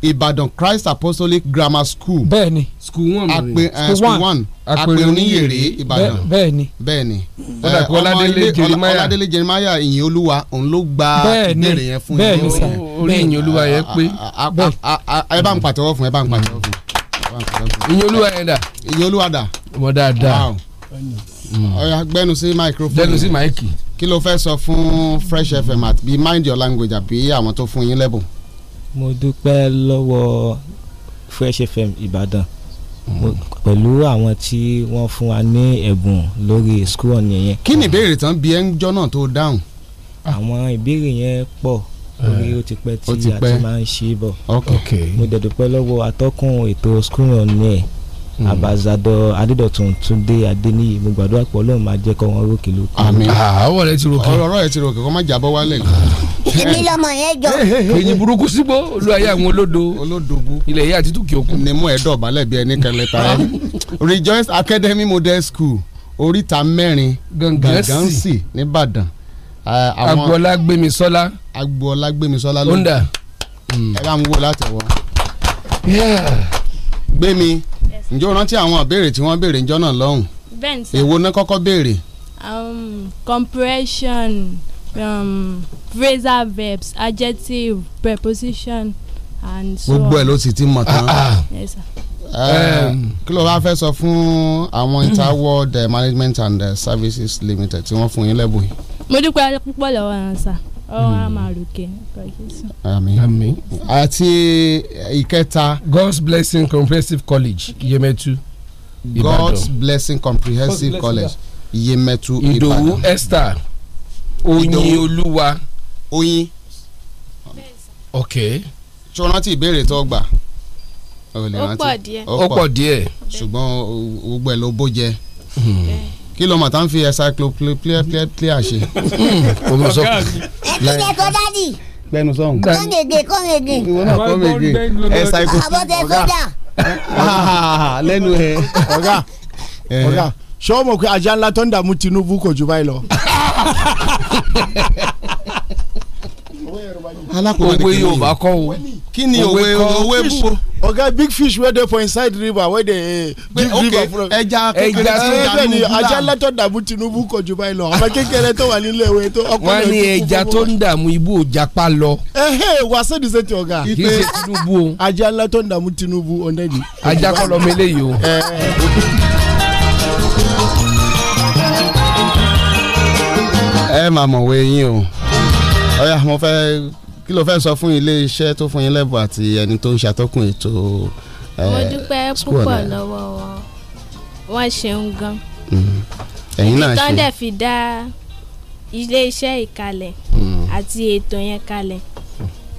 Ìbàdàn Christ Apostolic Grammar School bẹ́ẹ̀ni school one àpè eh, school one àpè oníyèrè Ìbàdàn bẹ́ẹ̀ni bẹ́ẹ̀ni eh, Ọládélé Jeremiah ìyìn olúwa òun ló gba ìbéèrè yẹn fún yín orí ìyìn olúwa yẹn pé ẹ bá ń pàtẹ́wọ́ fún ẹ bá ń pàtẹ́wọ́ fún ìyìn olúwa yẹn dà. ìyìn olúwa dà. mo dáadáa. ọ̀ya gbẹ́nu sí microphone. gbẹ́nu sí máìkì. kí ló fẹ́ sọ fún Fresh FM àti mind your language àbí àwọn tó fún yín lẹ́bùn. mo dúpẹ́ lọ́wọ́ Fresh FM Ìbàdàn hmm. pẹ̀lú àwọn tí wọ́n fún wa ní ẹ̀bùn lórí school ọ̀nìyẹn. kí ni ìbéèrè tán bí ẹ ń jọ́ náà tó dáhùn. àwọn ìbéèrè yẹn pọ̀ orí eh, ó ti pẹ́ tí a ti máa ń ṣe bọ̀ mo dẹ̀ dúpẹ́ lọ́wọ́ atọ́kùn ètò school on air hmm. abazadọ adédọ̀tun túndé adéníyì mo gbàdúrà pé ọlọ́run máa jẹ́ kọ́ wọn rókè lókè. àmín àwọ̀ ah, rẹ ti rókè ọ̀rọ̀ rẹ ti rókè kó má jábọ́ wálẹ̀. Ah. èmi lọmọ yẹn jọ. èyí burúkú sígbó olú ayé àwọn olódo olódogu ilẹ̀ yìí àti tùkì òkun. ni mú ẹ dọ̀bálẹ̀ bí ẹni kẹlẹ́ ta ẹ *laughs* Rejoice Academy Model School oríta mẹ́rin gangan sí nìbàdàn agboola gbemisola. agboola gbemisola ló ń da hmm. ẹ bá mi wò látẹ̀wọ́. gbẹ̀mí ǹjẹ́ o rántí àwọn ìbéèrè tí wọ́n béèrè ńjọ́ náà lọ́hùn. bẹ́ẹ̀ni sọ èwo náà kọ́kọ́ Um, compression um, phrasal verbs adjective preposition and so on. gbogbo ẹ ló sì ti mọ̀ tán. Ah, ah, ah. yes sir um, um, kí ló bá fẹ́ sọ fún àwọn hmm. interworld management and services limited tí wọ́n fún yín lẹ́bùn yìí. mo dúpẹ́ púpọ̀ lọ́wọ́ àǹsà ọ̀hún á máa ròkè. àmín àmín àti eh, ìkẹta. God's Blessing Comprehensive College Yemetu Ibadan God's Blessing Comprehensive College Yemetu Ibadan Ìdòwú Esther Oyin Olúwa Oyin ok. ṣé o rántí ìbéèrè tó gbà ó pọ̀ díẹ̀ ó pọ̀ díẹ̀ ṣùgbọ́n gbogbo ẹ̀ ló bó kí lọ́mọ tá ń fi encyclopedia ṣe. ọmọ hmm. sọ ẹni tó dádì. gbẹnu sọhùn. kọ́ngègè kọ́ngègè. ìwọ náà kọ́ngègè encyclopedia. àbọ̀tẹ̀ sódà. *laughs* lẹ́nu ẹ̀ ọ̀gá eh. ọ̀gá ṣé o mọ̀ pé ajá ńlá tó ń dààmú Tinubu kò jù báyìí lọ. *laughs* òwe yorùbá kọ́ o kí ni òwe òwe bú o. ọ̀gá big fish wey dey for inside river wey dey give river from. ẹja eh, kékeré tó dànù búlà ajá látọ̀ dàbú tinubu kọ̀ jù báyìí lọ àmọ́ kékeré tó wà nílé ìwé tó ọkọ̀ rẹ̀ tó fún wọn. wọ́n ní ẹja tó ń dààmú ibú òjàpá lọ. ẹhẹ́ wàá sẹ́ni ṣe ti ọ̀gá. kì í ṣe tinubu o. ajá látọ̀ dààmú tinubu ọ̀nẹ́ni. ajá kọ́ lọ́mọ eléyìí o. Eh, ẹ máa mọ̀wé yín o ọ̀yà mo fẹ́ kí ló fẹ́ sọ fún ilé iṣẹ́ tó fún yín lẹ́bùn àti ẹni tó ń ṣàtọ́kùn ètò school mo dúpẹ́ púpọ̀ lọ́wọ́ wọn wọ́n ṣeun gan. Mm. ẹ̀yin náà ṣe ìtàn dẹ̀ fi dá ilé iṣẹ́ ìkalẹ̀ mm. àti ètò yẹn kalẹ̀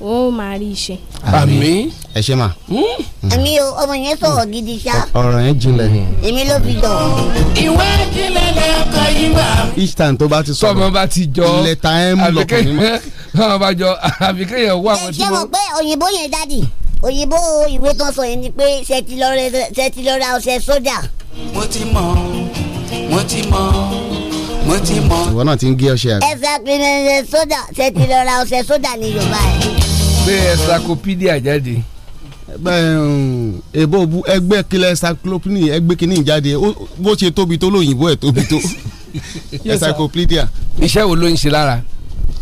wọn ó máa rí iṣẹ́. àmín ẹ ṣe mà. àmín hmm? o ọmọ yẹn sọ̀rọ̀ gidi ṣá. ọ̀rọ̀ yẹn jinlẹ̀ ni. èmi ló fi jọ. ìwé jinlẹ̀ lẹ́ẹ̀kan yìí mà. each time tó bá ti sọ̀rọ̀ tọ́mọ bá ti jọ lẹ́tà ẹ̀ ń lọ kàn mí. tọ́mọ bá jọ àbíkẹ́ yẹn wá àwọn tí mo. ṣé mo pé òyìnbó yẹn dádì òyìnbó ìwé tán sọ yẹn ni pé ṣètìlọ́ra ọ̀sẹ̀ sójà. mo ti mọ̀ mo ti mọ̀ mo ti mọ. ìwọ náà ti ń gé ọṣẹ àgbẹ̀. ẹ fẹ́ sódà ṣe ti lọ ra ọṣẹ sódà ní yorùbá ẹ̀ gbé encyclopedia jáde. ẹbọ eh, bu ẹgbẹ́ kílẹ̀ encyclopedia ẹgbẹ́ kìíní jáde bó ṣe tóbi tó lóyìnbó ẹ̀ tóbi tó *laughs* encyclopedia. iṣẹ́ wo ló ń ṣe lára.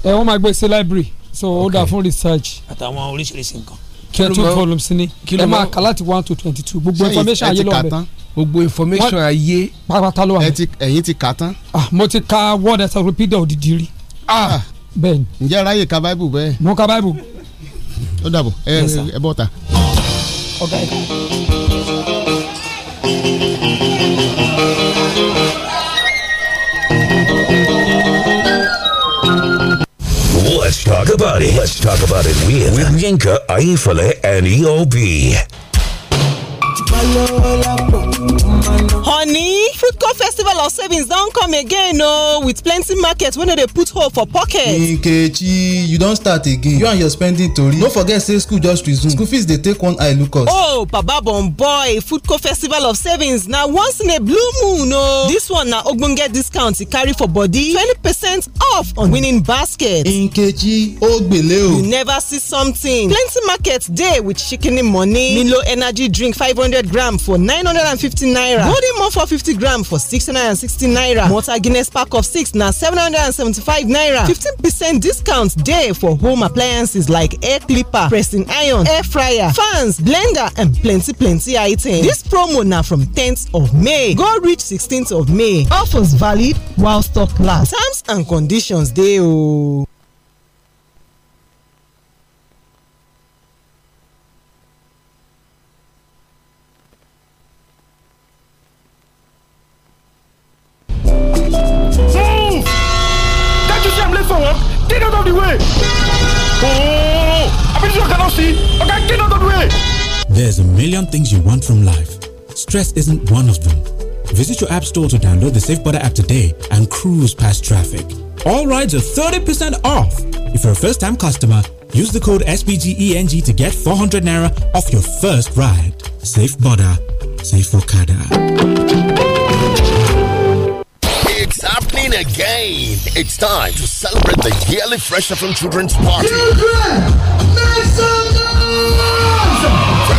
ẹ eh, wọ́n máa gbé sí library so ó dáa fún research. àtàwọn oríṣiríṣi nǹkan two columns ni ẹ máa kà láti one to twenty two gbogbo information ayé lọ́wọ́ bẹ́ẹ̀ gbogbo information ayé pátá ló wà bẹ́ẹ̀ ẹ̀yin ti kà tán. Ah, mo ti ka word encyclopedia òdìdí rí. Ah! bẹ́ẹ̀ ni. ǹjẹ́ ráyè ka bible bẹ́ẹ̀. mo ka bible ó dàbọ̀ ẹ ẹ ẹ̀. Let's talk about it. Let's talk about it with, with Yinka Aifale and EOB. Honey. Foodco festival of savings don come again oh! with plenty market wey no dey put hole for pocket. nkechi you don start again you and your spending tori no forget say school just resume school fees dey take one eye look us. oh baba bon boy Foodco festival of savings na once in a blue moon oh! this one na ogbonge discount e carry for body twenty percent off on winning basket. nkechi o gbele o. you never see something plenty market dey with shikini money milo energy drink five hundred gram for nine hundred and fifty naira Body more for fifty gram yam for six hundred and sixty naira water guinness pack of six na seven hundred and seventy-five naira fifteen percent discount dey for home appliances like air clipper pressing iron air fryer fans blender and plenty plenty items dis promo na from tenth of may go reach sixteenth of may offers valid while stock last terms and conditions dey oh. stress isn't one of them. Visit your app store to download the SafeBoda app today and cruise past traffic. All rides are 30% off. If you're a first time customer, use the code SBGENG to get 400 Naira off your first ride. Safe Butter, Safe Okada. It's happening again. It's time to celebrate the yearly Fresh from Children's Party. Children, make some noise!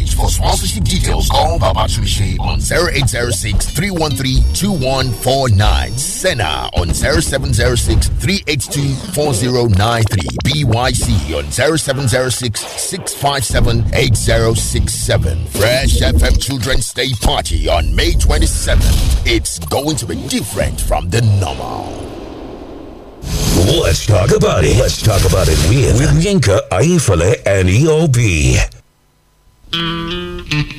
page for sponsorship details. Call Baba Chumishe on 0806-313-2149. Senna on 706 382 BYC on 0706-657-8067. Fresh FM Children's Day Party on May 27th. It's going to be different from the normal. Let's talk about it. Let's talk about it with, with Yinka, Aifale, and EOB. Outro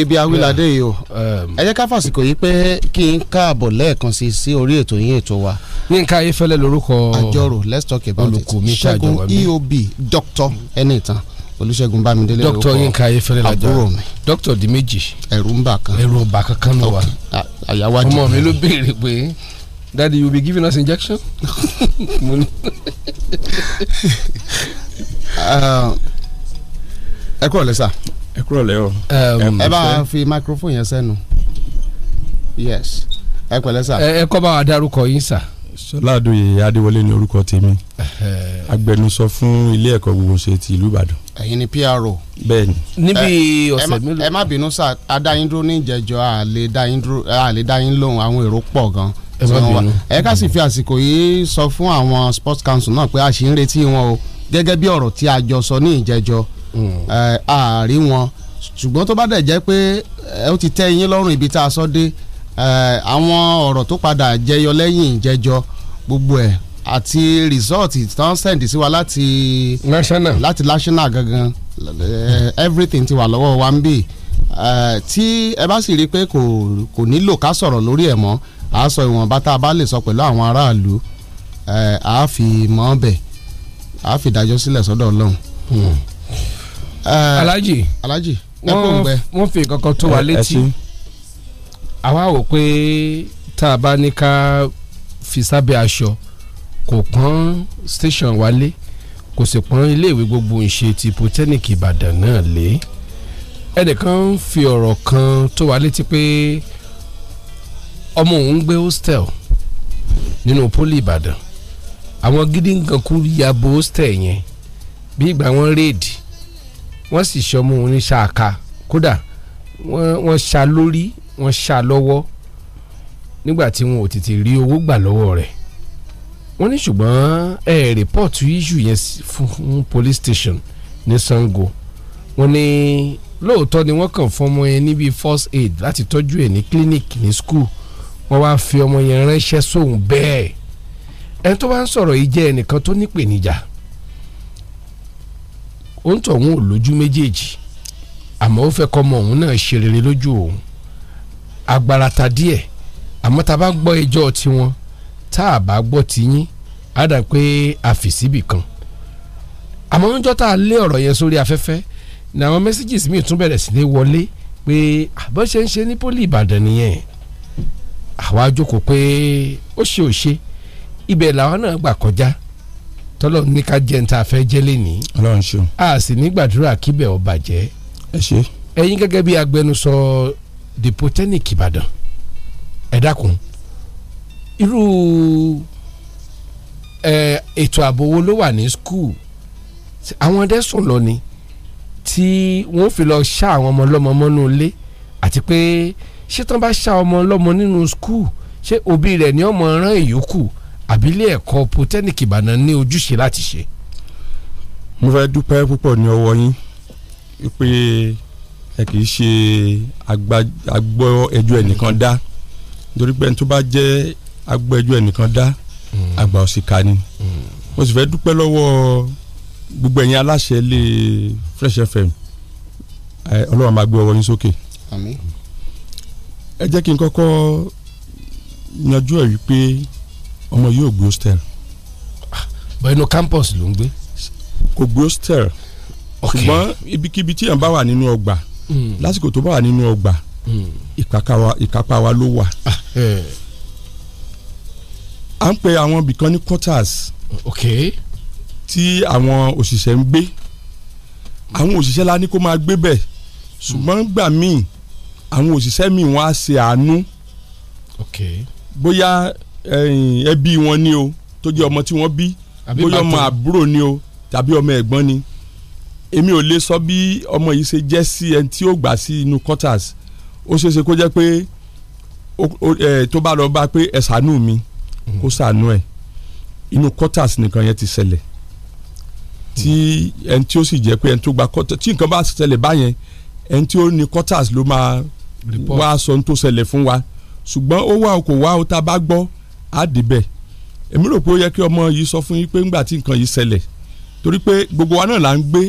ibi awilade yìí o um, ẹ jẹ́ ká fàsìkò yìí pé kí n káàbọ̀ lẹ́ẹ̀kan sí sí orí ètò yín ètò wa. Yínká Ayéfẹ́lẹ́ lórúkọ àjọrò let's talk about it Ṣẹ́gun EOB Dr. Ẹnìtàn Olúṣẹ́gun Bámidélé doctor. Dr. Yínká Ayéfẹ́lẹ́ lajọ àbúrò mi Dr. di méjì. ń bà kan ẹ̀rù ń bà kankan ló wa ọmọ mi ló béèrè pé daddy you be giving us injection. *laughs* *laughs* Uh, ẹ kúrò lẹ́sà kúrọ̀lẹ́ o. ẹ bá fi microphone yẹn sẹ́nu yes ẹ pẹ̀lẹ́ sà. ẹ kọ́ bá wa dárúkọ yín sà. Ṣọládòye Adéwọlé ni orúkọ tèmi agbẹnusọ fún ilé ẹ̀kọ́ gbogbo ṣe ti ìlú Ìbàdàn. ẹ̀yin ni PRO. bẹ́ẹ̀ni. níbi ọ̀sẹ̀ mélòó. ẹ má bínú sà adáyín dúró ní ìjẹ́jọ́ àlè dáyín lóhùn àwọn èrò pọ̀ gan. ẹ má bínú. ẹ ká sì fi àsìkò yìí sọ fún àwọn sports council náà pé a sì ń retí wọn o gẹ́gẹ́ bí ọ̀rọ̀ tí a jọ sọ ní ìjẹ́jọ́ ààrí hmm. wọn ṣùgbọ́n tó bá dẹ̀ jẹ́ pé ó ti tẹ́ yín lọ́rùn ibi tá a sọ dé àwọn ọ̀rọ̀ tó padà jẹyọ lẹ́yìn ìjẹjọ gbogbo ẹ̀ àti result tán sẹ̀ǹdì sí wa láti national láti national gangan everything ti wà lọ́wọ́ wa ń bì tí ẹ bá sì rí i pé kò nílò ká sọ̀rọ̀ lórí ẹ̀ mọ́ àá sọ ìwọ̀nba tá a bá lè sọ pẹ̀lú àwọn aráàlú àá fi mọ́ bẹ̀ àá fi dájọ́ sílẹ̀ sọ́dọ̀ ọlọ́run. Hmm. Alhaji Alhaji wọ́n fi kankan tó wa létí àwa wò pé tá a bá ní ká fi sábẹ́ aṣọ kò pọ́n station wálé kò sì pọ́n iléèwé gbogbo ń ṣe ti Polytechnic Ìbàdàn náà lé ẹnìkan ń fi ọ̀rọ̀ kan tó wa létí pé ọmọ òun ń gbé hostel nínú poli Ìbàdàn àwọn gidi nǹkan kú ya bo hostel yẹn bí ìgbà wọn réèdì wọ́n sì ṣọmọ oníṣàká kódà wọ́n ṣá lórí wọ́n ṣá lọ́wọ́ nígbà tí wọn ò tètè rí owó gbà lọ́wọ́ rẹ̀ wọ́n ní ṣùgbọ́n ẹ rìpọ́ọ̀tù iṣu yẹn fún police station ní Sango wọ́n ní lóòótọ́ ni wọ́n kàn fọmọ yẹn níbi first aid láti tọ́jú ẹ̀ ní clinic ní school wọ́n wá fi ọmọ yẹn ránṣẹ́ sóun bẹ́ẹ̀ ẹni tó bá ń sọ̀rọ̀ yìí jẹ́ ẹnìkan tó nípèníjà ó ń tọ̀hún ò lójú méjèèjì àmọ́ ó fẹ́ kọ́mọ òun náà ṣe rere lójú òun agbára ta díẹ̀ àmọ́ tá a bá gbọ́ ẹjọ́ tiwọn tá a bá gbọ́ tiyín á dà pé a fì síbì kan àmọ́ níjọ́ tá a lé ọ̀rọ̀ yẹn sórí afẹ́fẹ́ ni àwọn messages míì tún bẹ̀rẹ̀ sí ní wọlé pé àbọ̀ ṣe ń ṣe ní poli Ìbàdàn nìyẹn àwa jókòó pé ó ṣe ò ṣe ibẹ̀ làwọn náà gbà kọjá tọ́lọ́ ní ká jẹ́ níta fẹ́ jẹ́ lẹ́ni. ọlọ́run ṣeun. a sì ní gbàdúrà kíbẹ̀ ó bàjẹ́. ẹ ṣe. ẹ̀yin gẹ́gẹ́ bí agbẹnusọ depo tẹ́nìkì ìbàdàn ẹ dákun irú ètò ààbò wo ló wà ní skul àwọn ọdẹ sùn lọ ni tí wọ́n fi lọ ṣá àwọn ọmọ ọlọ́mọ mọ́nú ilé àti pé ṣé tán bá ṣá ọmọ ọlọ́mọ nínú skul ṣé òbí rẹ̀ ni ọmọ rán èyí kù àbílẹ̀ ẹ̀kọ́ polytechnic ìbàdàn ní ojúṣe láti ṣe. mo fẹ́ dúpẹ́ púpọ̀ ní ọwọ́ yín pé ẹ kì í ṣe agbọ́ ẹjọ́ ẹnìkan dá nítorí pé ẹni tó bá jẹ́ agbọ́ ẹjọ́ ẹnìkan dá hmm. àgbà òṣìkà ni hmm. mo sì fẹ́ dúpẹ́ lọ́wọ́ gbogbo ẹ̀yin aláṣẹ ilé Fresh FM ọlọ́run máa gbé ọwọ́ yín sókè. àmín. ẹ jẹ́ kí n kọ́kọ́ yanjú ẹ̀ wípé ọmọ yóò gbé hostel. Ah, bọ́ inú campus ló ń gbé. kò gbé hostel ṣùgbọ́n ibikíbi tí èèyàn bá wà nínú ọgbà hmm. lásìkò tó bá wà nínú ọgbà hmm. ìkápá wa ló wà. Ah, à ń pe àwọn ibìkan ní quarters tí àwọn òṣìṣẹ́ ń gbé àwọn òṣìṣẹ́ la ní kó máa gbé bẹ̀ ṣùgbọ́n hmm. gbà míì àwọn òṣìṣẹ́ míì wọ́n á ṣe àánú bóyá ẹbí wọn ni o tó jẹ́ ọmọ tí wọ́n bí bóyá ọmọ àbúrò ni o tàbí ọmọ ẹ̀gbọ́n ni èmi ò lè sọ bí ọmọ yìí ṣe jẹ́ sí ẹni tí ó gbà sí inú quarters ó ṣeéṣe kó jẹ́ pé tó bá lọ bá pé ẹ ṣàánú mi kó ṣàánú ẹ̀ inú quarters nìkan yẹn ti ṣẹlẹ̀ tí ẹni tí ó sì jẹ́ pé ẹni tó gba quarters tí nǹkan bá ṣẹlẹ̀ báyẹn ẹni tí ó ní quarters ló máa wá sọ tó ṣẹlẹ̀ fún wa ṣùgbọ́n ó wà ó kò wá ó tá bá gbọ́ á débẹ̀ èmi rò pé ó yẹ kí ọmọ yìí sọ fún yín pé ńgbà tí nǹkan yìí ṣẹlẹ̀ torí pé gbogbo wa náà là ń gbé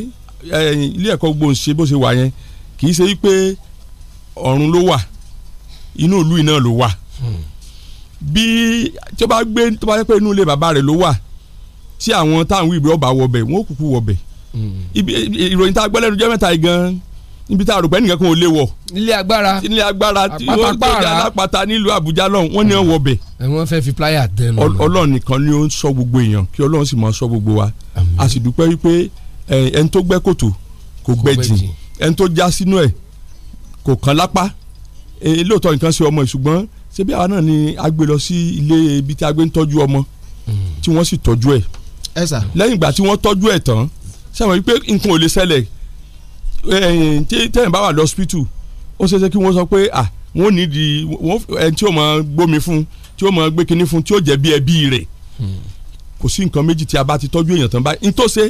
ilé ẹ̀kọ́ gbogbo ń ṣe bó ṣe wà yẹn kì í ṣe wípé ọ̀run ló wà inú ìlú iná ló wà bí tí ó bá gbé tó bá yẹ pé inú ilé bàbá rẹ̀ ló wà tí àwọn táwọn ìbí ọba wọbẹ̀ wọn ò kúkú wọbẹ̀ ìròyìn tá a gbọ́ lẹ́nu jẹ́ mẹ́ta yìí gan-an níbi tá a rò pé nìkan kan ò lè wọ̀. nílé agbára nílé agbára tí ó jẹ́ alápatà nílùú àbújá lọ́hùn wọ́n ní ọ̀wọ́ bẹ̀. wọ́n fẹ́ fi pláyà tẹnu. ọlọ́run nìkan ni ó ń ṣọ́ gbogbo èèyàn kí ọlọ́run sì máa ṣọ́ gbogbo wa. a sì dúpẹ́ wípé ẹni tó gbẹ́ kòtò kò gbẹ́ jìn ẹni tó já sínú ẹ̀ kò kàn lápá e, lóòótọ́ nǹkan ṣe ọmọ ṣùgbọ́n ṣé bí àwa náà ni a gbé lọ sí ilé ibi tí a gbé ń tọ́jú ọmọ hmm. tí wọ́n sì tọ́jú ẹ̀ lẹ́yìn ìgbà tí wọ́n tọ́jú ẹ̀ tán ṣàwọn wípé nǹkan ò lè ṣẹlẹ̀ Eh, tẹ́yìn bá wà lọ́sípítù ó ṣeéṣe kí wọ́n sọ pé à ah, wọ́n nídìí ẹni tí ó máa gbómi fún tí ó máa gbé kinní fún tí ó jẹ́ bí ẹbí rẹ̀ kò sí nǹkan méjì tí a bá ti tọ́jú èèyàn tán báyìí nítòsí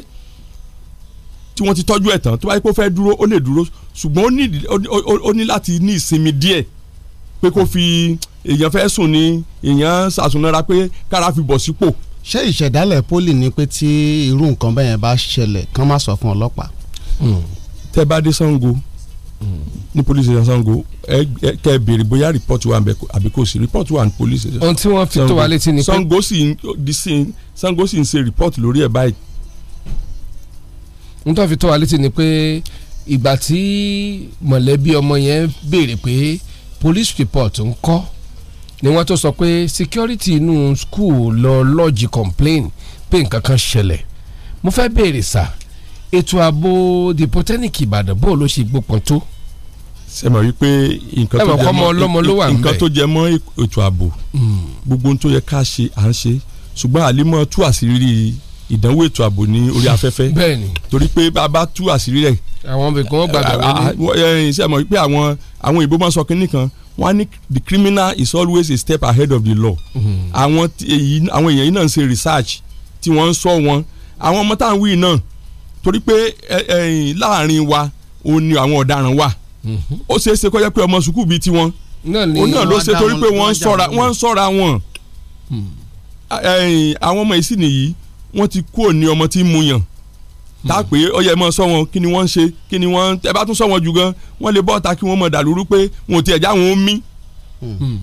tí wọ́n ti tọ́jú ẹ̀ tán tó bá yẹ kó fẹ́ dúró ó lè dúró ṣùgbọ́n ó ní láti ní ìsinmi díẹ̀ pé kó fi èèyàn fẹ́ sùn ni èèyàn ṣàṣùnára pé kára fi bọ̀ sípò. ṣé ìṣẹ̀dálẹ̀ pólì ni pé tí irú nǹkan bẹ́ẹ̀ yẹn bá ṣẹlẹ̀ kán má sọ fún ọlọ́pàá. Hmm tẹ́ bá dé Sango hmm. ní police station Sango ẹ kẹ́ bóyá report wà nbẹ àbí kò sí report wà ní police station. ohun tí wọ́n fi tó wa létí ni pé Sango sì di sí Sango sì ń ṣe report lórí ẹ̀ báyìí. ohun tó fi tó wa létí ni pé ìgbà tí mọ̀lẹ́bí ọmọ yẹn béèrè pé police report ń kọ́ ni wọ́n tó sọ pé security inú school lọ lọ́ọ̀jì complain pé nǹkan kan ṣẹlẹ̀ mo fẹ́ béèrè sáà ètò ààbò the Polytechnic Ìbàdàn bó ló ṣe gbópọn tó. ṣe mọ̀ wípé nǹkan tó jẹ mọ́ ètò ààbò hmm. gbogbo ohun tó yẹ ká ṣe à ń ṣe ṣùgbọ́n àlímọ̀ tú àṣírí ìdánwò ètò ààbò ní orí *laughs* afẹ́fẹ́ torí pé bá a bá tú àṣírí rẹ̀. àwọn ọmọ ìgbọ́n gbàgbà wọlé. ṣe mọ̀ wípé àwọn àwọn òyìnbó máa sọ kínní kan wọ́n ní the criminal is always a step ahead of the law. Hmm. àwọn èèyàn yìí náà ń ṣe research tí wọ́n ń sọ wọn àwọn ọmọ táwọn wíì náà torí pé láàrin wa ó ní àwọn ọ̀daràn wà mhm. ó ṣeé ṣe kó jẹ́ pé ọmọ sùkúù bíi tiwọn òun náà ló ṣe torí pé wọ́n ń ṣọ́ra wọ́n ń ṣọ́ra wọn hmm. àwọn ọmọ ìsìn nìyí wọ́n ti kú òní ọmọ tí ń mu yàn hmm. tá a pè é ọyẹ mọ sọ wọn kí ni wọ́n ń ṣe kí ni wọ́n ẹ bá tún sọ wọn jù gan wọ́n lè bọ́ ta kí wọ́n mọ̀ dàlúrú pé wọn ò tiẹ̀ já wọn ó mí hmm.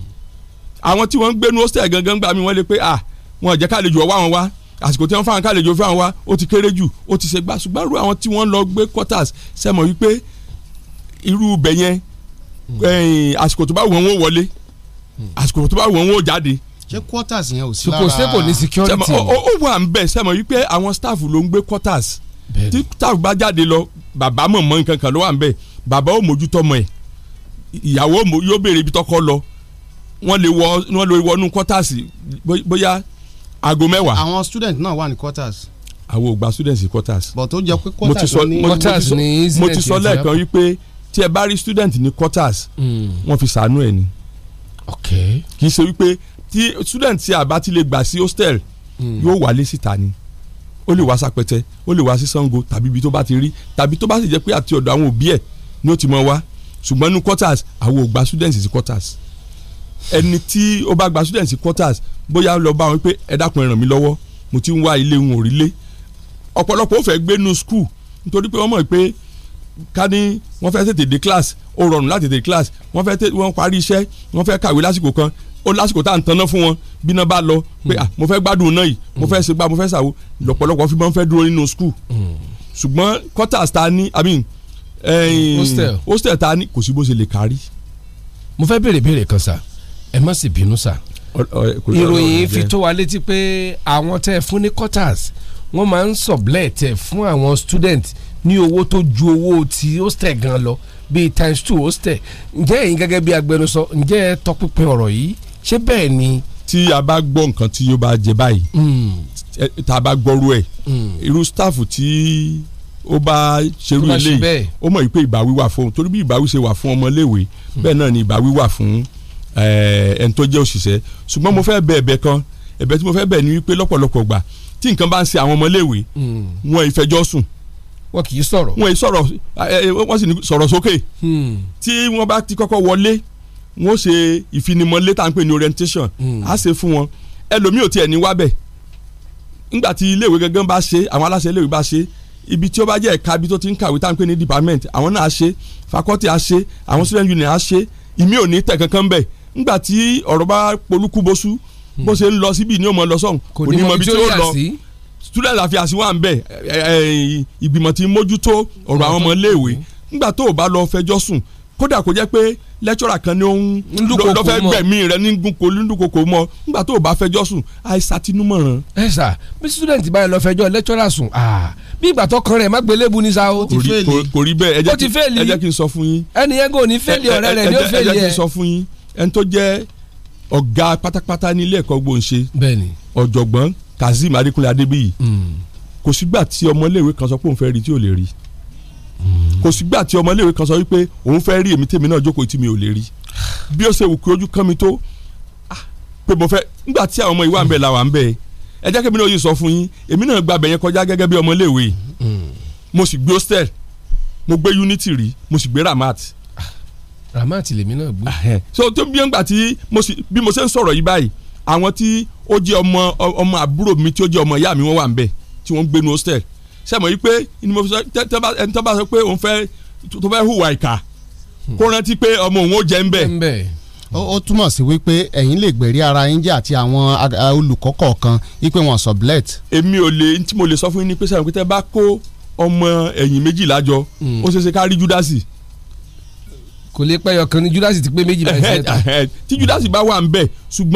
àwọn tí wọ́n ń gbénu hostel gangan gbà mí wọ́n lè pé à wọn ò jẹ́ ká lè jù ọ́ wá wọn wá àsìkò tí wọ́n fáwọn kálejò fáwọn wa ó ti kéré jù ó ti ṣe gbà ṣùgbọ́n irú àwọn tí wọ́n lọ gbé quarters sẹ́mọ̀ wípé irú ibẹ̀ yẹn àsìkò tó bá wọ̀ wọ́n wọlé àsìkò tó bá wọ̀ wọ́n jáde. ṣé quarters yẹn ò sí lára ṣùkò sẹ́kò ní security. ó wà ń bẹ̀ sẹ́mọ̀ wípé àwọn staff ló ń gbé quarters tí staff bá jáde lọ bàbá mọ̀ mọ́ nǹkan kan ló wà ń bẹ̀ bàbá ò mójútó mọ̀ ẹ̀ ìyàwó yóò béèrè ibi tọ́kọ lọ wọ́n lè wọ wọ́n lè wọnú quarters bóyá aago mẹ́wàá. àwọn student náà wà ní quarters. àwọn ò gba students ní quarters. but ó jẹ́ pé quarters ní quarters ní incident. mo ti sọ lẹ́ẹ̀kan wípé tí ẹ bá rí student ní quarters hmm. wọ́n fi sànú ẹ̀ ni. ok kì í ṣe wípé tí student tí a bá ti lè gbà sí hostel hmm. yóò wálé síta ni ó lè wá sápẹtẹ ó lè wá sí Ṣàngó tàbí ibi tó bá ti rí tàbí tó bá sì jẹ́ pé àti ọ̀dọ̀ àwọn òbí ẹ̀ ni ó ti mọ wá ṣùgbọ́n ní quarters àwọn ò gba students sí quarters ẹni tí ó bá gba students quarters bóyá lọ bá wọn pé ẹ dákun ẹ ràn mí lọ́wọ́ mo ti ń wá ilé ń òrí lé ọ̀pọ̀lọpọ̀ ó fẹ́ gbé nu school nítorí pé wọ́n mọ̀ pé ká ní wọ́n fẹ́ tètè dé class ó rọrùn láti tètè class wọ́n fẹ́ tètè wọ́n parí iṣẹ́ wọ́n fẹ́ kàwé lásìkò kan ó lásìkò tá à ń tanná fún wọn bí iná bá lọ pé à mo fẹ́ gbádùn náà yìí mo fẹ́ ṣe gbá mo fẹ́ ṣàwo lọ́pọ̀lọpọ̀ fi máa ń fẹ́ dúró nínú school ṣùgbọ́n quarters ta ní i mean hostel hostel ta ní kò sí bó ṣe lè kárí. mo fẹ́ béèrè béèrè kan sáà ẹ má sì bínú sá ìròyìn fi tó wa létí pé àwọn tẹ́ ẹ fún ní quarters wọ́n máa ń sublet ẹ fún àwọn student ní owó tó ju owó ti hostel gan lọ bíi times two hostel ǹjẹ́ ẹ̀yin gẹ́gẹ́ bí agbẹnusọ ǹjẹ́ ẹ tọpinpin ọ̀rọ̀ yìí ṣé bẹ́ẹ̀ ni. tí a bá gbọ́ nǹkan tí yóò bá jẹ báyìí hmm. tá a bá gbọ́rú ẹ̀ hmm. irú staff tí ó bá ṣerú ilé yìí ó mọ̀ pé ìbáwí wà fún torí bí ìbáwí ṣe wà fún ọmọléèwé hmm. bẹ́ẹ̀ náà ni ìbáwí wà fún Eh, ẹni tó jẹ́ òṣìṣẹ́ ṣùgbọ́n mo fẹ́ bẹ̀ ẹ̀bẹ̀ kan ẹ̀bẹ̀ tí mo fẹ́ bẹ̀ ni wípé lọ́pọ̀lọpọ̀ gbà tí nǹkan bá ń ṣe àwọn ọmọléèwé hmm. wọn ìfẹjọ́ sùn wọn kì í sọ̀rọ̀ wọn sọ̀rọ̀ eh, eh, wọn sì sọ̀rọ̀ sókè hmm. tí wọ́n bá ti kọ́kọ́ wọlé wọ́n ṣe ìfinimọ̀lé tá à ń pè ní orientation á hmm. ṣe fún wọn ẹlòmíì ò tiẹ̀ ní wábẹ̀ nígbà tí iléèwé gangan bá ṣe àwọn aláṣẹ iléèwé bá ṣe ibi tí ó bá jẹ́ ẹ̀ka ibi tó ti ń kàwé tá à ń pè ní department àwọn náà á ṣe faculty á ṣe àwọn student union á ṣe ìmí ò ní tẹ̀ kankan bẹ́ẹ̀ ńgbà tí ọ̀rọ̀ bá polúkú bosú hmm. bó ṣe ń lọ síbi ní òmò lọ sọ̀hún kò ní mọ ibi tí ó lọ student àfihàn sí wà ń bẹ̀ ìgbìmọ̀ tí mójútó ọ̀rọ̀ àwọn ọmọ iléèwé ńgbà hmm. tó o bá lọ fẹjọ́ sùn kódà kó jẹ́ pé lẹ́tọ́rà kan ni òun lọ́fẹ́ gbẹ̀mí rẹ ní gunko lúndùkòkò mọ́ nígbà tó o bá fẹjọ́ sùn àìsà tinú mọ̀ràn. ẹ sà bí student báyìí lọ fẹjọ́ lẹ́tọ́rà sùn bí ìgbà tó kan rẹ̀ má gbélébù ní sa o. kò rí bẹ́ẹ̀ ẹ jẹ́ kí n sọ fún yín. ẹnìyẹn kò ní fẹ́ẹ̀lì ọ̀rẹ́ rẹ̀ ni ó fẹ́ẹ̀lì ẹ ẹni tó jẹ́ ọ̀gá pátápátá ní ilé ẹ̀kọ́ gbòǹṣe ọ̀jọ̀gbọ́n Kazeem Adékúnlé Adébíyì hmm. kò sígbà tí ọmọléèwé kan sọ pé òun fẹ́ rí tí ò lè rí hmm. kò sígbà tí ọmọléèwé kan sọ wípé òun fẹ́ rí èmi tèmi náà jókòó tí mi ò lè rí bí ó ṣe wù kí ojú kán mi tó ah, pé mo fẹ́ nígbà tí àwọn ọmọ ìwà ń bẹ làwà ń bẹ ẹ jẹ́ kí èmi náà yìí sọ fún yín èmi náà gba abẹ̀yẹn kọjá gẹ́gẹ́ bí ọmọléèwé hmm. mo sì gbé hostel mo gbé unity rí mo sì gbé ramat ramat lèmi náà gbé. so tó bí ẹngbà tí bí mo ṣe ń sọ̀rọ̀ yìí báyìí àwọn tí ó jẹ́ ọmọ ọmọ àbúrò mi tí ó jẹ́ ọmọ ìyá mi wọ́n wà ń bẹ̀ tí wọ́n ń gbénu hostel sẹ́mọ̀ yìí pé ẹni tó bá sọ pé òun fẹ́ tó fẹ́ hùwà ìkà kó rántí pé ọmọ òun ó jẹ́ ń bẹ̀ ó túmọ̀ sí wípé ẹ̀yin lè gbẹ̀rí ara yín jẹ́ àti àwọn olùkọ́ kọ̀ọ̀kan wípé wọ́n sublet. èmi ò lè tí mo lè sọ fún yín ni pé sẹ́wọ̀n pé tẹ́ bá kó ọmọ ẹ̀yìn méjìlá jọ hmm. ó ṣeé ká rí júdásì kò lè pẹ́ yọkan ní Júdásì ti pé méjì báyìí sẹ́ta. tí Júdásì bá wà ń bẹ̀ ṣùgbọ́n